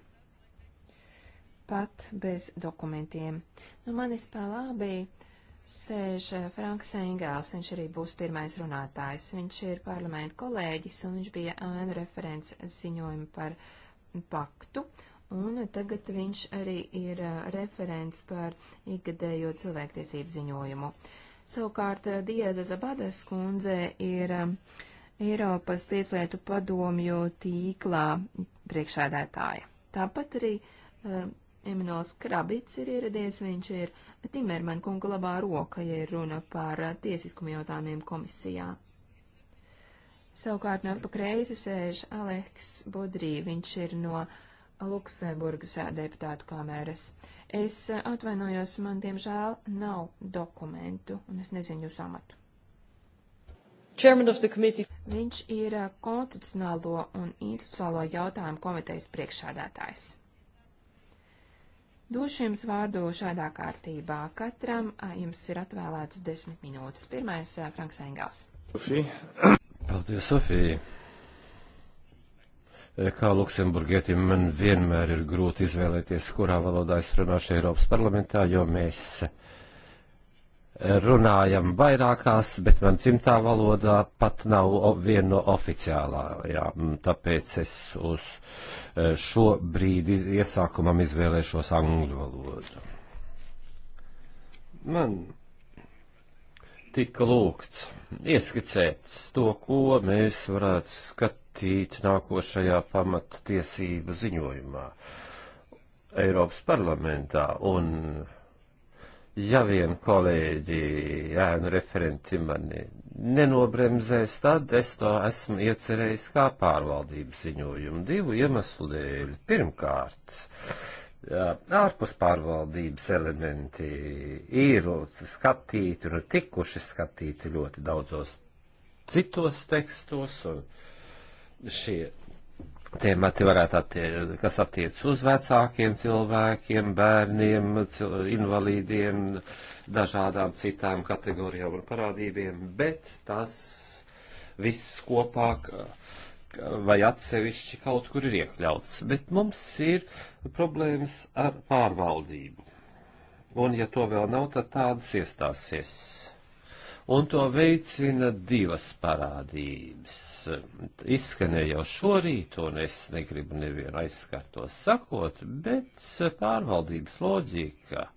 Pat bez dokumentiem. Nu, manis pa labi sēž uh, Franks Engels, viņš arī būs pirmais runātājs. Viņš ir parlamenta kolēģis un viņš bija ēnu referents ziņojumu par paktu un tagad viņš arī ir uh, referents par ikgadējo cilvēktiesību ziņojumu. Savukārt uh, Dieza Zabadas kundze ir um, Eiropas tieslietu padomju tīklā priekšādētāja. Tāpat arī uh, Emanuels Krabits ir ieradies, viņš ir Timerman kunga labā roka, ja ir runa par uh, tiesiskumu jautājumiem komisijā. Savukārt no pa kreisi sēž Aleks Budrī, viņš ir no uh, Luksemburgas deputātu kameras. Es atvainojos, man diemžēl nav dokumentu, un es nezinu jūsu amatu. Viņš ir konstitucionālo un institucionālo jautājumu komitejas priekšsādātājs. Došu jums vārdu šādā kārtībā. Katram jums ir atvēlētas desmit minūtes. Pirmais - Franks Engels. Sofija. Paldies, Sofija kā luksemburgietim man vienmēr ir grūti izvēlēties, kurā valodā es runāšu Eiropas parlamentā, jo mēs runājam vairākās, bet man dzimtā valodā pat nav viena no oficiālājām, tāpēc es uz e, šo brīdi iesākumam izvēlēšos angļu valodu. Man tika lūgts ieskicēt to, ko mēs varētu skatīt nākošajā pamattiesību ziņojumā Eiropas parlamentā. Un ja vien kolēģi, ēnu referenti mani nenobremzēs, tad es to esmu iecerējis kā pārvaldības ziņojumu divu iemeslu dēļ. Pirmkārt, uh, ārpus pārvaldības elementi ir skatīti un ir tikuši skatīti ļoti daudzos citos tekstos, un šie temati varētu attiec, kas attiec uz vecākiem cilvēkiem, bērniem, cil invalīdiem, dažādām citām kategorijām un parādībiem, bet tas viss kopāk uh, vai atsevišķi kaut kur ir iekļauts, bet mums ir problēmas ar pārvaldību. Un, ja to vēl nav, tad tādas iestāsies. Un to veicina divas parādības. Izskanēja jau šorīt, un es negribu nevienu aizskart to sakot, bet pārvaldības loģika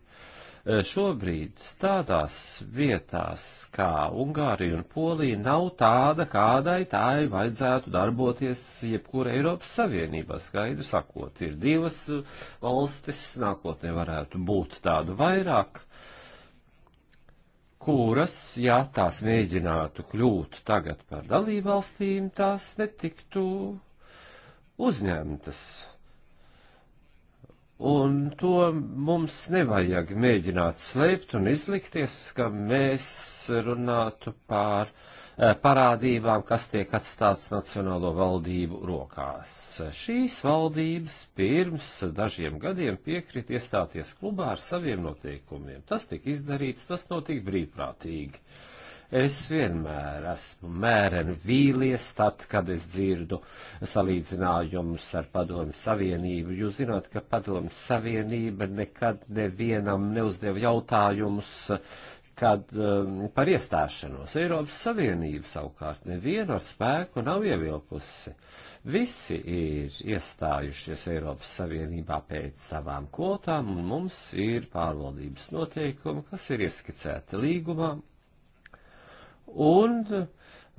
Eh, šobrīd tādās vietās kā Ungārija un Polija nav tāda, kādai tai vajadzētu darboties jebkura Eiropas Savienībā. Skaidri sakot, ir divas valstis, nākotnē varētu būt tādu vairāk, kuras, ja tās mēģinātu kļūt tagad par dalībvalstīm, tās netiktu uzņemtas Un to mums nevajag mēģināt slēpt un izlikties, ka mēs runātu pār eh, parādībām, kas tiek atstāts Nacionālo valdību rokās. Šīs valdības pirms dažiem gadiem piekrit iestāties klubā ar saviem noteikumiem. Tas tika izdarīts, tas notika brīvprātīgi. Uh, Es vienmēr esmu mēreni vīlies, tad, kad es dzirdu salīdzinājumus ar Padomu Savienību. Jūs zināt, ka Padomu Savienība nekad nevienam neuzdeva jautājumus kad, um, par iestāšanos. Eiropas Savienība savukārt nevienu ar spēku nav ievilkusi. Visi ir iestājušies Eiropas Savienībā pēc savām kvotām, un mums ir pārvaldības noteikumi, kas ir ieskicēti līgumā un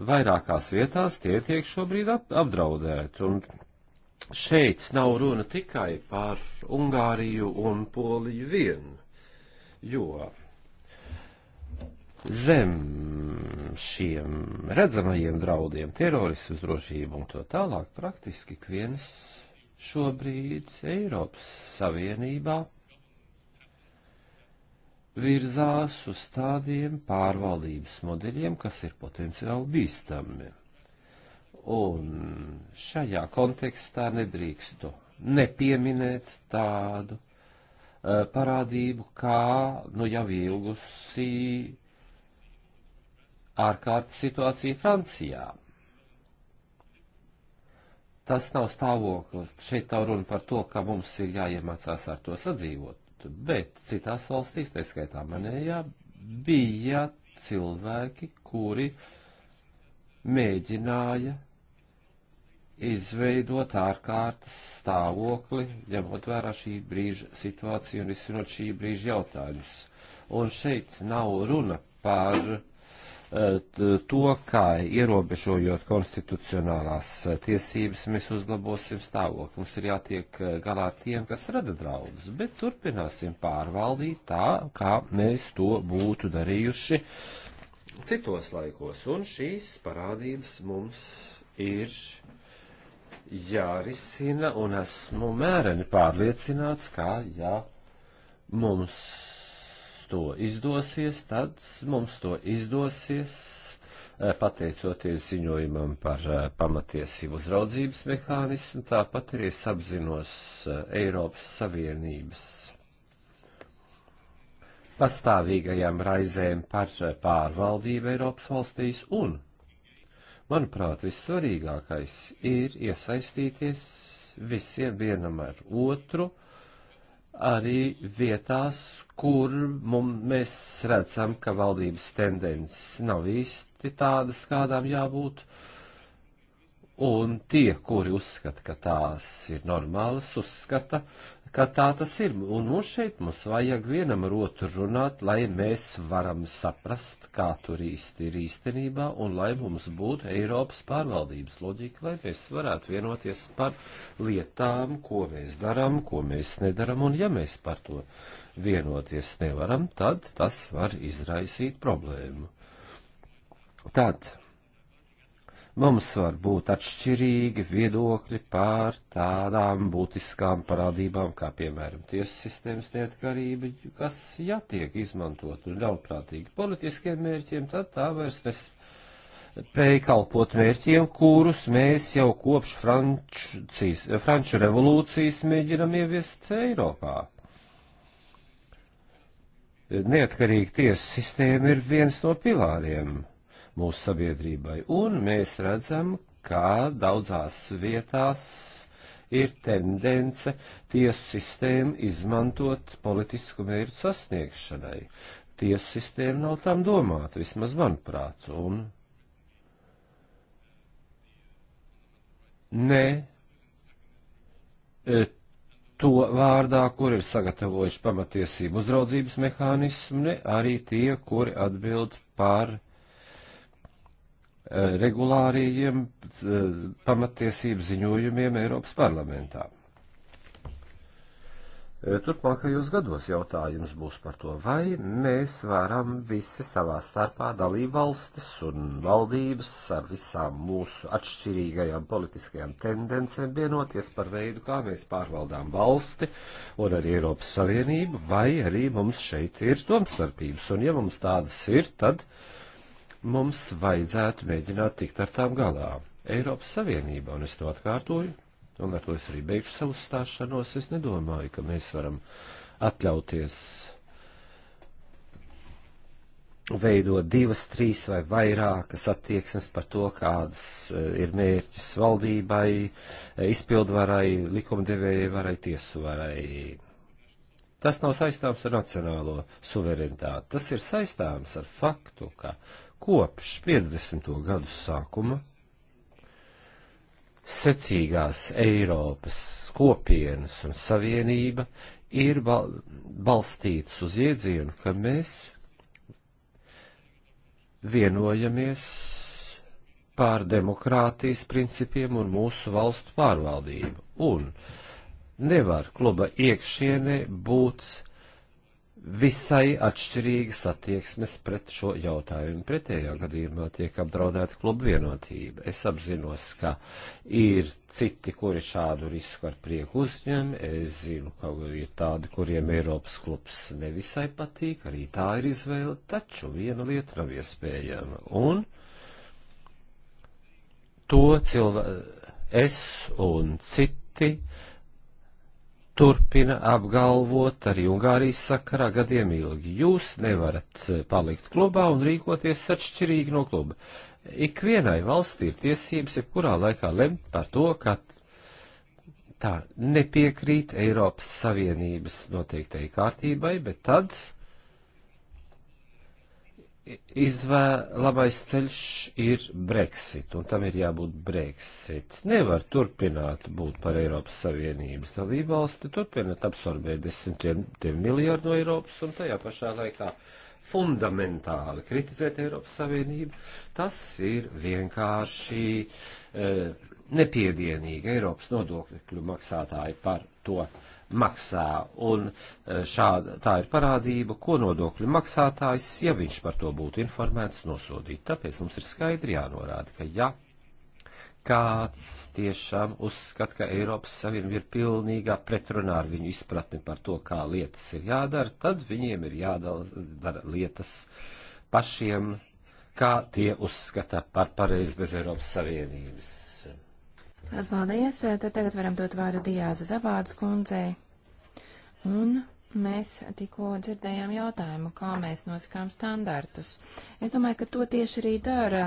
vairākās vietās tie tiek šobrīd apdraudēti. Un šeit nav runa tikai par Ungāriju un Poliju vien, jo zem šiem redzamajiem draudiem, terorismu drošību un to tālāk praktiski ikviens šobrīd Eiropas Savienībā virzās uz tādiem pārvaldības modeļiem, kas ir potenciāli bīstami. Un šajā kontekstā nedrīkstu nepieminēt tādu uh, parādību, kā nu jau ilgusī ārkārtas situācija Francijā. Tas nav stāvoklis. Šeit tā runa par to, ka mums ir jāiemācās ar to sadzīvot importu, bet citās valstīs, tā skaitā manējā, bija cilvēki, kuri mēģināja izveidot ārkārtas stāvokli, ņemot vērā šī brīža situāciju un izsinot šī brīža jautājumus. Un šeit nav runa par to, kā ierobežojot konstitucionālās tiesības, mēs uzlabosim stāvokli. Mums ir jātiek galā ar tiem, kas rada draudus, bet turpināsim pārvaldīt tā, kā mēs to būtu darījuši citos laikos. Un šīs parādības mums ir jārisina, un esmu mēreni pārliecināts, kā jā, mums to izdosies, tad mums to izdosies eh, pateicoties ziņojumam par eh, pamatiesību uzraudzības mehānismu, tāpat arī es apzinos eh, Eiropas Savienības pastāvīgajām raizēm par pārvaldību Eiropas valstīs un, manuprāt, vissvarīgākais ir iesaistīties visiem vienam ar otru, arī vietās, kur mum, mēs redzam, ka valdības tendences nav īsti tādas, kādām jābūt. Un tie, kuri uzskata, ka tās ir normālas, uzskata, ka tā tas ir. Un mums šeit mums vajag vienam ar otru runāt, lai mēs varam saprast, kā tur īsti ir īstenībā, un lai mums būtu Eiropas pārvaldības loģika, lai mēs varētu vienoties par lietām, ko mēs darām, ko mēs nedaram, un ja mēs par to vienoties nevaram, tad tas var izraisīt problēmu. Tad mums var būt atšķirīgi viedokļi pār tādām būtiskām parādībām, kā piemēram tiesu sistēmas neatkarība, kas, ja tiek izmantot un ļaunprātīgi politiskiem mērķiem, tad tā vairs respektīvi spēja kalpot mērķiem, kurus mēs jau kopš Frančijas, Franču revolūcijas mēģinam ieviest Eiropā neatkarīga tiesu sistēma ir viens no pilāriem mūsu sabiedrībai, un mēs redzam, ka daudzās vietās ir tendence tiesu sistēmu izmantot politisku mērķu sasniegšanai. Tiesu sistēma nav tam domāta, vismaz manuprāt, un ne e, to vārdā, kur ir sagatavojuši pamatiesību uzraudzības mehānismu, ne arī tie, kuri atbild par eh, regulārajiem eh, pamatiesību ziņojumiem Eiropas parlamentā. E, turpmākajos gados jautājums būs par to, vai mēs varam visi savā starpā dalībvalstis un valdības ar visām mūsu atšķirīgajām politiskajām tendencēm vienoties par veidu, kā mēs pārvaldām valsti un arī Eiropas Savienību, vai arī mums šeit ir domstarpības, un ja mums tādas ir, tad mums vajadzētu mēģināt tikt ar tām galā. Eiropas Savienība, un es to atkārtoju, un ar to es arī beigšu savu stāšanos, es nedomāju, ka mēs varam atļauties veidot divas, trīs vai vairākas attieksmes par to, kādas eh, ir mērķis valdībai, eh, izpildvarai, likumdevējai varai, tiesu varai. Tas nav saistāms ar nacionālo suverenitāti. Tas ir saistāms ar faktu, ka kopš 50. gadu sākuma secīgās Eiropas kopienas un savienība ir bal balstītas uz iedzienu, ka mēs vienojamies pār demokrātijas principiem un mūsu valstu pārvaldību. Un nevar kluba iekšienē būt visai atšķirīgas attieksmes pret šo jautājumu. Pretējā gadījumā tiek apdraudēta kluba vienotība. Es apzinos, ka ir citi, kuri šādu risku ar prieku uzņem. Es zinu, ka ir tādi, kuriem Eiropas klubs nevisai patīk, arī tā ir izvēle, taču viena lieta nav iespējama. Un to cilvēku es un citi turpina apgalvot arī Ungārijas sakarā gadiem ilgi. Jūs nevarat eh, palikt klubā un rīkoties atšķirīgi no kluba. Ikvienai valstī ir tiesības jebkurā laikā lemt par to, ka tā nepiekrīt Eiropas Savienības noteiktai kārtībai, bet tad izvēlamais ceļš ir Brexit, un tam ir jābūt Brexit. Nevar turpināt būt par Eiropas Savienības dalību valsti, turpināt absorbēt desmitiem miljardu no Eiropas un tajā pašā laikā fundamentāli kritizēt Eiropas Savienību. Tas ir vienkārši e, nepiedienīgi Eiropas nodokļu maksātāji par to. E, maksā, un e, šāda, tā ir parādība, ko nodokļu maksātājs, ja viņš par to būtu informēts, nosodīt. Tāpēc mums ir skaidri jānorāda, ka ja kāds tiešām uzskata, ka Eiropas Savienība ir pilnīgā pretrunā ar viņu izpratni par to, kā lietas ir jādara, tad viņiem ir jādara lietas pašiem, kā tie uzskata par pareizi bez Eiropas Savienības. Lielas paldies! Tad tagad varam dot vārdu Dijāza Zabādas kundzei. Un mēs tikko dzirdējām jautājumu, kā mēs nosakām standartus. Es domāju, ka to tieši arī dara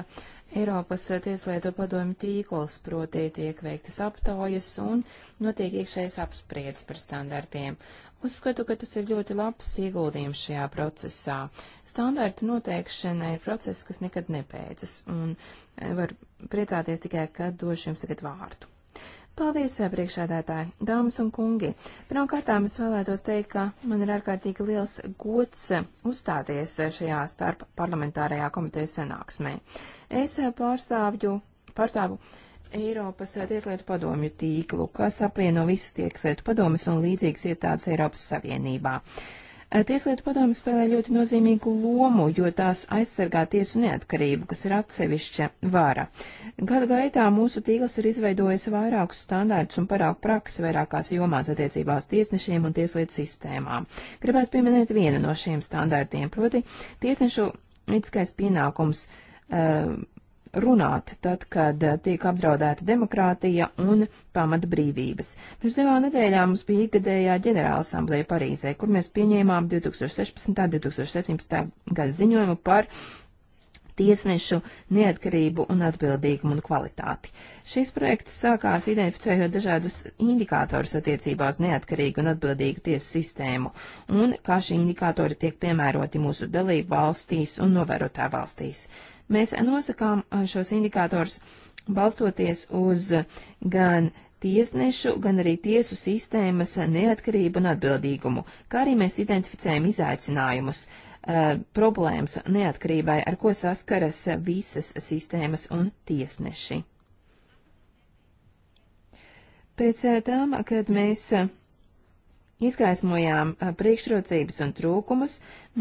Eiropas tieslietu padomu tīkls, proti tiek veiktas aptaujas un notiek iekšējas apspriedzes par standartiem. Uzskatu, ka tas ir ļoti labs ieguldījums šajā procesā. Standarta noteikšana ir process, kas nekad nepēcas, un eh, var priecāties tikai, ka došu jums tagad vārdu. Paldies, eh, priekšādātāji, dāmas un kungi. Pirmkārtām es vēlētos teikt, ka man ir ārkārtīgi liels gods eh, uzstāties šajā starp parlamentārajā komitejas sanāksmē. Es pārstāvju, pārstāvu Eiropas eh, tieslietu padomju tīklu, kas apvieno visas tieslietu padomas un līdzīgas iestādes Eiropas Savienībā. Eh, tieslietu padomas spēlē ļoti nozīmīgu lomu, jo tās aizsargā tiesu neatkarību, kas ir atsevišķa vara. Gadu gaitā mūsu tīkls ir izveidojis vairākus standārtus un parāku praksi vairākās jomās attiecībā uz tiesnešiem un tieslietu sistēmām. Gribētu pieminēt vienu no šiem standārtiem, proti tiesnešu itiskais pienākums uh, runāt, tad, kad eh, tiek apdraudēta demokrātija un pamata brīvības. Pirms divām nedēļām mums bija ikgadējā ģenerāla asambleja Parīzē, kur mēs pieņēmām 2016. un 2017. gada ziņojumu par tiesnešu neatkarību un atbildīgumu un kvalitāti. Šis projekts sākās identificējot dažādus indikātorus attiecībā uz neatkarīgu un atbildīgu tiesu sistēmu un kā šie indikātori tiek piemēroti mūsu dalību valstīs un novērotā valstīs. Mēs nosakām šos indikātors balstoties uz gan tiesnešu, gan arī tiesu sistēmas neatkarību un atbildīgumu, kā arī mēs identificējam izaicinājumus, problēmas neatkarībai, ar ko saskaras visas sistēmas un tiesneši. Pēc tam, kad mēs izgaismojām priekšrocības un trūkumus,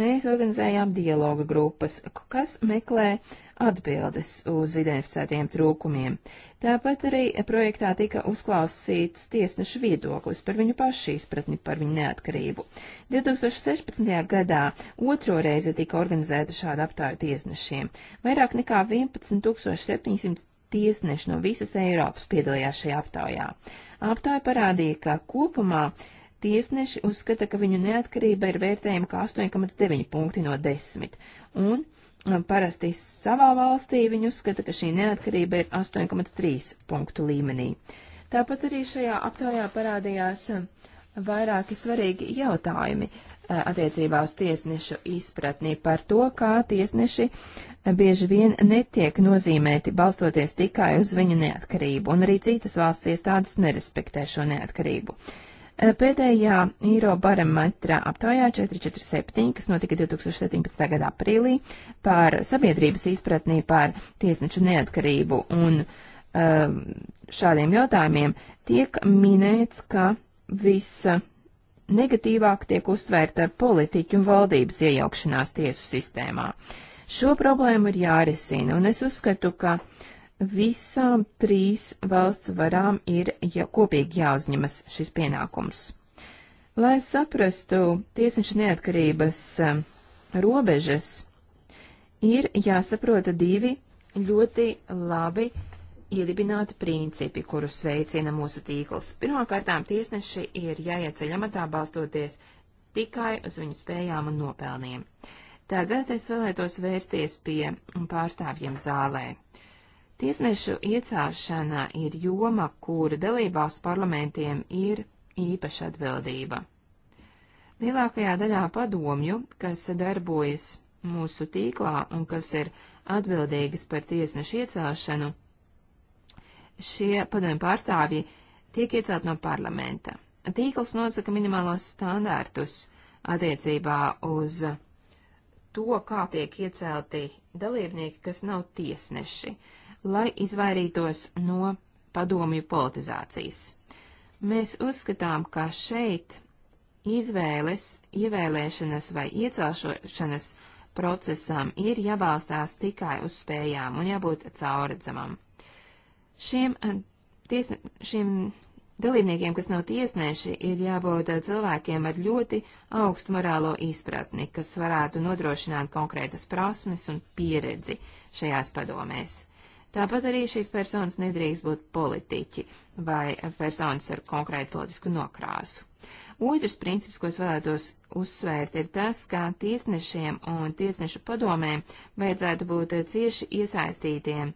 mēs organizējām dialoga grupas, kas meklē atbildes uz identificētiem trūkumiem. Tāpat arī projektā tika uzklausīts tiesnešu viedoklis par viņu pašu izpratni par viņu neatkarību. 2016. gadā otro reizi tika organizēta šāda aptāja tiesnešiem. Vairāk nekā 11700 tiesneši no visas Eiropas piedalījās šajā aptaujā. Aptāja parādīja, ka kopumā Tiesneši uzskata, ka viņu neatkarība ir vērtējama kā 8,9 punkti no 10, un um, parasti savā valstī viņi uzskata, ka šī neatkarība ir 8,3 punktu līmenī. Tāpat arī šajā aptaujā parādījās um, vairāki svarīgi jautājumi uh, attiecībā uz tiesnešu izpratnī par to, kā tiesneši uh, bieži vien netiek nozīmēti balstoties tikai uz viņu neatkarību, un arī citas valsts iestādes nerespektē šo neatkarību. Uh, Pēdējā īro barometra aptaujā 447, kas notika 2017. gada aprīlī, par sabiedrības izpratnī par tiesneču neatkarību un um, šādiem jautājumiem, tiek minēts, ka visa negatīvāk tiek uztvērta politiķu un valdības iejaukšanās tiesu sistēmā. Šo problēmu ir jārisina, un es uzskatu, ka uh, visām trīs valsts varām ir ja kopīgi jāuzņemas šis pienākums. Lai saprastu tiesneša neatkarības eh, robežas, ir jāsaprota divi ļoti labi iedibināti principi, kurus veicina mūsu tīkls. Pirmkārtām, tiesneši ir jāieceļ amatā balstoties tikai uz viņu spējām un nopelniem. Tagad es vēlētos vērsties pie pārstāvjiem zālē. Uh, Tiesnešu iecāšana ir joma, kura dalībās parlamentiem ir īpaša atbildība. Lielākajā daļā padomju, kas darbojas mūsu tīklā un kas ir atbildīgas par tiesnešu iecāšanu, šie padomju pārstāvji tiek iecelt no parlamenta. Tīkls nosaka minimālos standārtus attiecībā uz to, kā tiek iecelti dalībnieki, kas nav tiesneši. Uh, lai izvairītos no padomju politizācijas. Mēs uzskatām, ka šeit izvēles, ievēlēšanas vai iecelšanas procesam ir jābalstās tikai uz spējām un jābūt cauredzamam. Šiem, eh, tiesne, šiem dalībniekiem, kas nav tiesneši, ir jābūt eh, cilvēkiem ar ļoti augstu morālo izpratni, kas varētu nodrošināt konkrētas prasmes un pieredzi šajās padomēs. Tāpat arī šīs personas nedrīkst būt politiķi vai personas ar konkrētu politisku nokrāsu. Otrs princips, ko es vēlētos uzsvērt, ir tas, ka tiesnešiem un tiesnešu padomēm vajadzētu būt cieši iesaistītiem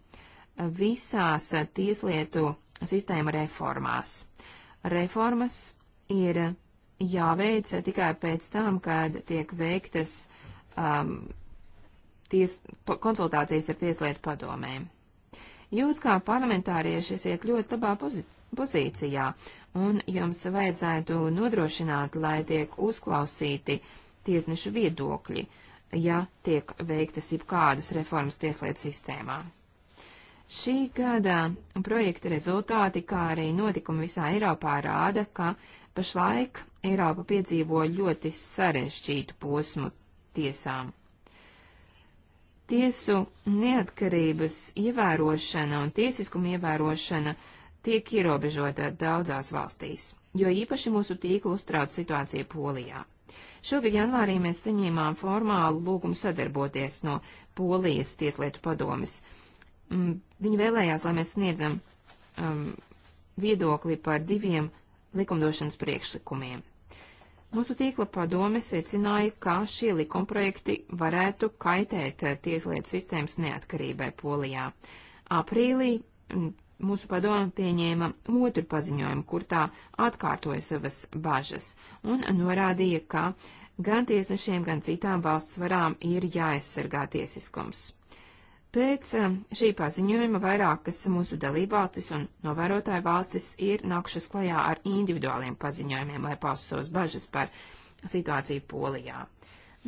visās tieslietu sistēma reformās. Reformas ir jāveic tikai pēc tam, kad tiek veiktas um, ties, konsultācijas ar tieslietu padomēm. Jūs kā parlamentārieši esiet ļoti labā pozīcijā, un jums vajadzētu nodrošināt, lai tiek uzklausīti tiesnešu viedokļi, ja tiek veiktas jebkādas reformas tieslietu sistēmā. Šī gada projekta rezultāti, kā arī notikumi visā Eiropā rāda, ka pašlaik Eiropa piedzīvo ļoti sarežģītu posmu tiesām. Tiesu neatkarības ievērošana un tiesiskuma ievērošana tiek ierobežota daudzās valstīs, jo īpaši mūsu tīklu uztrauc situācija Polijā. Šogad janvārī mēs saņēmām formālu lūgumu sadarboties no Polijas tieslietu padomis. Mm, viņi vēlējās, lai mēs sniedzam um, viedokli par diviem likumdošanas priekšlikumiem. Mūsu tīkla padome secināja, ka šie likumprojekti varētu kaitēt eh, tieslietu sistēmas neatkarībai Polijā. Aprīlī mūsu padome pieņēma otru paziņojumu, kur tā atkārtoja savas bažas un norādīja, ka gan tiesnešiem, gan citām valsts varām ir jāaizsargā tiesiskums. Pēc um, šī paziņojuma vairākas mūsu dalībvalstis un novērotāju valstis ir nākušas klajā ar individuāliem paziņojumiem, lai paustu savas bažas par situāciju Polijā.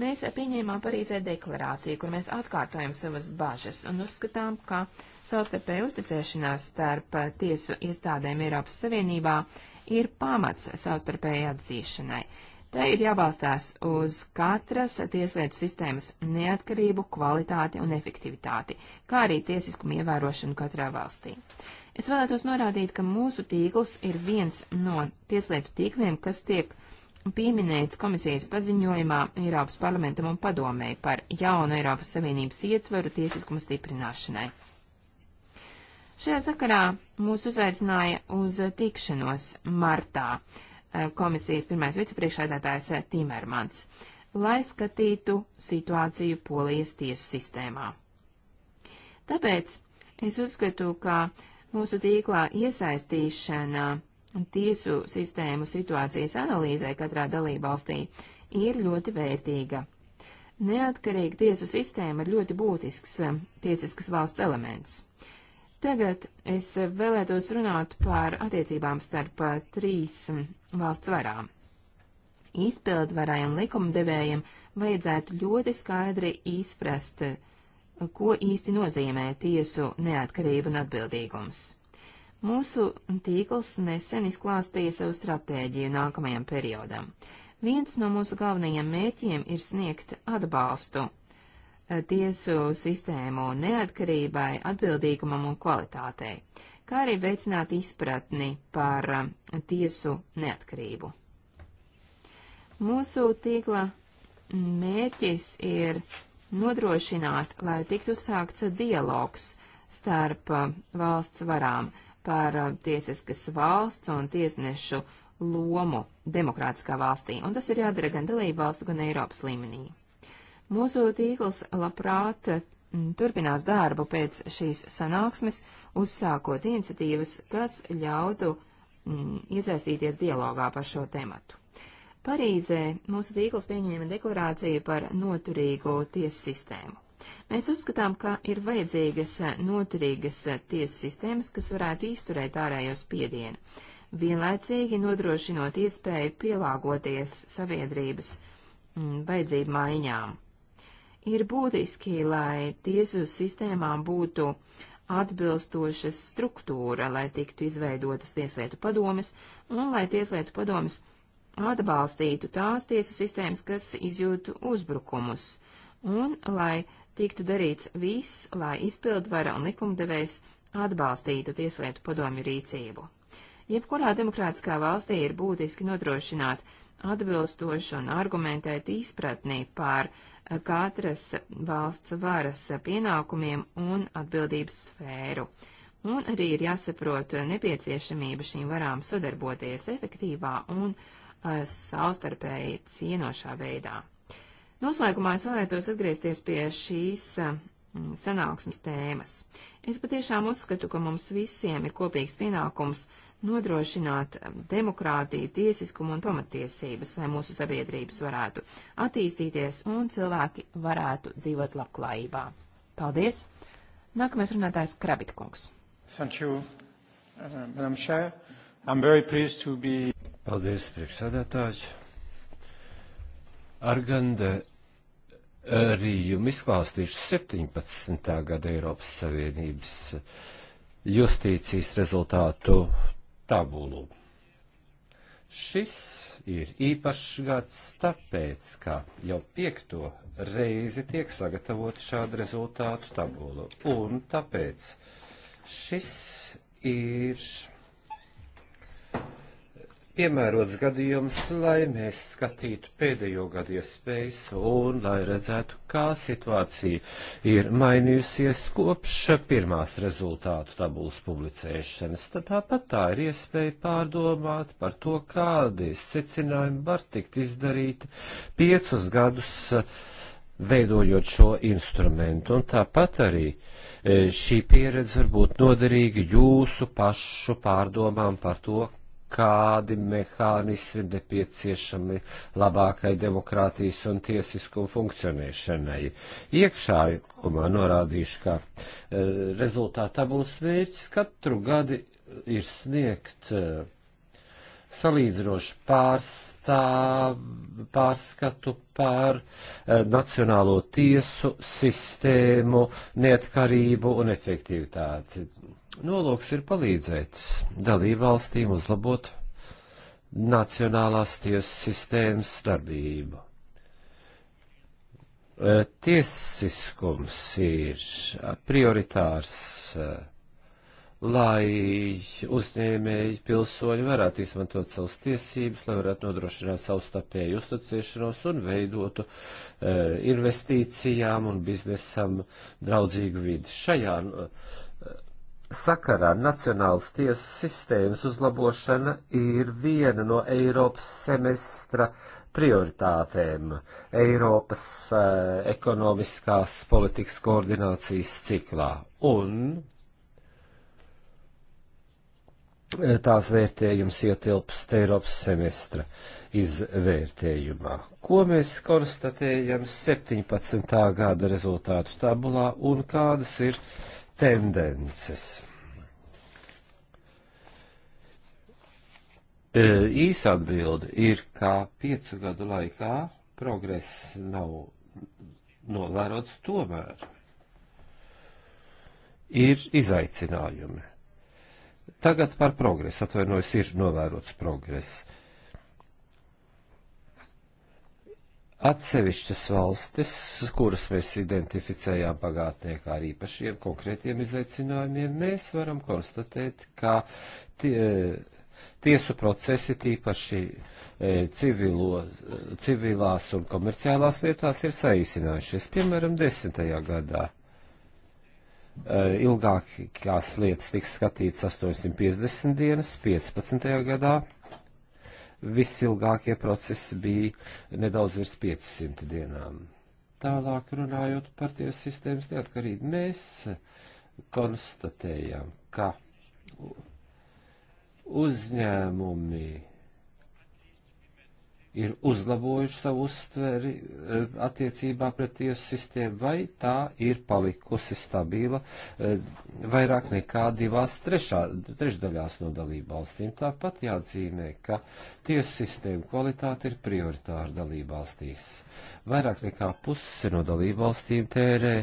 Mēs pieņēmām Parīzē deklarāciju, kur mēs atkārtojam savas bažas un uzskatām, ka savstarpēja uzticēšanās starp tiesu iestādēm Eiropas Savienībā ir pamats savstarpēja atzīšanai. Te ir jābalstās uz katras tieslietu sistēmas neatkarību, kvalitāti un efektivitāti, kā arī tiesiskumu ievērošanu katrā valstī. Es vēlētos norādīt, ka mūsu tīkls ir viens no tieslietu tīkliem, kas tiek pieminēts komisijas paziņojumā Eiropas parlamentam un padomē par jaunu Eiropas Savienības ietveru tiesiskuma stiprināšanai. Šajā sakarā mūs uzaicināja uz tikšanos martā. Uh, Eh, komisijas pirmais vicepriekšēdētājs eh, Timermans, lai skatītu situāciju Polijas tiesu sistēmā. Tāpēc es uzskatu, ka mūsu tīklā iesaistīšana tiesu sistēmu situācijas analīzē katrā dalībvalstī ir ļoti vērtīga. Neatkarīga tiesu sistēma ir ļoti būtisks eh, tiesiskas valsts elements. Tagad es vēlētos runāt par attiecībām starp eh, trīs valsts varām. Izpildvarai un likumdevējiem vajadzētu ļoti skaidri izprast, eh, ko īsti nozīmē tiesu neatkarība un atbildīgums. Mūsu tīkls nesen izklāstīja savu stratēģiju nākamajam periodam. Viens no mūsu galvenajiem mērķiem ir sniegt atbalstu tiesu sistēmu neatkarībai, atbildīgumam un kvalitātei, kā arī veicināt izpratni par eh, tiesu neatkarību. Mūsu tīkla mērķis ir nodrošināt, lai tiktu sākts dialogs starp eh, valsts varām par eh, tiesiskas valsts un tiesnešu lomu demokrātiskā valstī, un tas ir jādara gan dalību valstu, gan Eiropas līmenī. Mūsu tīkls labprāt mm, turpinās darbu pēc šīs sanāksmes, uzsākot iniciatīvas, kas ļautu mm, iesaistīties dialogā par šo tematu. Parīzē mūsu tīkls pieņēma deklarāciju par noturīgo tiesu sistēmu. Mēs uzskatām, ka ir vajadzīgas noturīgas tiesu sistēmas, kas varētu izturēt ārējo spiedienu, vienlaicīgi nodrošinot iespēju pielāgoties sabiedrības mm, vajadzību maiņām. Ir būtiski, lai tiesu sistēmām būtu atbilstoša struktūra, lai tiktu izveidotas tieslietu padomes un lai tieslietu padomes atbalstītu tās tiesu sistēmas, kas izjūtu uzbrukumus, un lai tiktu darīts viss, lai izpildvara un likumdevējs atbalstītu tieslietu padomju rīcību. Jebkurā demokrātiskā valstī ir būtiski nodrošināt atbilstošu un argumentētu izpratni par katras valsts varas pienākumiem un atbildības sfēru. Un arī ir jāsaprot nepieciešamība šīm varām sadarboties efektīvā un uh, savstarpēji cienošā veidā. Noslēgumā es vēlētos atgriezties pie šīs uh, sanāksmes tēmas. Es patiešām uzskatu, ka mums visiem ir kopīgs pienākums uh, nodrošināt um, demokrātiju, tiesiskumu un pamatiesības, lai mūsu sabiedrības varētu attīstīties un cilvēki varētu dzīvot labklājībā. Paldies! Nākamais runātājs Krabitkungs. Thank you, uh, Madam Chair. I'm very pleased to be... Paldies, priekšsēdētājs. Ar ganda uh, rījumu izklāstīšu 17. gada Eiropas Savienības uh, justīcijas rezultātu tabulu. Šis ir īpašs gads tāpēc, ka jau piekto reizi tiek sagatavot šādu rezultātu tabulu. Un tāpēc šis ir piemērots gadījums, lai mēs skatītu pēdējo gadu iespējas un lai redzētu, kā situācija ir mainījusies kopš pirmās rezultātu tabulas publicēšanas. Tad tāpat tā ir iespēja pārdomāt par to, kādi secinājumi var tikt izdarīti piecus gadus eh, veidojot šo instrumentu. Un tāpat arī eh, šī pieredze var būt noderīga jūsu pašu pārdomām par to, kādi mehānismi nepieciešami labākai demokrātijas un tiesiskuma funkcionēšanai. Iekšā, ko man norādīšu, ka e, rezultātā būs mērķis katru gadu ir sniegt e, salīdzinošu pārstāv, pārskatu pār e, nacionālo tiesu sistēmu, neatkarību un efektivitāti Nolūks ir palīdzēt dalībvalstīm uzlabot nacionālās tiesas sistēmas darbību. E, tiesiskums ir prioritārs, e, lai uzņēmēji pilsoņi varētu izmantot savas tiesības, lai varētu nodrošināt savstarpēju uzticēšanos un veidotu e, investīcijām un biznesam draudzīgu vidi. Šajā sakarā Nacionālas tiesu sistēmas uzlabošana ir viena no Eiropas semestra prioritātēm Eiropas uh, ekonomiskās politikas koordinācijas ciklā. Un eh, tās vērtējums ietilpst Eiropas semestra izvērtējumā. Ko mēs konstatējam 17. gada rezultātu tabulā un kādas ir uh, tendences. E, īsa atbilde ir, ka piecu gadu laikā progress nav novērots tomēr. Ir izaicinājumi. Tagad par progresu, atvainojos, ir novērots progress. atsevišķas valstis, kuras mēs identificējām pagātnē kā ar īpašiem konkrētiem izaicinājumiem, mēs varam konstatēt, ka tie, tiesu procesi, tīpaši e, civilo, civilās un komerciālās lietās, ir saīsinājušies. Piemēram, desmitajā gadā e, ilgākās lietas tiks skatītas 850 dienas, 15. gadā visilgākie procesi bija nedaudz virs 500 dienām. Tālāk runājot par tiesu sistēmas neatkarību, mēs konstatējam, ka uzņēmumi ir uzlabojuši savu uztveri e, attiecībā pret tiesu sistēmu, vai tā ir palikusi stabila e, vairāk nekā divās trešā, trešdaļās no dalību valstīm. Tāpat jāatzīmē, ka tiesu sistēmu kvalitāte ir prioritāra dalību valstīs. Vairāk nekā puse no dalību valstīm tērē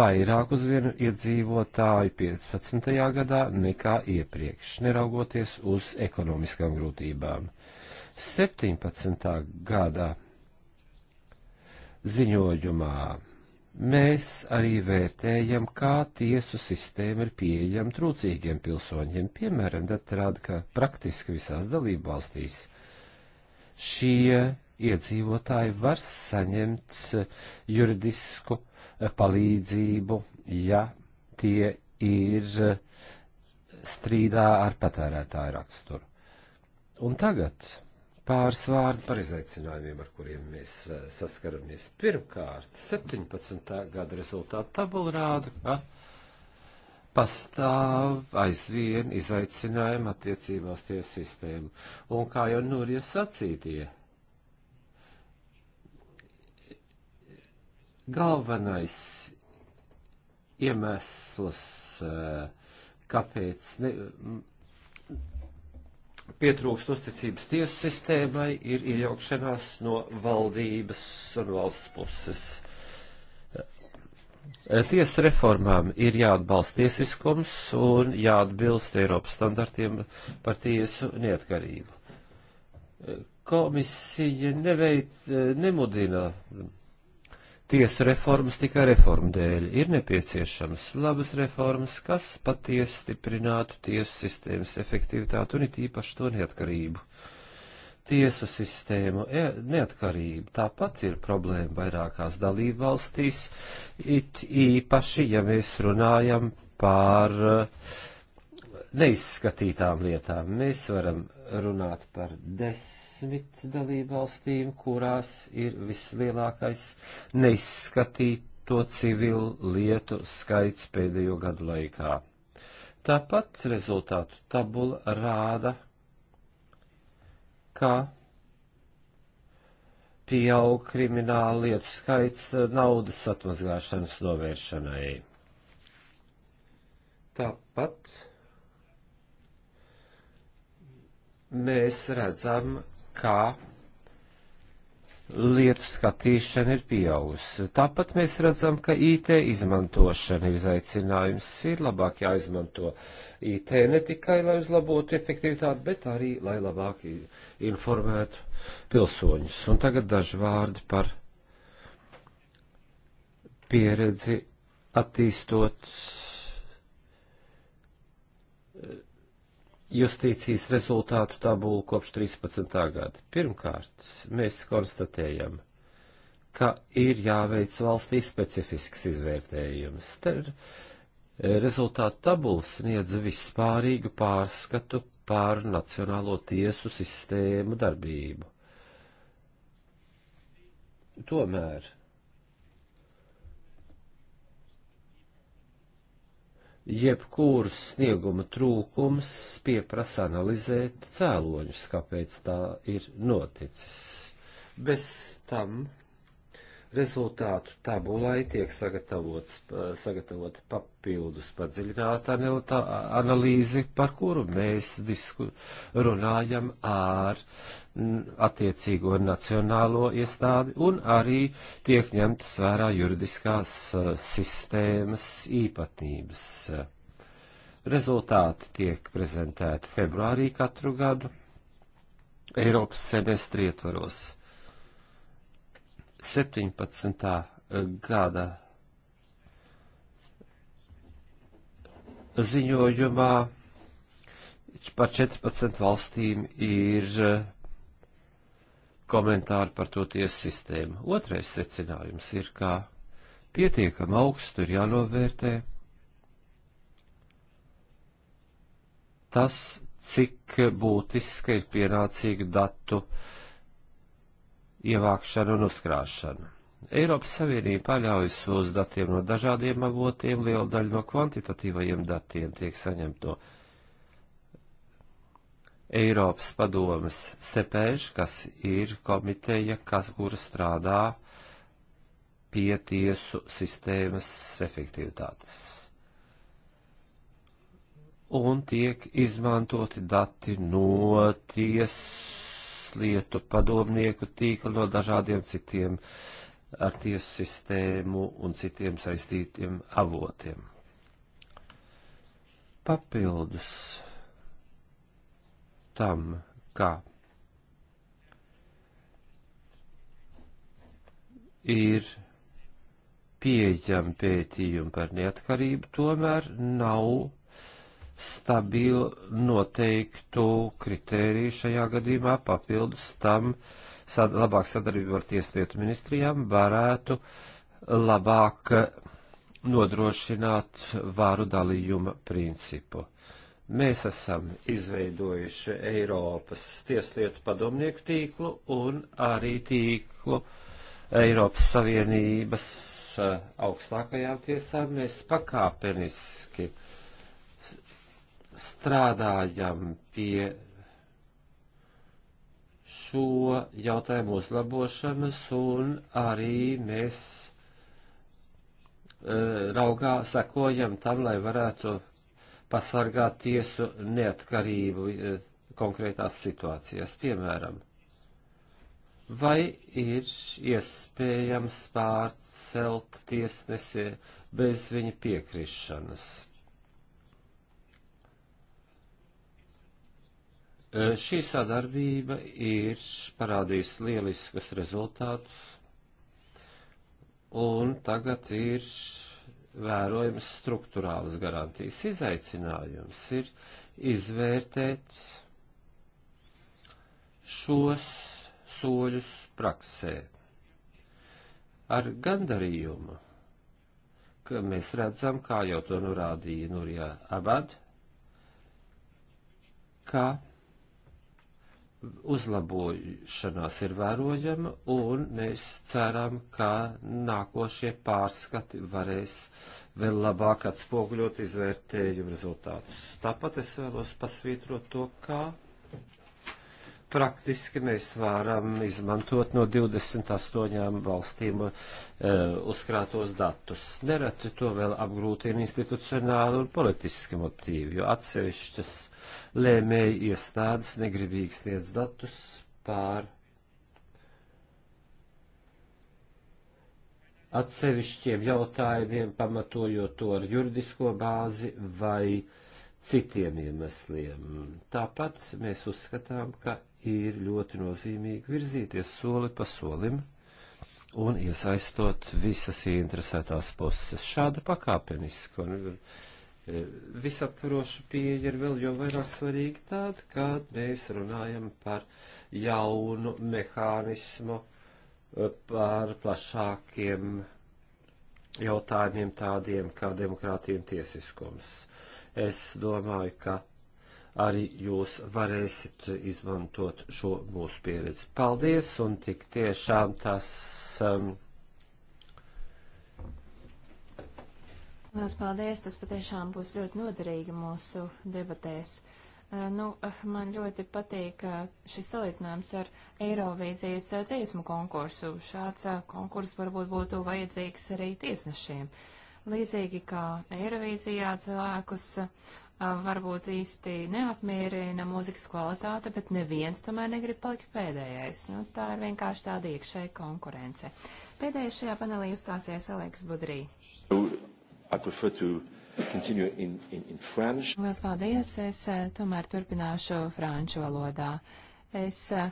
vairāk uz vienu iedzīvotāju 15. gadā nekā iepriekš, neraugoties uz ekonomiskām grūtībām. 17. gadā ziņojumā mēs arī vērtējam, kā tiesu sistēma ir pieejama trūcīgiem pilsoņiem. Piemēram, tad rāda, ka praktiski visās dalību valstīs šie iedzīvotāji var saņemt juridisku palīdzību, ja tie ir strīdā ar patērētāju raksturu. Un tagad pāris vārdi par izaicinājumiem, ar kuriem mēs eh, saskaramies. Pirmkārt, 17. gada rezultātu tabula rāda, ka pastāv aizvien izaicinājumi attiecībā uz tiesu sistēmu. Un kā jau Nūrija sacītie, galvenais iemesls, eh, kāpēc ne, pietrūkst uzticības tiesu sistēmai, ir iejaukšanās no valdības un valsts puses. Tiesa reformām ir jāatbalsta tiesiskums un jāatbilst Eiropas standartiem par tiesu neatkarību. Komisija neveic, nemudina tiesa reformas tikai reformu dēļ. Ir nepieciešamas labas reformas, kas patiesi stiprinātu tiesu sistēmas efektivitāti un it īpaši to neatkarību. Tiesu sistēmu e neatkarība tāpat ir problēma vairākās dalību valstīs, it īpaši, ja mēs runājam par e, neizskatītām lietām. Mēs varam runāt par desmit dalībvalstīm, kurās ir vislielākais neizskatīto civilu lietu skaits pēdējo gadu laikā. Tāpat rezultātu tabula rāda, ka pieaug krimināla lietu skaits naudas atmazgāšanas novēršanai. Tāpat mēs redzam, kā lietu skatīšana ir pieaugusi. Tāpat mēs redzam, ka IT izmantošana ir izaicinājums. Ir labāk jāizmanto IT ne tikai, lai uzlabotu efektivitāti, bet arī, lai labāk informētu pilsoņus. Un tagad daži vārdi par pieredzi attīstots justīcijas rezultātu tabulu kopš 13. gada. Pirmkārt, mēs konstatējam, ka ir jāveic valstī specifisks izvērtējums. Ter e, rezultātu tabulas sniedz vispārīgu pārskatu pār Nacionālo tiesu sistēmu darbību. Tomēr jebkurs snieguma trūkums pieprasa analizēt cēloņus, kāpēc tā ir noticis. Bez tam Rezultātu tabulai tiek sagatavot papildus padziļināt analīzi, par kuru mēs disku, runājam ar attiecīgo nacionālo iestādi un arī tiek ņemtas vērā juridiskās sistēmas īpatnības. Rezultāti tiek prezentēti februārī katru gadu Eiropas semestri ietvaros 17. gada ziņojumā par 14 valstīm ir komentāri par to tiesu sistēmu. Otrais secinājums ir, ka pietiekam augstu ir jānovērtē tas, cik būtiska ir pienācīga datu uh, ievākšanu un uzkrāšanu. Eiropas Savienība paļaujas uz datiem no dažādiem avotiem, liela daļa no kvantitatīvajiem datiem tiek saņemta no Eiropas padomas sepēž, kas ir komiteja, kas, kura strādā pie tiesu sistēmas efektivitātes. Un tiek izmantoti dati no tiesu tieslietu padomnieku tīkla no dažādiem citiem ar tiesu sistēmu un citiem saistītiem avotiem. Papildus tam, kā ir pieejami pētījumi par neatkarību, tomēr nav stabilu noteiktu kritēriju šajā gadījumā papildus tam sad, labāk sadarbību ar tieslietu ministrijām varētu labāk nodrošināt vāru dalījuma principu. Mēs esam izveidojuši Eiropas tieslietu padomnieku tīklu un arī tīklu Eiropas Savienības eh, augstākajām tiesām. Mēs pakāpeniski uh, strādājam pie šo jautājumu uzlabošanas un arī mēs e, raugā sekojam tam, lai varētu pasargāt tiesu neatkarību e, konkrētās situācijās. Piemēram, vai ir iespējams pārcelt tiesnesi bez viņa piekrišanas? Šī sadarbība ir parādījusi lieliskas rezultātus, un tagad ir vērojams struktūrāls garantijas izaicinājums ir izvērtēt šos soļus praksē. Ar gandarījumu, ka mēs redzam, kā jau to norādīja Nurijā Abad, ka uzlabošanās ir vērojama, un mēs ceram, ka nākošie pārskati varēs vēl labāk atspoguļot izvērtējumu rezultātus. Tāpat es vēlos pasvītrot to, kā praktiski mēs varam izmantot no 28 valstīm uh, uzkrātos datus. Nereti to vēl apgrūtina institucionāli un politiski motīvi, jo atsevišķas lēmēji iestādes negribīgi sniedz datus pār atsevišķiem jautājumiem, pamatojot to ar juridisko bāzi vai uh, citiem iemesliem. Tāpat mēs uzskatām, ka ir ļoti nozīmīgi virzīties soli pa solim un iesaistot visas ieinteresētās puses. Šāda pakāpeniska un e, visaptvaroša pieeja ir vēl jau vairāk svarīga tāda, kad mēs runājam par jaunu mehānismu, e, par plašākiem jautājumiem tādiem kā demokrātija un tiesiskums. Es domāju, ka arī jūs varēsiet izmantot šo mūsu pieredzi. Paldies, un tik tiešām tas. Um, Lielas paldies, tas patiešām būs ļoti noderīgi mūsu debatēs. Uh, nu, uh, man ļoti patīk uh, šis salīdzinājums ar Eirovīzijas dziesmu konkursu. Šāds konkurs varbūt būtu vajadzīgs arī tiesnešiem. Uh, Līdzīgi kā Eirovīzijā cilvēkus varbūt īsti neapmierina mūzikas kvalitāte, bet neviens tomēr negrib palikt pēdējais. Nu, tā ir vienkārši tāda iekšēja konkurence. Pēdējais šajā panelī uzstāsies Aleks Budrī. In, in, in Lielas paldies, es tomēr turpināšu franču valodā. Es uh,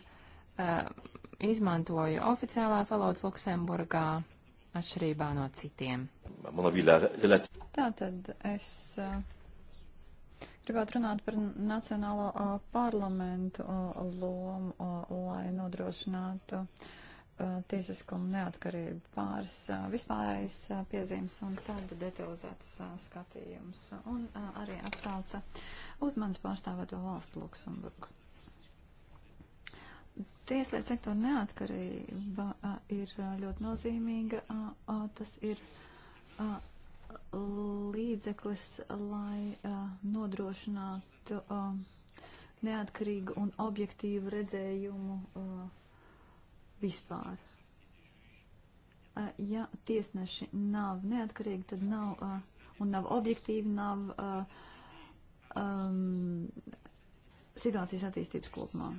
izmantoju oficiālās valodas Luksemburgā, atšķirībā no citiem. Tātad es eh, gribētu runāt par Nacionālo eh, parlamentu eh, lomu, lai nodrošinātu tiesiskumu neatkarību pāris vispārējais piezīmes un tāda detalizētas skatījums un arī atsauca uz manis pārstāvēto valstu Luksemburgu. Tieslietu sektora neatkarība ir ļoti nozīmīga. Tas ir līdzeklis, lai nodrošinātu neatkarīgu un objektīvu redzējumu vispār. Ja tiesneši nav neatkarīgi, tad nav un nav objektīvi, nav um, situācijas attīstības kopumā.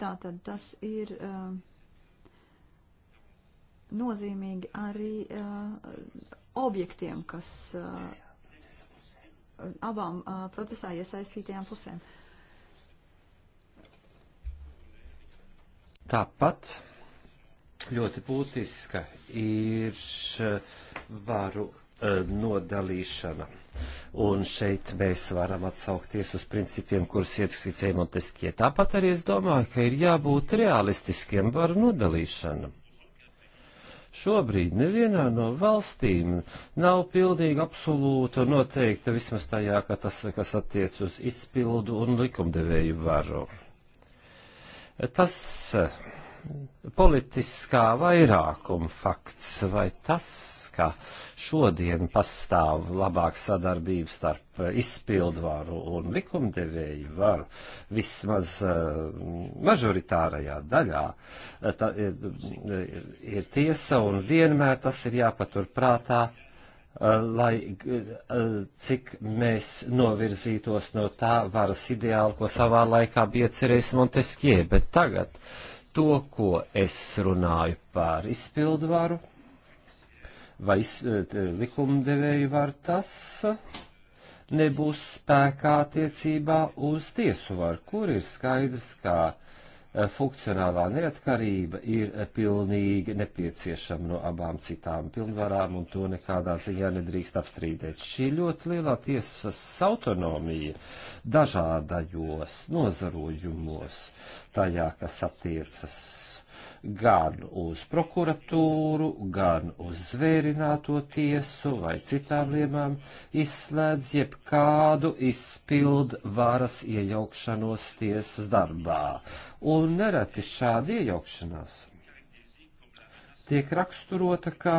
Tātad tas ir uh, nozīmīgi arī uh, objektiem, kas uh, abām uh, procesā iesaistītajām pusēm. Tāpat ļoti būtiska ir varu E, nodalīšana. Un šeit mēs varam atsaukties uz principiem, kurus ieskicēja Monteskie. Tāpat arī es domāju, ka ir jābūt realistiskiem varu nodalīšanam. Šobrīd nevienā no valstīm nav pilnīgi absolūta noteikta vismaz tajā, ka tas, kas attiec uz izpildu un likumdevēju varu. Tas politiskā vairākuma fakts vai tas, ka šodien pastāv labāk sadarbība starp izpildvaru un likumdevēju varu vismaz eh, mažoritārajā daļā, eh, tā ir, eh, ir tiesa un vienmēr tas ir jāpatur prātā lai cik mēs novirzītos no tā varas ideāla, ko savā laikā bija cerējis Monteskie, bet tagad uh, to, ko es runāju par izpildu varu vai likumdevēju varu, tas nebūs spēkā attiecībā uz tiesu varu, kur ir skaidrs, ka Eh, funkcionālā neatkarība ir eh, pilnīgi nepieciešama no abām citām pilnvarām, un to nekādā ziņā nedrīkst apstrīdēt. Šī ļoti lielā tiesas autonomija dažādajos nozarojumos, tajā, kas attiecas gan uz prokuratūru, gan uz zvērināto tiesu vai citām liemām izslēdz jebkādu izpildu varas iejaukšanos tiesas darbā. Un nereti šādi iejaukšanās tiek raksturota kā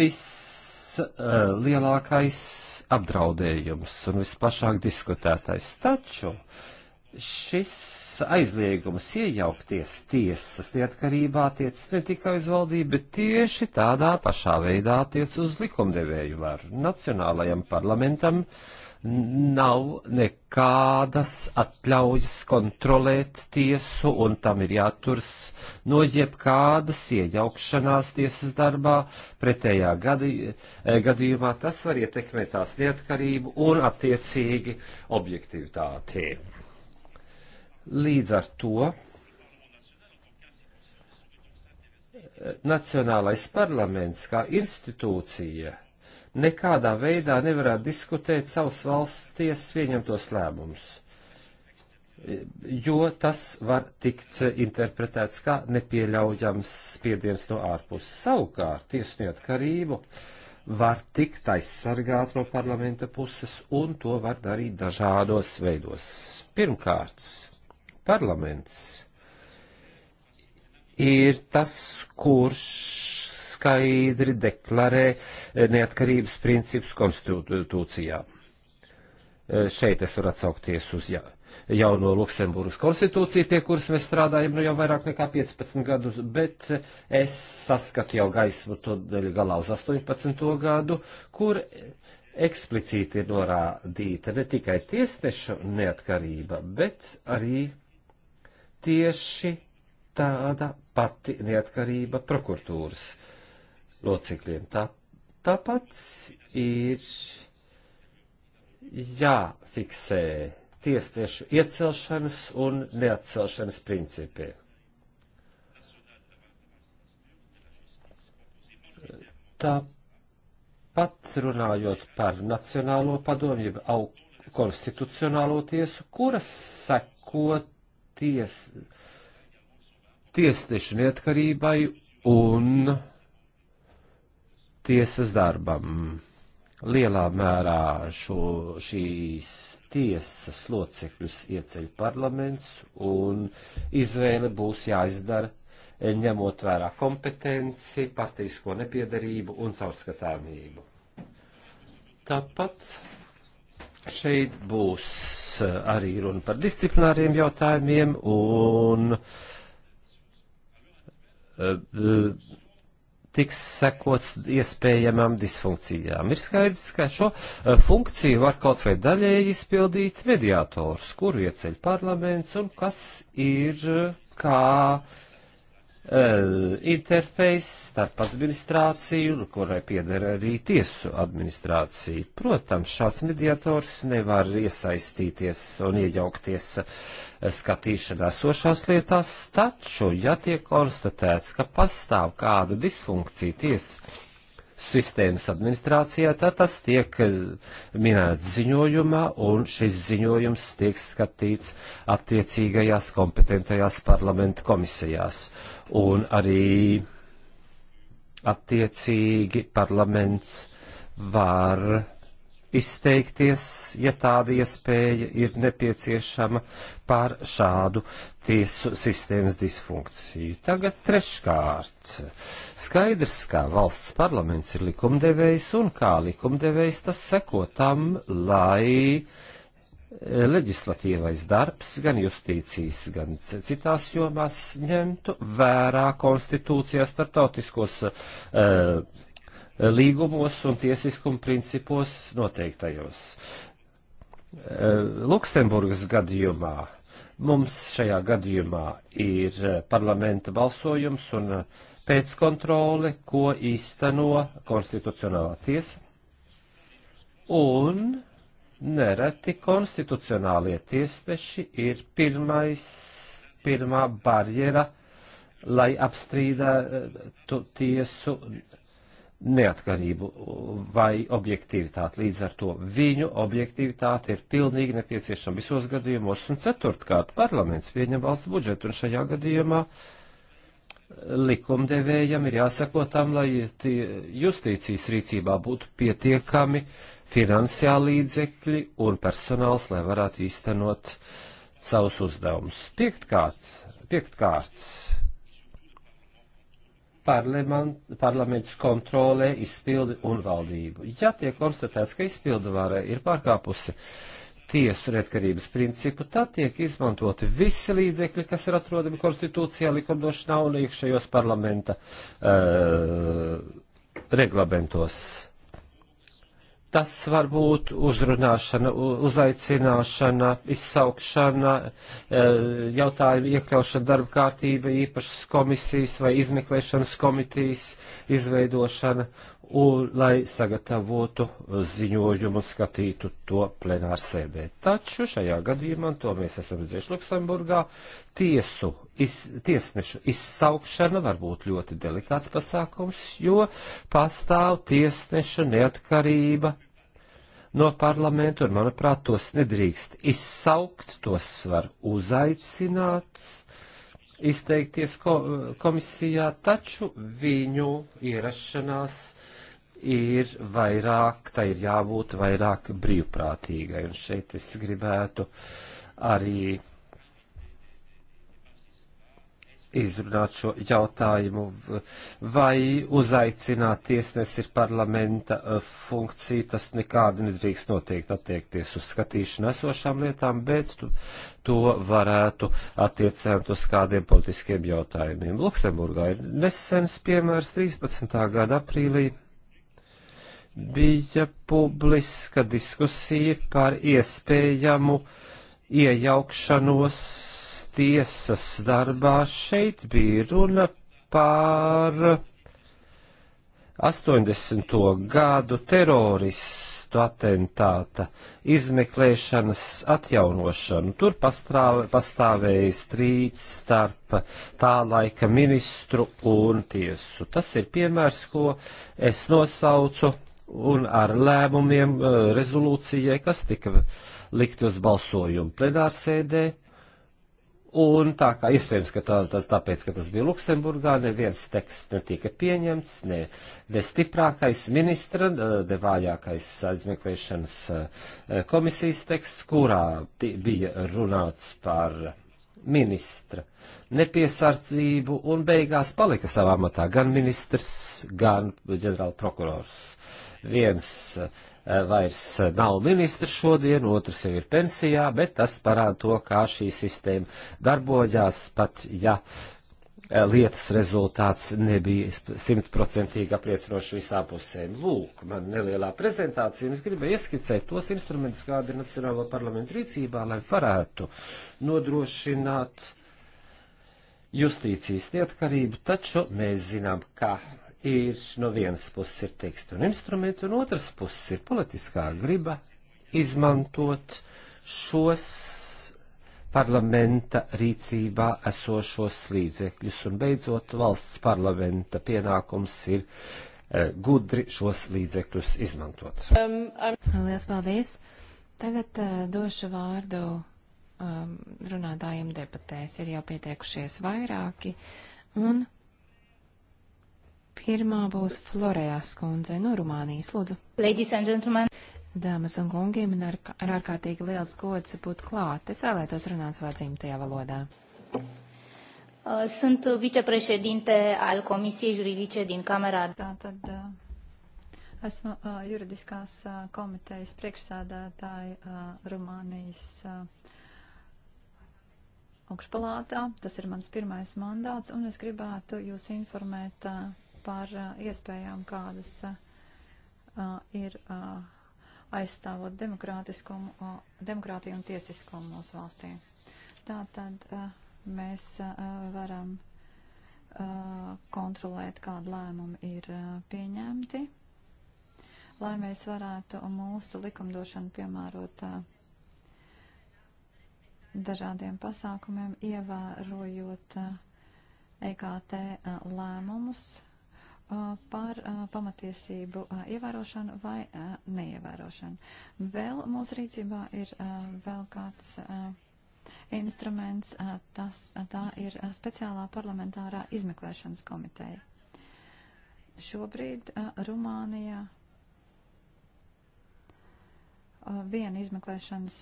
vislielākais eh, uh, apdraudējums un visplašāk diskutētais. Taču šis aizliegums iejaukties tiesas neatkarībā attiecas ne tikai uz valdību, bet tieši tādā pašā veidā attiec uz likumdevēju varu. Nacionālajam parlamentam nav nekādas atļaujas kontrolēt tiesu, un tam ir jāturs no jebkādas iejaukšanās tiesas darbā. Pretējā e, gadījumā tas var ietekmēt tās neatkarību un attiecīgi objektivitāti. Līdz ar to Nacionālais parlaments kā institūcija nekādā veidā nevarētu diskutēt savas valsts tiesas pieņemtos lēmumus, jo tas var tikt interpretēts kā nepieļaujams spiediens no ārpuses. Savukārt, tiesu neatkarību var tikt aizsargāt no parlamenta puses, un to var darīt dažādos veidos. Pirmkārts parlaments ir tas, kurš skaidri deklarē neatkarības principus konstitūcijā. Eh, šeit es varu atsaukties uz ja, jauno Luksemburgas konstitūciju, pie kuras mēs strādājam nu jau vairāk nekā 15 gadus, bet es saskatu jau gaismu to daļu galā uz 18. gadu, kur eksplicīti ir norādīta ne tikai tiesnešu neatkarība, bet arī tieši tāda pati neatkarība prokuratūras locekļiem. Tā, tāpat ir jāfiksē tiesnešu iecelšanas un neatcelšanas principiem. Tāpat runājot par Nacionālo padomju, konstitucionālo tiesu, kuras sekot ties, tiesnešu neatkarībai un tiesas darbam. Lielā mērā šo, šīs tiesas locekļus ieceļ parlaments un izvēle būs jāizdara ņemot vērā kompetenci, partijasko nepiedarību un caurskatāmību. Tāpat Šeit būs eh, arī runa par disciplināriem jautājumiem un eh, tiks sekots iespējamām disfunkcijām. Ir skaidrs, ka šo eh, funkciju var kaut vai daļēji izpildīt mediātors, kuru ieceļ parlaments un kas ir kā uh, Eh, interfejs starp administrāciju, nu, kurai pieder arī tiesu administrācija. Protams, šāds mediators nevar iesaistīties un iejaukties eh, skatīšanā sošās lietās, taču, ja tiek konstatēts, ka pastāv kāda disfunkcija tiesas sistēmas administrācijā, tad tas tiek eh, minēts ziņojumā, un šis ziņojums tiek skatīts attiecīgajās kompetentajās parlamenta komisijās un arī attiecīgi parlaments var izteikties, ja tāda iespēja ir nepieciešama pār šādu tiesu sistēmas disfunkciju. Tagad treškārt. Skaidrs, kā valsts parlaments ir likumdevējs un kā likumdevējs tas seko tam, lai uh, leģislatīvais darbs gan justīcijas, gan citās jomās ņemtu vērā konstitūcijā startautiskos uh, līgumos un tiesiskuma principos noteiktajos. Uh, Luksemburgas gadījumā mums šajā gadījumā ir eh, parlamenta balsojums un pēckontrole, ko īsteno konstitucionālā tiesa. Un nereti konstitucionālie tiesneši ir pirmais, pirmā barjera, lai apstrīdētu tiesu neatkarību vai objektivitāti. Līdz ar to viņu objektivitāte ir pilnīgi nepieciešama visos gadījumos, un ceturtkārt parlaments pieņem valsts budžetu, un šajā gadījumā uh, likumdevējam ir jāsako tam, lai justīcijas rīcībā būtu pietiekami finansiāli līdzekļi un personāls, lai varētu īstenot savus uzdevumus. Piektkārt, piektkārts, parlaments kontrolē izpildi un valdību. Ja tiek konstatēts, ka izpildu vārai ir pārkāpusi uh, tiesu neatkarības principu, tad tiek izmantoti visi līdzekļi, kas ir atrodami konstitūcijā, likumdošanā un iekšējos parlamenta uh, reglamentos. Tas var būt uzrunāšana, uzaicināšana, izsaukšana, eh, jautājumu iekļaušana darba kārtība, īpašas komisijas vai izmeklēšanas komitīs izveidošana un lai sagatavotu ziņojumu, skatītu to plenārsēdē. Taču šajā gadījumā, to mēs esam redzējuši Luksemburgā, tiesu, iz, tiesnešu izsaukšana var būt ļoti delikāts pasākums, jo pastāv tiesnešu neatkarība no parlamentu, un, manuprāt, tos nedrīkst izsaukt, tos var uzaicināt izteikties ko, komisijā, taču viņu ierašanās ir vairāk, tai ir jābūt vairāk brīvprātīgai. Un šeit es gribētu arī izrunāt šo jautājumu, vai uzaicināt tiesnesi ir parlamenta eh, funkcija, tas nekādi nedrīkst noteikti attiekties uz skatīšanu esošām lietām, bet tu, to varētu attiecināt uz kādiem politiskiem jautājumiem. Luksemburgā ir nesens piemērs 13. gada aprīlī bija publiska diskusija par iespējamu iejaukšanos tiesas darbā. Šeit bija runa par 80. gadu teroristu atentāta izmeklēšanas atjaunošanu. Tur pastrāv, pastāvēja strīds starp tā laika ministru un tiesu. Tas ir piemērs, ko es nosaucu un ar lēmumiem rezolūcijai, kas tika likti uz balsojumu plenārsēdē. Un tā kā iespējams, ka tā, tas tāpēc, ka tas bija Luksemburgā, neviens teksts netika pieņemts, ne, ne stiprākais ministra, ne vājākais aizmeklēšanas komisijas teksts, kurā bija runāts par ministra nepiesardzību un beigās palika savā matā gan ministrs, gan ģenerāla prokurors. Viens eh, vairs eh, nav ministrs šodien, otrs jau ir pensijā, bet tas parāda to, kā šī sistēma darbojās, pat ja eh, lietas rezultāts nebija simtprocentīgi apliecinošs visām pusēm. Lūk, man nelielā prezentācija jums gribēja ieskicēt tos instrumentus, kāda ir Nacionālo parlamentu rīcībā, lai varētu nodrošināt justīcijas neatkarību, taču mēs zinām, ka ir no vienas puses ir teksti un instrumenti, un otras puses ir politiskā griba izmantot šos parlamenta rīcībā esošos līdzekļus, un beidzot valsts parlamenta pienākums ir e, gudri šos līdzekļus izmantot. Um, um. Lielas paldies! Tagad uh, došu vārdu um, runātājiem debatēs. Ir jau pieteikušies vairāki, un. Mm Pirmā būs Florējās kundze no Rumānijas, lūdzu. Ladies and gentlemen. Dāmas un kungi, man ar, ar ārkārtīgi liels gods būt klāt. Es vēlētos runāt savā dzimtajā valodā. Uh, sunt vicepreședinte al Comisiei Juridice din Camera. Tātad uh, esmu uh, juridiskās komitejas priekšsādātāja Rumānijas augšpalātā. Tas ir mans pirmais mandāts, un es gribētu jūs informēt par uh, iespējām, kādas uh, uh, ir aizstāvot demokrātiskumu, demokrātiju un tiesiskumu mūsu valstī. Tātad mēs varam kontrolēt, kāda lēmuma ir pieņemti, lai mēs varētu mūsu likumdošanu piemērot dažādiem pasākumiem, ievērojot EKT lēmumus, Uh, par uh, pamatiesību uh, ievērošanu vai neievērošanu. Vēl mūsu rīcībā ir vēl kāds instruments, tas, tā ir speciālā parlamentārā izmeklēšanas komiteja. Šobrīd Rumānijā viena izmeklēšanas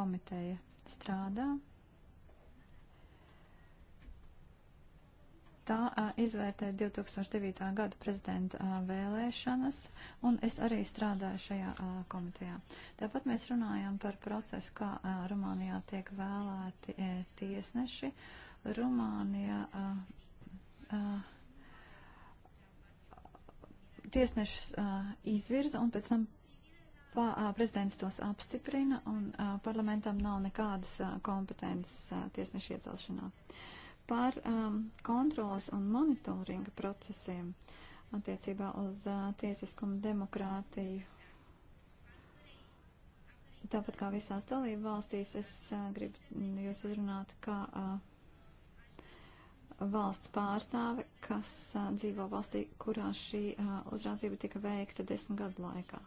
komiteja strādā. Tā uh, izvērtē 2009. gada prezidenta uh, vēlēšanas, un es arī strādāju šajā uh, komitejā. Tāpat mēs runājam par procesu, kā uh, Rumānijā tiek vēlēti uh, tiesneši. Rumānijā uh, uh, tiesnešus uh, izvirza, un pēc tam pa, uh, prezidents tos apstiprina, un uh, parlamentam nav nekādas uh, kompetences uh, tiesnešu iecelšanā. Uh, par um, kontrolas un monitoringa procesiem attiecībā uz uh, tiesiskumu demokrātiju. Tāpat kā visās dalību valstīs, es uh, gribu jūs uzrunāt, kā uh, valsts pārstāve, kas uh, dzīvo valstī, kurā šī uh, uzraudzība tika veikta desmit gadu laikā.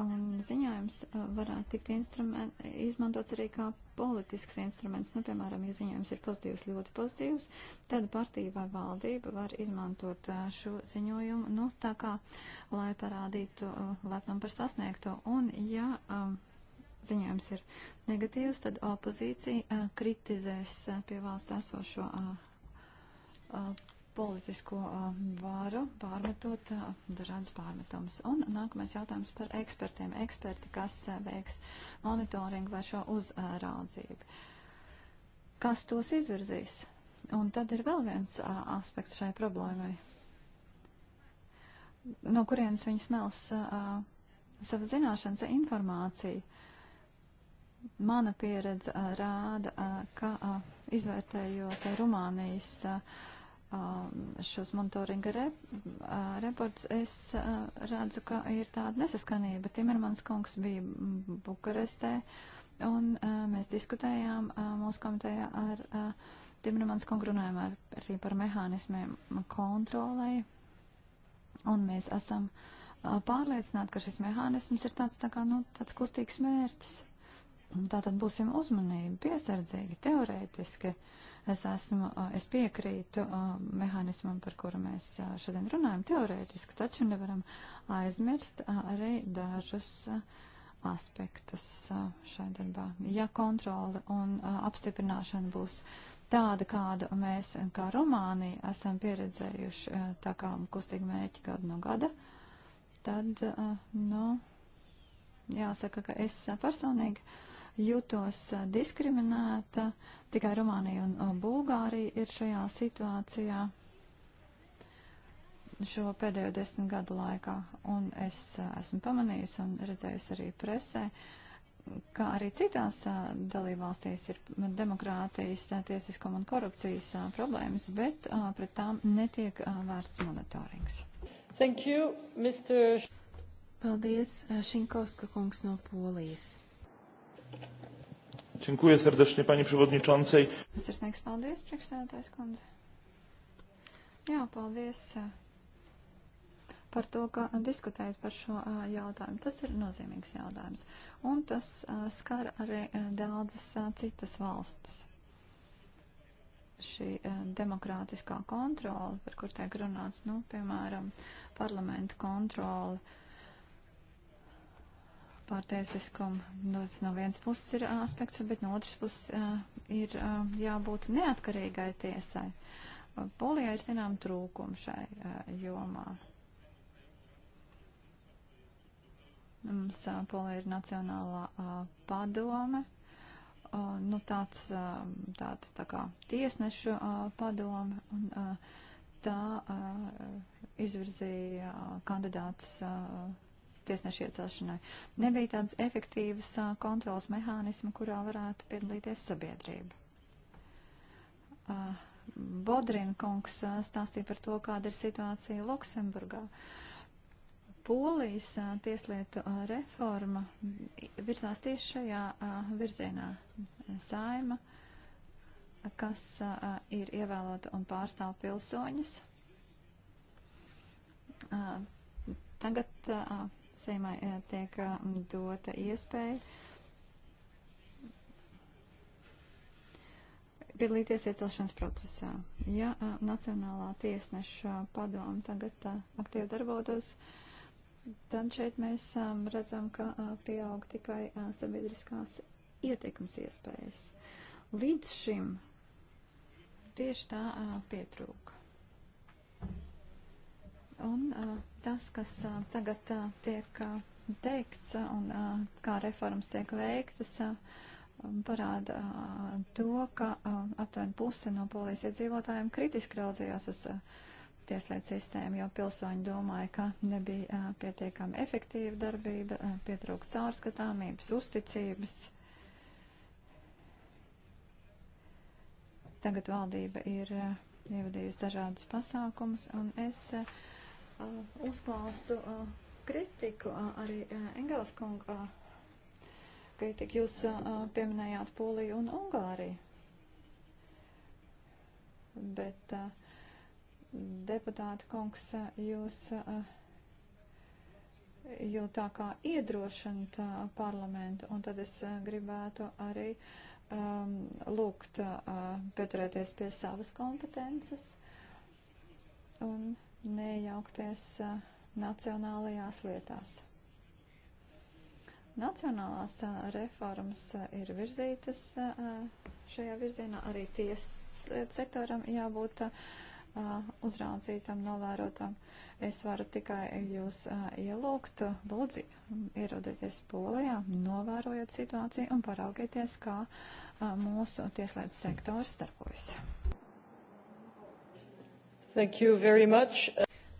Un um, ziņojums uh, varētu tikt izmantots arī kā politisks instruments. Nu, piemēram, ja ziņojums ir pozitīvs, ļoti pozitīvs, tad partija vai valdība var izmantot uh, šo ziņojumu, nu, tā kā, lai parādītu uh, lepnumu par sasniegto. Un, ja um, ziņojums ir negatīvs, tad opozīcija kritizēs pie valsts esošo politisko vāru, pārmetot dažādas pārmetumus. Un nākamais jautājums par ekspertiem. Eksperti, kas veiks monitoringu vai šo uzraudzību. Kas tos izvirzīs? Un tad ir vēl viens aspekts šai problēmai. No kurienes viņas mels savu zināšanas informāciju? Mana pieredze rāda, ka izvērtējot Rumānijas uh, Um, šos monitoringa re, uh, reports, es uh, redzu, ka ir tāda nesaskanība. Timermans kungs bija Bukarestē, un uh, mēs diskutējām mūsu komitejā ar Timermans kungu runājām ar, arī par mehānismiem kontrolai, un mēs esam pārliecināti, ka šis mehānisms ir tāds, tā kā, nu, tāds kustīgs mērķis. Tātad būsim uzmanīgi, piesardzīgi, teorētiski. Uh, Es, esmu, es piekrītu mehānismam, par kuru mēs šodien runājam, teorētiski, taču nevaram aizmirst arī dažus aspektus šai darbā. Ja kontrole un apstiprināšana būs tāda, kādu mēs kā Romānija esam pieredzējuši, tā kā kustīgi mēķi gadu no gada, tad, nu, jāsaka, ka es personīgi jutos diskriminēta. Tikai Rumānija un Bulgārija ir šajā situācijā šo pēdējo desmit gadu laikā. Un es esmu pamanījusi un redzējusi arī presē, kā arī citās dalībvalstīs ir demokrātijas, tiesiskuma un korupcijas problēmas, bet pret tām netiek vērsts monitorings. Thank you, Mr. Paldies, Šinkovska kungs no Polijas. Dziękuję serdecznie Pani Przewodniczącej. Sirsnieks, paldies, priekšsēdētājs kundze. Jā, paldies eh, par to, ka diskutējat par šo eh, jautājumu. Tas ir nozīmīgs jautājums. Un tas eh, skar arī daudzas citas valstis. Šī demokrātiskā kontrola, par kur tiek runāts, nu, piemēram, parlamentu kontrola par tiesiskumu. Tas no vienas puses ir aspekts, bet no otras puses ir jābūt neatkarīgai tiesai. Polijā ir zinām trūkumu šai jomā. Mums Polija ir nacionālā padome, nu tāds tāda tā kā tiesnešu padome. Un, tā izvirzīja kandidāts tiesnešu iecelšanai. Nebija tādas efektīvas uh, kontrolas mehānisma, kurā varētu piedalīties sabiedrība. Uh, Bodrina kungs uh, stāstīja par to, kāda ir situācija Luksemburgā. Polijas uh, tieslietu uh, reforma virzās tieši šajā uh, virzienā. Saima, kas uh, ir ievēlēta un pārstāv pilsoņus. Uh, tagad uh, Seimai e, tiek e, dota iespēja piedalīties iecelšanas procesā. Ja e, Nacionālā tiesneša padoma tagad aktīvi darbotos, tad šeit mēs redzam, ka pieaug tikai sabiedriskās ietekmes iespējas. Līdz šim tieši tā pietrūka. Un uh, tas, kas uh, tagad uh, tiek uh, teikts uh, un uh, kā reformas tiek veiktas, uh, parāda uh, to, ka uh, aptuveni puse no polijas iedzīvotājiem kritiski raudzījās uz uh, tieslietu sistēmu, jo pilsoņi domāja, ka nebija uh, pietiekami efektīva darbība, uh, pietrūka caurskatāmības, uzticības. Tagad valdība ir uh, ievadījusi dažādus pasākumus, un es uh, Uh, uzklausu uh, kritiku, uh, arī Engels kunga kritiku. Jūs pieminējāt Poliju un Ungāriju. Bet deputāta kungs, jūs jo tā kā iedrošināt parlamentu, un tad es gribētu arī um, lūgt uh, pieturēties pie savas kompetences. Un nejaukties eh, nacionālajās lietās. Nacionālās eh, reformas eh, ir virzītas šajā virzienā. Arī tieslietu sektoram jābūt uzraudzītam, novērotam. Es varu tikai jūs ielūgt, lūdzu, ierodieties Polijā, novērojiet situāciju un paraugieties, kā mūsu tieslietu sektors starpojas. Thank you very much.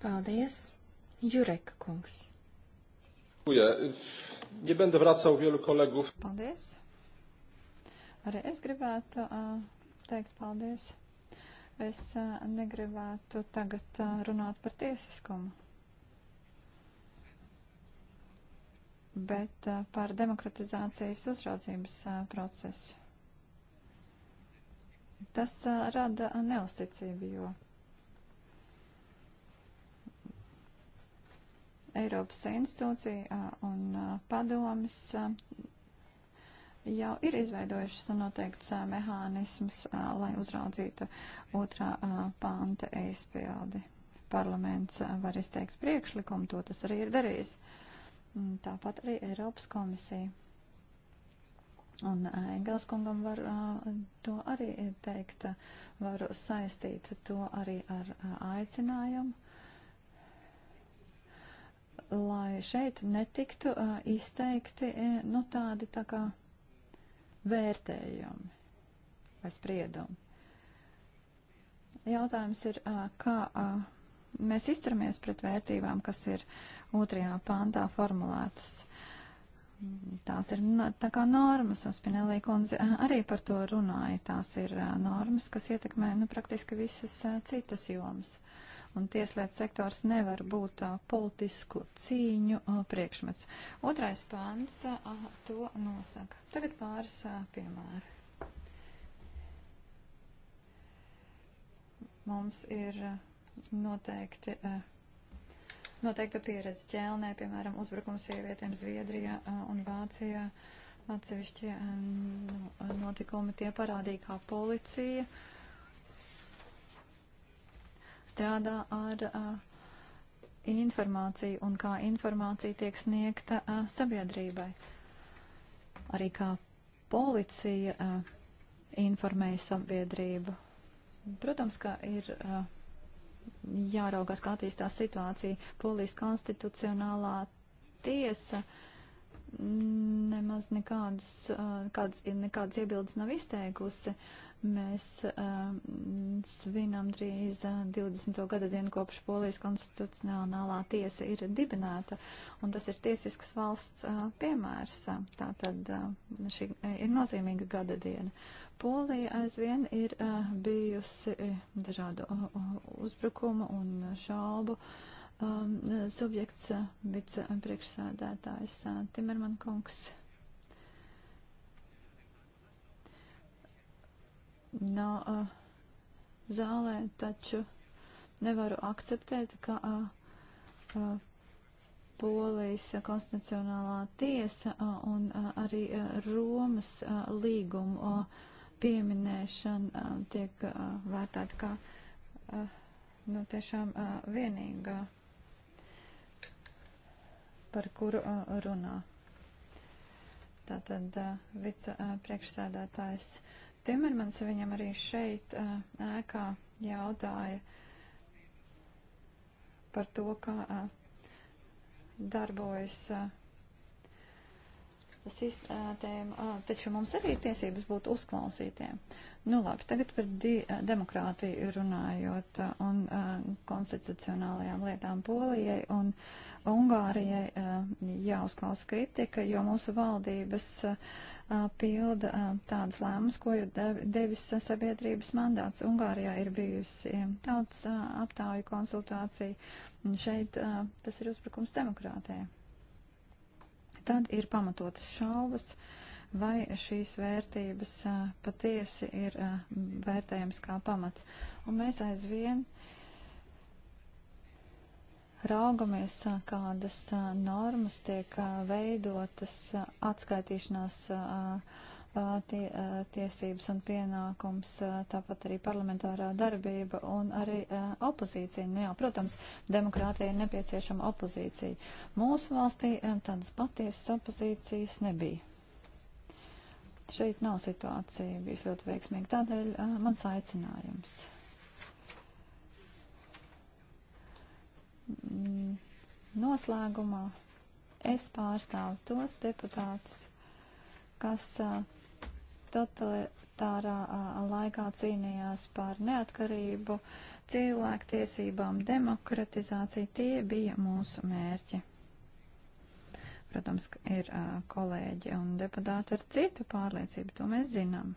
Paldies. Jurek kungs. Dziękuję. Nie będę wracał wielu kolegów. Paldies. Arī es gribētu uh, teikt paldies. Es uh, negribētu tagad uh, runāt par tiesiskumu, bet uh, par demokratizācijas uzraudzības uh, procesu. Tas uh, rada neusticību, jo Eiropas institūcija un padomis jau ir izveidojušas noteiktus mehānismus, lai uzraudzītu otrā panta aizpildi. Parlaments var izteikt priekšlikumu, to tas arī ir darījis. Tāpat arī Eiropas komisija. Un Engels kungam var to arī teikt, varu saistīt to arī ar aicinājumu lai šeit netiktu uh, izteikti uh, nu, tādi tā kā vērtējumi vai spriedumi. Jautājums ir, uh, kā uh, mēs izturamies pret vērtībām, kas ir otrajā pantā formulētas. Tās ir tā kā normas, un Spinelī kundze arī par to runāja. Tās ir normas, kas ietekmē nu, praktiski visas citas jomas un tieslietu sektors nevar būt uh, politisku cīņu uh, priekšmets. Otrais pāns uh, to nosaka. Tagad pāris uh, piemēri. Mums ir uh, noteikti. Uh, Noteikta pieredze ķēlnē, piemēram, uzbrukums sievietēm Zviedrijā un Vācijā. Atsevišķie nu, notikumi tie parādīja, kā policija uh, strādā ar informāciju un kā informācija tiek sniegta sabiedrībai. Arī kā policija informēja sabiedrību. Protams, ka ir jāraugās, kā attīstās situācija. Polijas konstitucionālā tiesa nemaz nekādus, kādas, nekādas iebildes nav izteikusi. Uh, Mēs uh, svinam drīz uh, 20. gada dienu kopš Polijas konstitucionālā tiesa ir dibināta, un tas ir tiesisks valsts uh, piemērs. Tā tad uh, šī uh, ir nozīmīga gada diena. Polija aizvien ir uh, bijusi uh, dažādu uh, uh, uzbrukumu un šaubu um, subjekts, uh, vicepriekšsādātājs uh, Timerman kungs nav uh, zālē, taču nevaru akceptēt, ka uh, uh, Polijas konstitucionālā tiesa uh, un uh, arī uh, Romas uh, līguma uh, pieminēšana uh, tiek uh, vērtēta kā uh, nu, tiešām uh, vienīgā, par kuru uh, runā. Tātad uh, vicepriekšsēdētājs. Uh, Timermans viņam arī šeit ēkā jautāja par to, kā darbojas sistēma, taču mums arī ir tiesības būt uzklausītiem. Nu labi, tagad par demokrātiju runājot un uh, konstitucionālajām lietām Polijai un Ungārijai uh, jāuzklausa kritika, jo mūsu valdības uh, pilda tādas lēmumus, ko ir devis sabiedrības mandāts. Ungārijā ir bijusi tautas aptāju konsultācija, un šeit tas ir uzbrukums demokrātē. Tad ir pamatotas šaubas, vai šīs vērtības patiesi ir vērtējams kā pamats. Un mēs aizvien uh, raugamies, kādas normas tiek veidotas atskaitīšanās tie, tiesības un pienākums, tāpat arī parlamentārā darbība un arī opozīcija. Nu, jā, protams, demokrātija ir nepieciešama opozīcija. Mūsu valstī tādas patiesas opozīcijas nebija. Šeit nav situācija bijusi ļoti veiksmīga, tādēļ mans aicinājums noslēgumā es pārstāvu tos deputātus, kas totalitārā laikā cīnījās par neatkarību, cilvēktiesībām, demokratizāciju. Tie bija mūsu mērķi. Protams, ir kolēģi un deputāti ar citu pārliecību, to mēs zinām.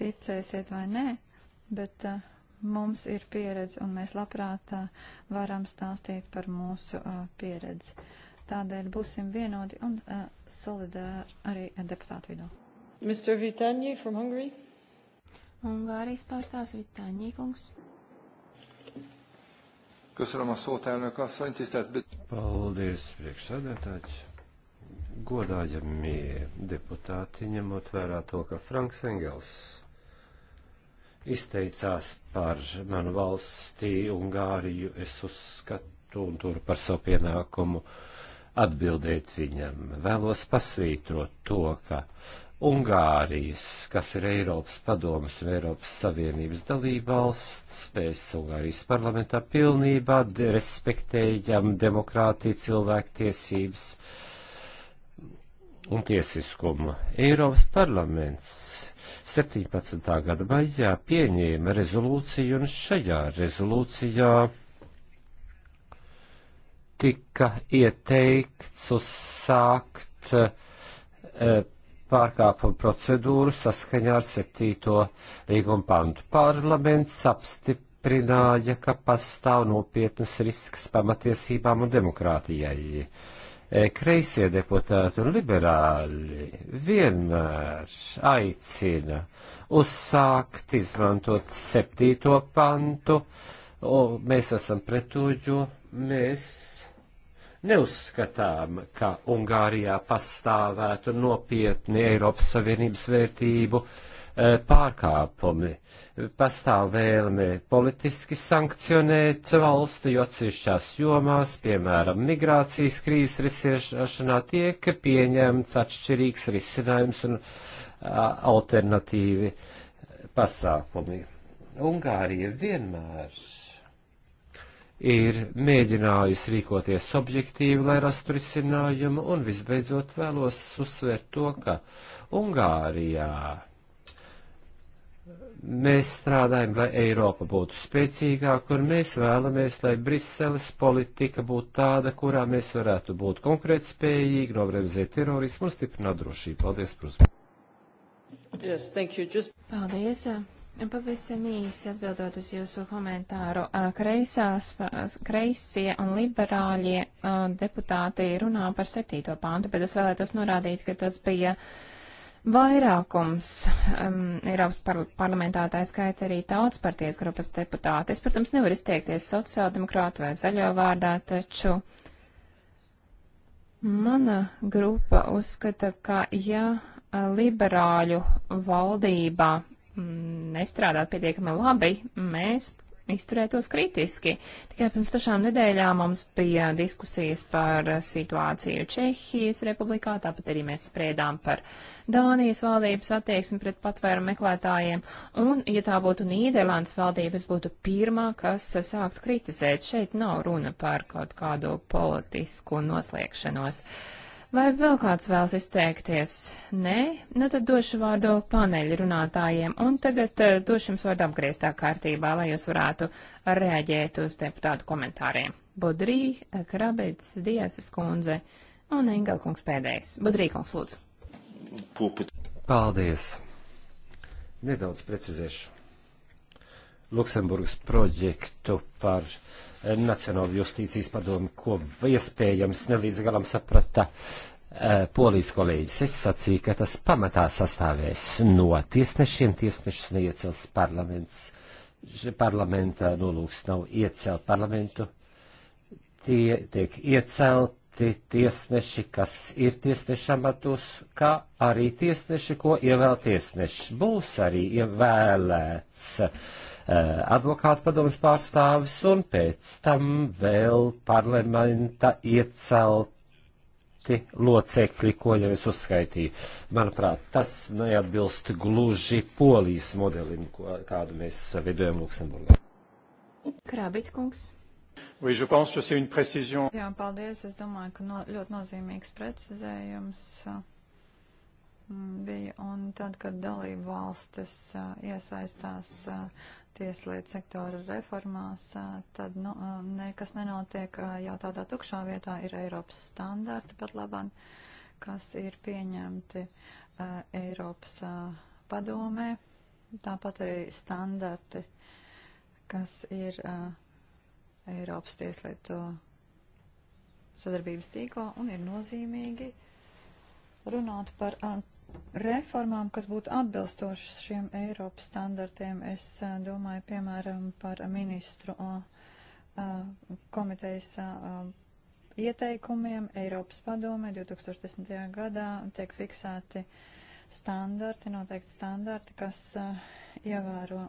Ticēsiet vai nē, bet uh, Mums ir pieredze, un mēs labprāt varam stāstīt par mūsu pieredzi. Tādēļ būsim vienoti un solidāri arī deputātu vidū. Mr. Vitāņi from Hungary. Ungārijas pārstāvs Vitāņi kungs. Köszönöm a szót, elnök asszony, tisztelt... Paldies, priekšsēdētāji, godājamie deputāti, ņemot vērā to, ka Franks Engels izteicās par manu valstī Ungāriju. Es uzskatu un turu par savu pienākumu atbildēt viņam. Vēlos pasvītrot to, ka Ungārijas, kas ir Eiropas padomas un Eiropas Savienības dalībvalsts, mēs Ungārijas parlamentā pilnībā respektējam demokrātiju cilvēktiesības. tiesības un tiesiskumu. Eiropas parlaments 17. gada maijā pieņēma rezolūciju un šajā rezolūcijā tika ieteikts uzsākt e, pārkāpuma procedūru saskaņā ar 7. līguma pantu. Parlaments apstiprināja, ka pastāv nopietnas risks pamatiesībām un demokrātijai. E, E, kreisie deputāti un liberāļi vienmēr aicina uzsākt, izmantot septīto pantu, un mēs esam pret to, jo mēs neuzskatām, ka Ungārijā pastāvētu nopietni Eiropas Savienības vērtību uh, E, pārkāpumi. Pastāv vēlme politiski sankcionēt valstu, jo atsevišķās jomās, piemēram, migrācijas krīzes risināšanā tiek pieņemts atšķirīgs risinājums un alternatīvi pasākumi. Ungārija vienmēr ir mēģinājusi rīkoties objektīvi, lai rastu risinājumu, un visbeidzot vēlos uzsvērt to, ka Ungārijā Mēs strādājam, lai Eiropa būtu spēcīgāka, un mēs vēlamies, lai Briseles politika būtu tāda, kurā mēs varētu būt konkurētspējīgi, nobremzēt terorismu un stiprināt drošību. Paldies, Prusma! Yes, Just... Paldies! Pavisam īsi atbildot uz jūsu komentāru, kreisās, kreisie un liberāļie deputāti runā par septīto pāntu, bet es vēlētos norādīt, ka tas bija uh, vairākums um, Eiropas par parlamentā, tā skaita arī tautspartijas grupas deputāti. Es, protams, nevaru izteikties sociāldemokrātu vai zaļo vārdā, taču mana grupa uzskata, ka ja liberāļu valdībā mm, nestrādāt pietiekami labi, mēs izturētos kritiski. Tikai pirms tašām nedēļām mums bija diskusijas par situāciju Čehijas republikā, tāpat arī mēs sprēdām par Dānijas valdības attieksmi pret patvēru meklētājiem, un, ja tā būtu Nīderlandes valdības, būtu pirmā, kas sāktu kritizēt. Šeit nav runa par kaut kādu politisku noslēgšanos. Uh, Vai vēl kāds vēlas izteikties? Nē, nu tad došu vārdu paneļu runātājiem, un tagad uh, došu jums vārdu apgrieztā kārtībā, lai jūs varētu reaģēt uz deputātu komentāriem. Budrī, eh, Krabits, Diasas kundze un Engelkungs pēdējais. Budrī, kungs, lūdzu. Puput. Paldies. Nedaudz precizēšu. Luksemburgas projektu par uh, Nacionāla justīcijas padomi, ko iespējams nelīdz galam saprata eh, polijas kolēģis. Es sacīju, ka tas pamatā sastāvēs no tiesnešiem, tiesnešus neiecels parlaments, parlamenta nolūks nav iecelt parlamentu, tie tiek iecelti tiesneši, kas ir tiesneša amatos, kā arī tiesneši, ko ievēl tiesneši. Būs arī ievēlēts. Ja Eh, advokātu padomas pārstāvis un pēc tam vēl parlamenta iecelt citi locekļi, ko jau es uzskaitīju. Manuprāt, tas neatbilst gluži polijas modelim, ko, kādu mēs veidojam Luksemburgā. Krābitkungs. Oui, je pense que c'est une précision. Jā, paldies. Es domāju, ka no, ļoti nozīmīgs precizējums eh, bija. Un tad, kad dalību valstis eh, iesaistās. Uh, tieslietu sektora reformās, tad nu, nekas nenotiek jau tādā tukšā vietā. Ir Eiropas standarti pat labam, kas ir pieņemti Eiropas padomē. Tāpat arī standarti, kas ir Eiropas tieslietu sadarbības tīklā un ir nozīmīgi runāt par reformām, kas būtu atbilstošas šiem Eiropas standartiem. Es domāju, piemēram, par ministru komitejas ieteikumiem Eiropas padomē 2010. gadā tiek fiksēti standarti, noteikti standarti, kas ievēro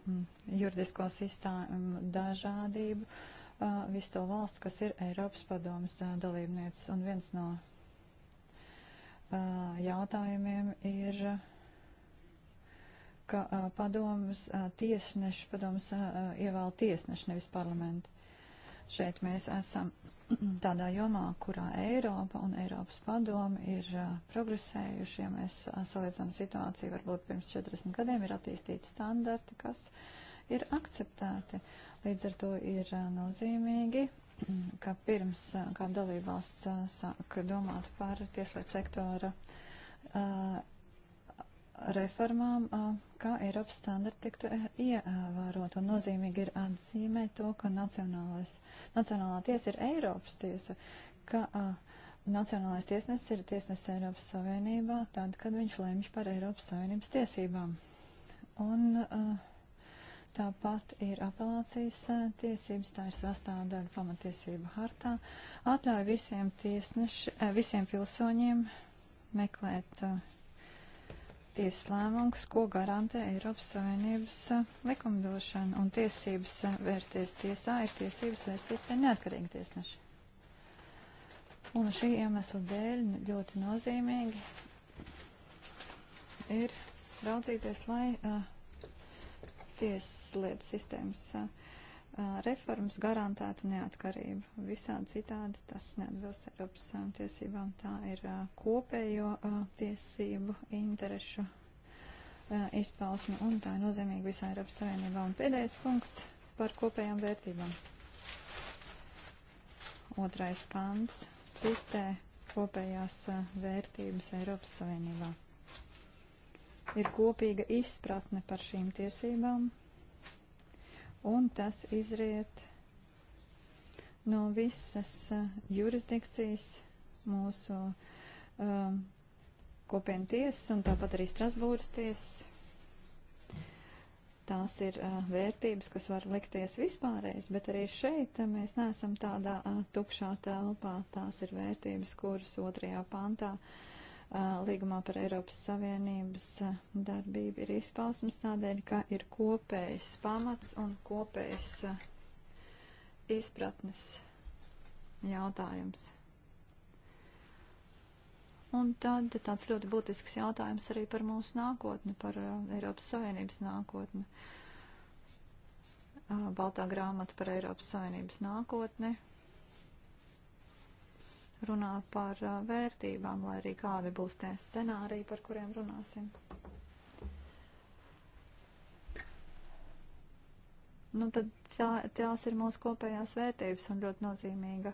juridisko sistēmu dažādību visu to valstu, kas ir Eiropas padomas dalībnieces. Un viens no jautājumiem ir, ka padomas tiesneši, padomas ievēl tiesneši, nevis parlamenti. Šeit mēs esam tādā jomā, kurā Eiropa un Eiropas padomi ir progresējuši. Ja mēs salīdzinām situāciju, varbūt pirms 40 gadiem ir attīstīti standarti, kas ir akceptēti. Līdz ar to ir nozīmīgi ka pirms kā dalībvalsts sāk domāt par tieslietu sektora reformām, kā Eiropas standarti tiktu ievērot. Un nozīmīgi ir atzīmēt to, ka Nacionālā tiesa ir Eiropas tiesa, ka Nacionālais tiesnesis ir tiesnesis Eiropas Savienībā, tad, kad viņš lemj par Eiropas Savienības tiesībām. Un uh, Tāpat ir apelācijas tiesības, tā ir sastāvdaļa pamatiesību hartā. Atļauj visiem tiesneši, visiem pilsoņiem meklēt tiesas lēmums, ko garantē Eiropas Savienības likumdošana, un tiesības vērsties tiesā ir tiesības vērsties pie neatkarīgi tiesneši. Un šī iemesla dēļ ļoti nozīmīgi ir raudzīties, lai uh, tieslietu sistēmas reformas garantētu neatkarību. Visādi citādi tas neatbilst Eiropas tiesībām. Tā ir kopējo tiesību interešu izpausme un tā ir nozīmīga visā Eiropas Savienībā. Un pēdējais punkts par kopējām vērtībām. Otrais pants citē kopējās vērtības Eiropas Savienībā ir kopīga izpratne par šīm tiesībām, un tas izriet no visas eh, jurisdikcijas mūsu uh, eh, kopienu tiesas un tāpat arī Strasbūras tiesas. Tās ir uh, vērtības, kas var likties vispārreiz, bet arī šeit mēs neesam tādā uh, tukšā telpā. Tās ir vērtības, kuras otrajā pantā uh, līgumā par Eiropas Savienības darbību ir izpausmas tādēļ, ka ir kopējs pamats un kopējs izpratnes jautājums. Un tad tāds ļoti būtisks jautājums arī par mūsu nākotni, par Eiropas Savienības nākotni. Baltā grāmata par Eiropas Savienības nākotni runā par uh, vērtībām, lai arī kādi būs tie scenāriji, par kuriem runāsim. Nu, tad tā, tās ir mūsu kopējās vērtības un ļoti nozīmīga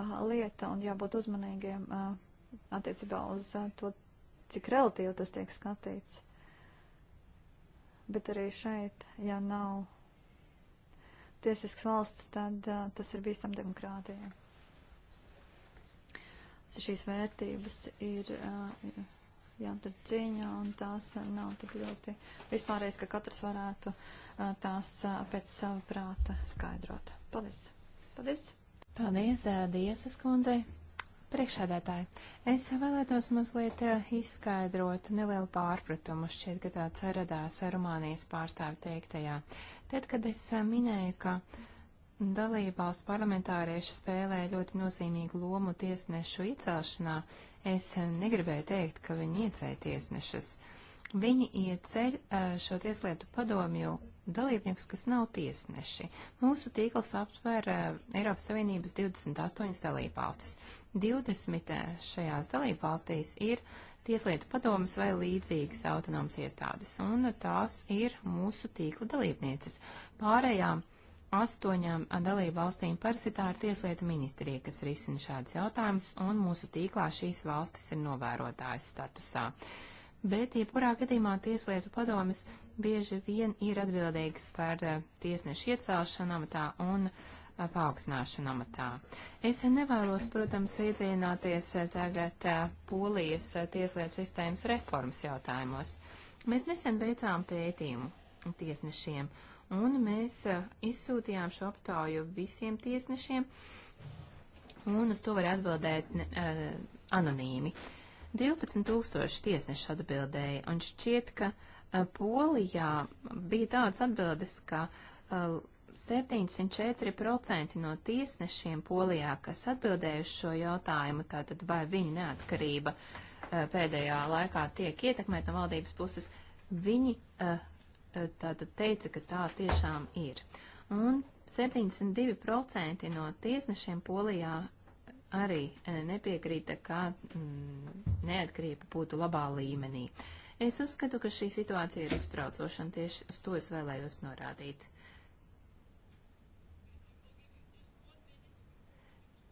uh, lieta, un jābūt uzmanīgiem uh, attiecībā uz uh, to, cik relatīvi tas tiek skatīts. Bet arī šeit, ja nav tiesisks valsts, tad uh, tas ir bīstam demokrātijai šīs vērtības ir jātur cīņā un tās nav tik ļoti vispārreiz, ka katrs varētu tās pēc sava prāta skaidrot. Paldies! Paldies! Paldies, Diezas kundzei! Priekšādātāji, es vēlētos mazliet izskaidrot nelielu pārpratumu, šķiet, ka tāds radās Rumānijas pārstāvi teiktajā. Tad, kad es minēju, ka Dalībvalstu parlamentārieši spēlē ļoti nozīmīgu lomu tiesnešu iecelšanā. Es negribēju teikt, ka viņi iecēja tiesnešus. Viņi ieceļ eh, šo tieslietu padomju dalībniekus, kas nav tiesneši. Mūsu tīkls aptver eh, Eiropas Savienības 28 dalībvalstis. 20 eh, šajās dalībvalstīs ir tieslietu padomas vai līdzīgas autonomas iestādes, un tās ir mūsu tīkla dalībnieces. Pārējām uh, astoņām dalību valstīm parasitāra tieslietu ministrija, kas risina šādus jautājumus, un mūsu tīklā šīs valstis ir novērotājs statusā. Bet, jebkurā gadījumā, tieslietu padomas bieži vien ir atbildīgs par eh, tiesnešu iecelšanu amatā un eh, paaugstināšanu amatā. Es nevēlos, protams, iedziļināties eh, tagad polijas tieslietu sistēmas reformas jautājumos. Mēs nesen veicām pētījumu tiesnešiem, un mēs izsūtījām šo aptauju visiem tiesnešiem, un uz to var atbildēt ne, anonīmi. 12 tūkstoši tiesneši atbildēja, un šķiet, ka Polijā bija tādas atbildes, ka 704% no tiesnešiem Polijā, kas atbildēja uz šo jautājumu, tātad vai viņa neatkarība pēdējā laikā tiek ietekmēta no valdības puses, viņi uh, tātad teica, ka tā tiešām ir. Un 72% no tiesnešiem Polijā arī eh, nepiekrīta, ka mm, neatkarība būtu labā līmenī. Es uzskatu, ka šī situācija ir uztraucoša, un tieši uz to es vēlējos norādīt.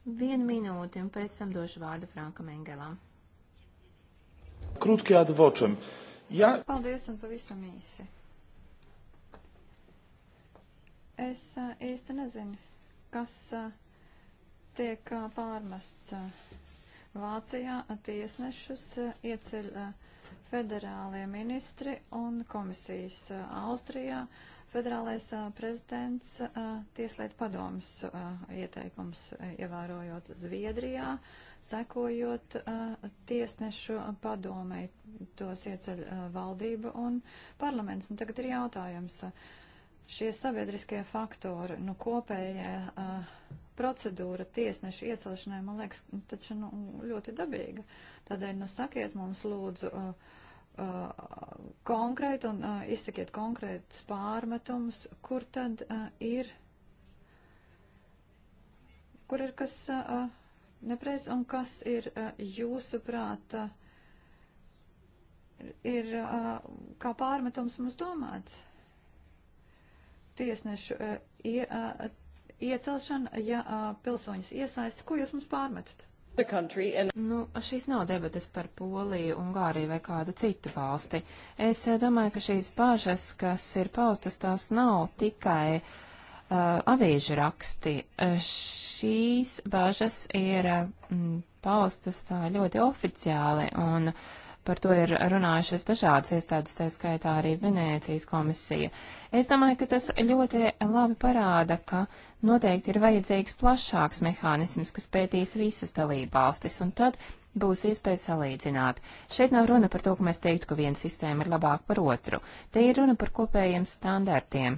Vienu minūti, un pēc tam došu vārdu Frankam Engelam. Krūtkajā dvočam. Ja... Paldies, un pavisam īsi. Es īsti nezinu, kas tiek pārmests. Vācijā tiesnešus ieceļ federālie ministri un komisijas Austrijā. Federālais prezidents tieslietu padomas ieteikums ievērojot Zviedrijā, sekojot tiesnešu padomei, tos ieceļ valdība un parlaments. Un tagad ir jautājums. Uh, Šie sabiedriskie faktori, nu kopējā uh, procedūra tiesnešu iecelšanai, man liekas, taču nu, ļoti dabīga. Tādēļ, nu sakiet mums lūdzu uh, uh, konkrēti un uh, izsakiet konkrētus pārmetumus, kur tad uh, ir, kur ir kas uh, nepreiz un kas ir uh, jūsuprāt. Uh, ir uh, kā pārmetums mums domāts tiesnešu eh, ie, eh, iecelšana, ja eh, pilsoņus iesaista. Ko jūs mums pārmetat? And... Nu, šīs nav debatas par Poliju, Ungāriju vai kādu citu valsti. Es domāju, ka šīs bāžas, kas ir paustas, tās nav tikai uh, avīžu raksti. Uh, šīs bāžas ir uh, paustas tā ļoti oficiāli un uh, Par to ir runājušas dažādas iestādes, tā skaitā arī Venēcijas komisija. Es domāju, ka tas ļoti labi parāda, ka noteikti ir vajadzīgs plašāks mehānisms, kas pētīs visas dalībvalstis, un tad būs iespēja salīdzināt. Šeit nav runa par to, ka mēs teiktu, ka viena sistēma ir labāka par otru. Te ir runa par kopējiem standartiem.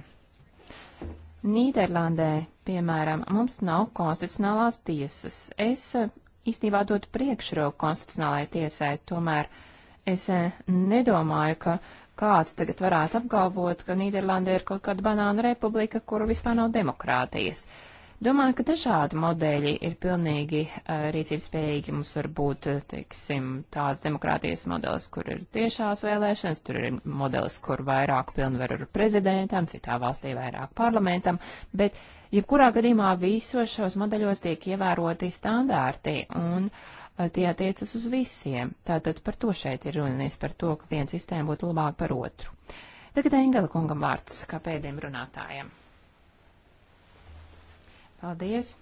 Nīderlandē, piemēram, mums nav konstitucionālās tiesas. Es eh, īstenībā dotu priekšroku konstitucionālajai tiesai, tomēr uh, Es eh, nedomāju, ka kāds tagad varētu apgalvot, ka Nīderlanda ir kaut kāda banāna republika, kur vispār nav demokrātijas. Uh, Domāju, ka dažādi modeļi ir pilnīgi uh, rīcības spējīgi. Mums var būt, eh, teiksim, tāds demokrātijas modelis, kur ir tiešās vēlēšanas, tur ir modelis, kur vairāk pilnvaru ir prezidentam, citā valstī vairāk parlamentam, bet jebkurā gadījumā visos šos modeļos tiek ievēroti standārti un uh, tie attiecas uz visiem. Tātad par to šeit ir runas, par to, ka viena sistēma būtu labāka par otru. Tagad Engela kungam vārds kā pēdējiem runātājiem. Paldies!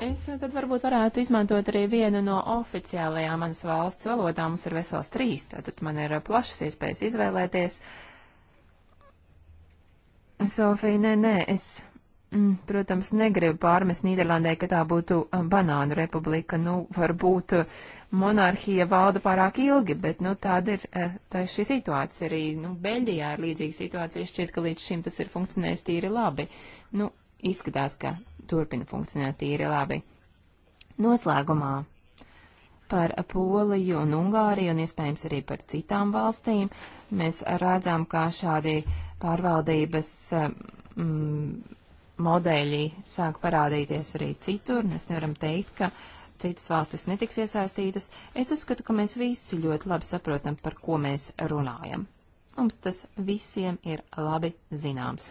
Es tad varbūt varētu izmantot arī vienu no oficiālajām manas valsts valodām. Mums ir vesels trīs, tātad man ir plašas iespējas izvēlēties. Sofija, nē, nē, es Mm, protams, negribu pārmest Nīderlandē, ka tā būtu um, banānu republika. Nu, varbūt uh, monarhija valda pārāk ilgi, bet, nu, tāda ir uh, tā šī situācija arī. Nu, Beļģijā ir līdzīga situācija, šķiet, ka līdz šim tas ir funkcionējis tīri labi. Nu, izskatās, ka turpina funkcionēt tīri labi. Noslēgumā par Poliju un Ungāriju un iespējams arī par citām valstīm mēs redzam, kā šādi pārvaldības uh, mm, modeļi sāk parādīties arī citur, un mēs nevaram teikt, ka citas valstis netiks iesaistītas. Es uzskatu, ka mēs visi ļoti labi saprotam, par ko mēs runājam. Mums tas visiem ir labi zināms.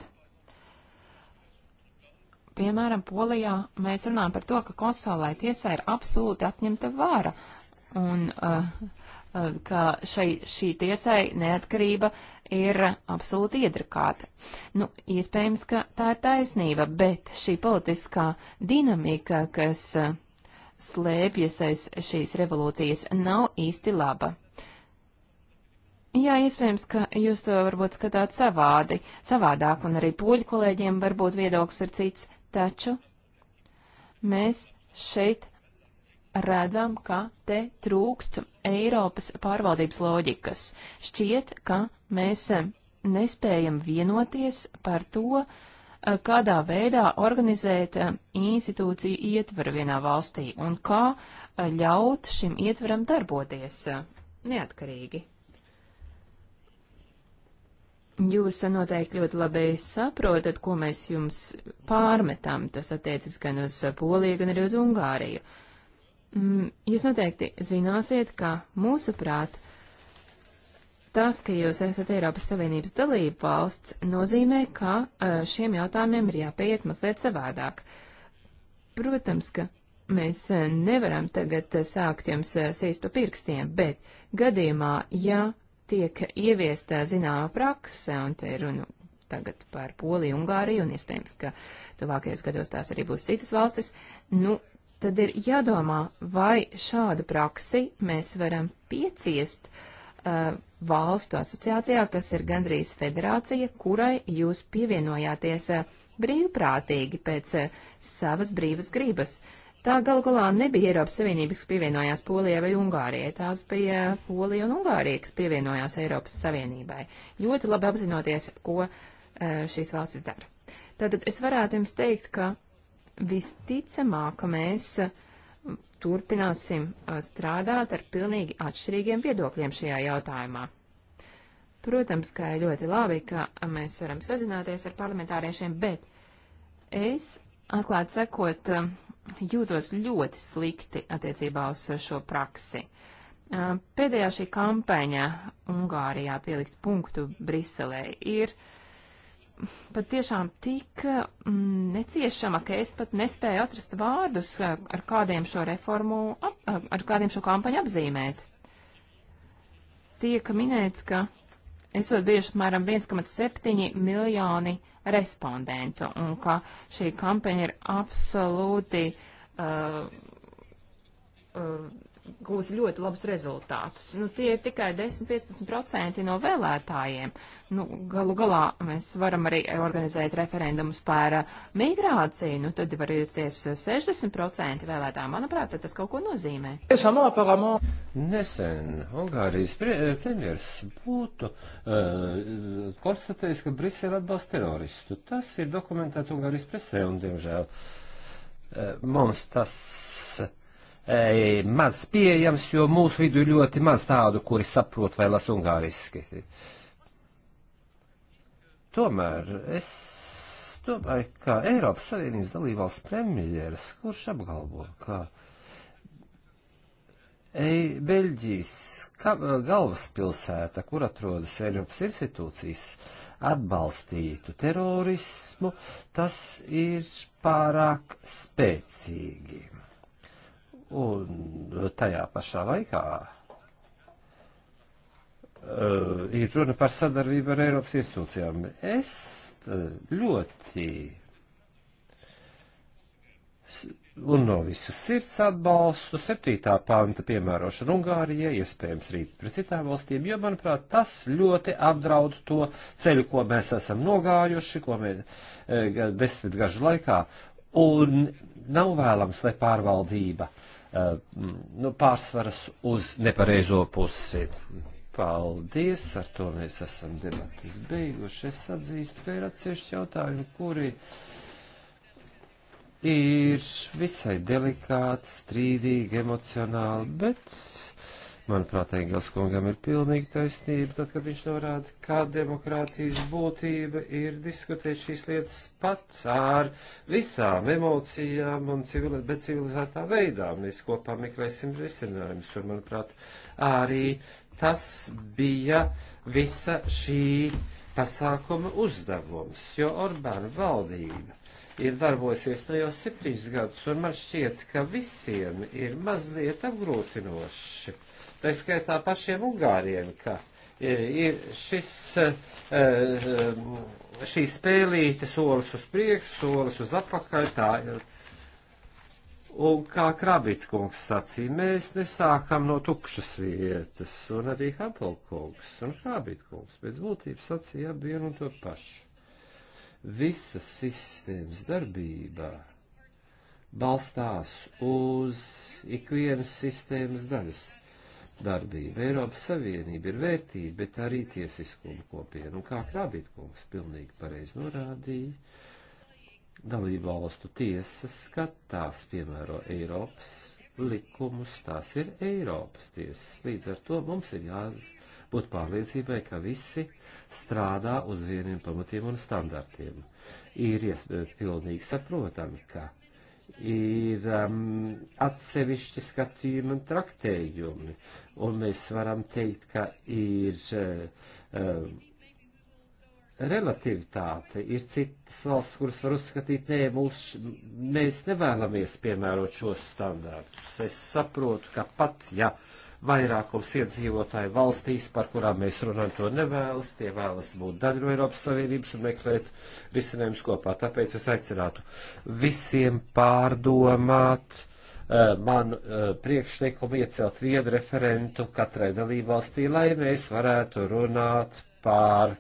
Piemēram, Polijā mēs runājam par to, ka Kosovai tiesai ir absolūti atņemta vara, un uh, Um, ka šai, šī tiesai neatkarība ir absolūti iedrakāta. Nu, iespējams, ka tā ir taisnība, bet šī politiskā dinamika, kas uh, slēpjas aiz šīs revolūcijas, nav īsti laba. Jā, iespējams, ka jūs to varbūt skatāt savādi, savādāk, un arī poļu kolēģiem varbūt viedoklis ir cits, taču mēs šeit redzam, ka te trūkst Eiropas pārvaldības loģikas. Šķiet, ka mēs eh, nespējam vienoties par to, eh, kādā veidā organizēt eh, institūciju ietveru vienā valstī un kā ļaut šim ietveram darboties neatkarīgi. Jūs noteikti ļoti labi saprotat, ko mēs jums pārmetam. Tas attiecas gan uz Poliju, gan arī uz Ungāriju. Uh, Mm, jūs noteikti zināsiet, ka mūsuprāt, tas, ka jūs esat Eiropas Savienības dalība valsts, nozīmē, ka šiem jautājumiem ir jāpieiet mazliet savādāk. Protams, ka mēs nevaram tagad sākt jums sēst pa pirkstiem, bet gadījumā, ja tiek ieviesta zināma prakse, un te ir runa tagad par Poliju, Ungāriju, un iespējams, ka tuvākajos gados tās arī būs citas valstis, nu, tad ir jādomā, vai šādu praksi mēs varam pieciest uh, valstu asociācijā, kas ir gandrīz federācija, kurai jūs pievienojāties uh, brīvprātīgi pēc uh, savas brīvas gribas. Tā gal galā nebija Eiropas Savienības, kas pievienojās Polijai vai Ungārijai. Tās bija Polija un Ungārija, kas pievienojās Eiropas Savienībai. Ļoti labi apzinoties, ko uh, šīs valstis dara. Tātad es varētu jums teikt, ka visticamāk, ka mēs turpināsim strādāt ar pilnīgi atšķirīgiem viedokļiem šajā jautājumā. Protams, ka ļoti labi, ka mēs varam sazināties ar parlamentāriešiem, bet es, atklāt sakot, jūtos ļoti slikti attiecībā uz šo praksi. Pēdējā šī kampaņa Ungārijā pielikt punktu Briselē ir uh, patiešām tik mm, neciešama, ka es pat nespēju atrast vārdus, eh, ar kādiem šo reformu, ap, eh, ar kādiem šo kampaņu apzīmēt. Tiek minēts, ka esot bijuši apmēram 1,7 miljoni respondentu un ka šī kampaņa ir absolūti uh, uh, gūs ļoti labus rezultātus. Nu, tie ir tikai 10-15% no vēlētājiem. Nu, galu galā mēs varam arī organizēt referendumus par uh, migrāciju, nu, tad var ieties 60% vēlētāji. Manuprāt, tas kaut ko nozīmē. Nesen Ungārijas eh, premjers būtu uh, konstatējis, ka Brisele atbalsta teroristu. Tas ir dokumentēts Ungārijas presē un, diemžēl, uh, mums tas E, maz pieejams, jo mūsu vidu ir ļoti maz tādu, kuri saprot vai las ungāriski. Tomēr es domāju, ka Eiropas Savienības dalībvalsts premjeras, kurš apgalvo, ka Ei, Beļģijas ka, galvaspilsēta, kur atrodas Eiropas institūcijas, atbalstītu terorismu, tas ir pārāk spēcīgi Un tajā pašā laikā uh, ir runa par sadarbību ar Eiropas institūcijām. Es eh, ļoti un no visas sirds atbalstu 7. panta piemērošanu Ungārijai, iespējams rīt pret citām valstīm, jo, manuprāt, tas ļoti apdraud to ceļu, ko mēs esam nogājuši, ko mēs e, eh, desmit gažu laikā, un nav vēlams, lai pārvaldība e, Eh, nu, pārsvaras uz nepareizo pusi. Paldies, ar to mēs esam debatas beiguši. Es atzīstu, ka ir atsevišķi jautājumi, kuri ir visai delikāti, strīdīgi, emocionāli, bet Manuprāt, Engels kungam ir pilnīgi taisnība, tad, kad viņš norāda, kā demokrātijas būtība ir diskutēt šīs lietas pats ar visām emocijām un civili, bet civilizētā veidā. Mēs kopā meklēsim risinājumus, un, manuprāt, arī tas bija visa šī pasākuma uzdevums, jo Orbāna valdība ir darbosies no jau septiņus gadus, un man šķiet, ka visiem ir mazliet apgrūtinoši tā skaitā pašiem Ungāriem, ka e, ir šis, e, e, šī spēlīte solis uz priekšu, solis uz apakaļ, tā ir. Un kā Krabits kungs sacīja, mēs nesākam no tukšas vietas, un arī Haplkungs un Krabit kungs pēc būtības sacīja abi vienu un to pašu. Visa sistēmas darbībā balstās uz ikvienas sistēmas daļas darbība. Eiropas Savienība ir vērtība, bet arī tiesiskuma kopiena. Un kā Krabitkungs pilnīgi pareizi norādīja, dalību valstu tiesas skatās, piemēro Eiropas likumus, tās ir Eiropas tiesas. Līdz ar to mums ir jābūt pārliecībai, ka visi strādā uz vieniem pamatiem un standartiem. Ir iespējams pilnīgi saprotami, ka ir um, atsevišķi skatījumi un traktējumi, un mēs varam teikt, ka ir uh, um, relativitāte, ir citas valsts, kuras var uzskatīt, nē, mūs, mēs nevēlamies piemērot šos standārtus. Es saprotu, ka pat, ja uh, vairākums iedzīvotāju valstīs, par kurām mēs runājam, to nevēlas. Tie vēlas būt daļa no Eiropas Savienības un meklēt risinājumus kopā. Tāpēc es aicinātu visiem pārdomāt eh, man eh, priekšlikumu iecelt vienu referentu katrai dalībvalstī, lai mēs varētu runāt pār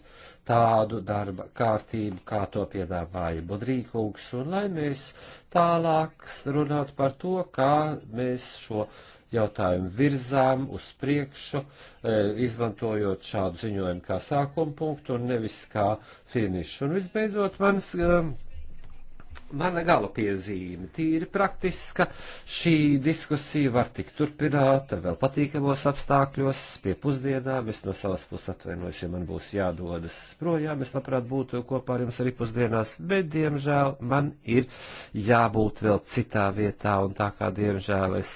tādu darba kārtību, kā to piedāvāja Budrīkungs, un lai mēs tālāk runātu par to, kā mēs šo uh, jautājumu virzām uz priekšu, e, izmantojot šādu ziņojumu kā sākuma punktu un nevis kā finišu. Un visbeidzot, mans e, mana gala piezīme, tīri praktiska, šī diskusija var tikt turpināta vēl patīkamos apstākļos, pie pusdienām, es no savas puses atvainojos, ja man būs jādodas projām, es labprāt būtu kopā ar jums arī pusdienās, bet, diemžēl, man ir jābūt vēl citā vietā, un tā kā, diemžēl, es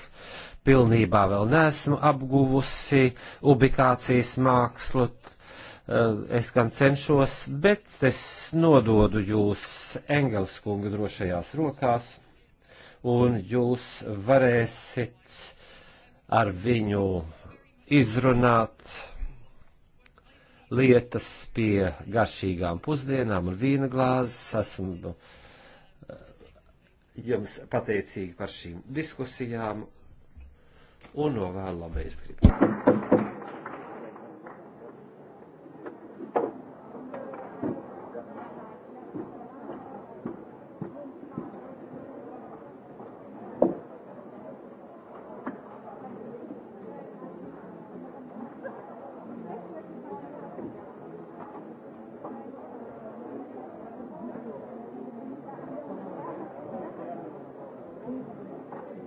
pilnībā vēl neesmu apguvusi ubikācijas mākslu. Eh, es gan cenšos, bet es nododu jūs Engels kunga drošajās rokās, un jūs varēsiet ar viņu izrunāt lietas pie garšīgām pusdienām un vīna glāzes. Esmu eh, jums pateicīgi par šīm diskusijām un novēlu labējas gribu.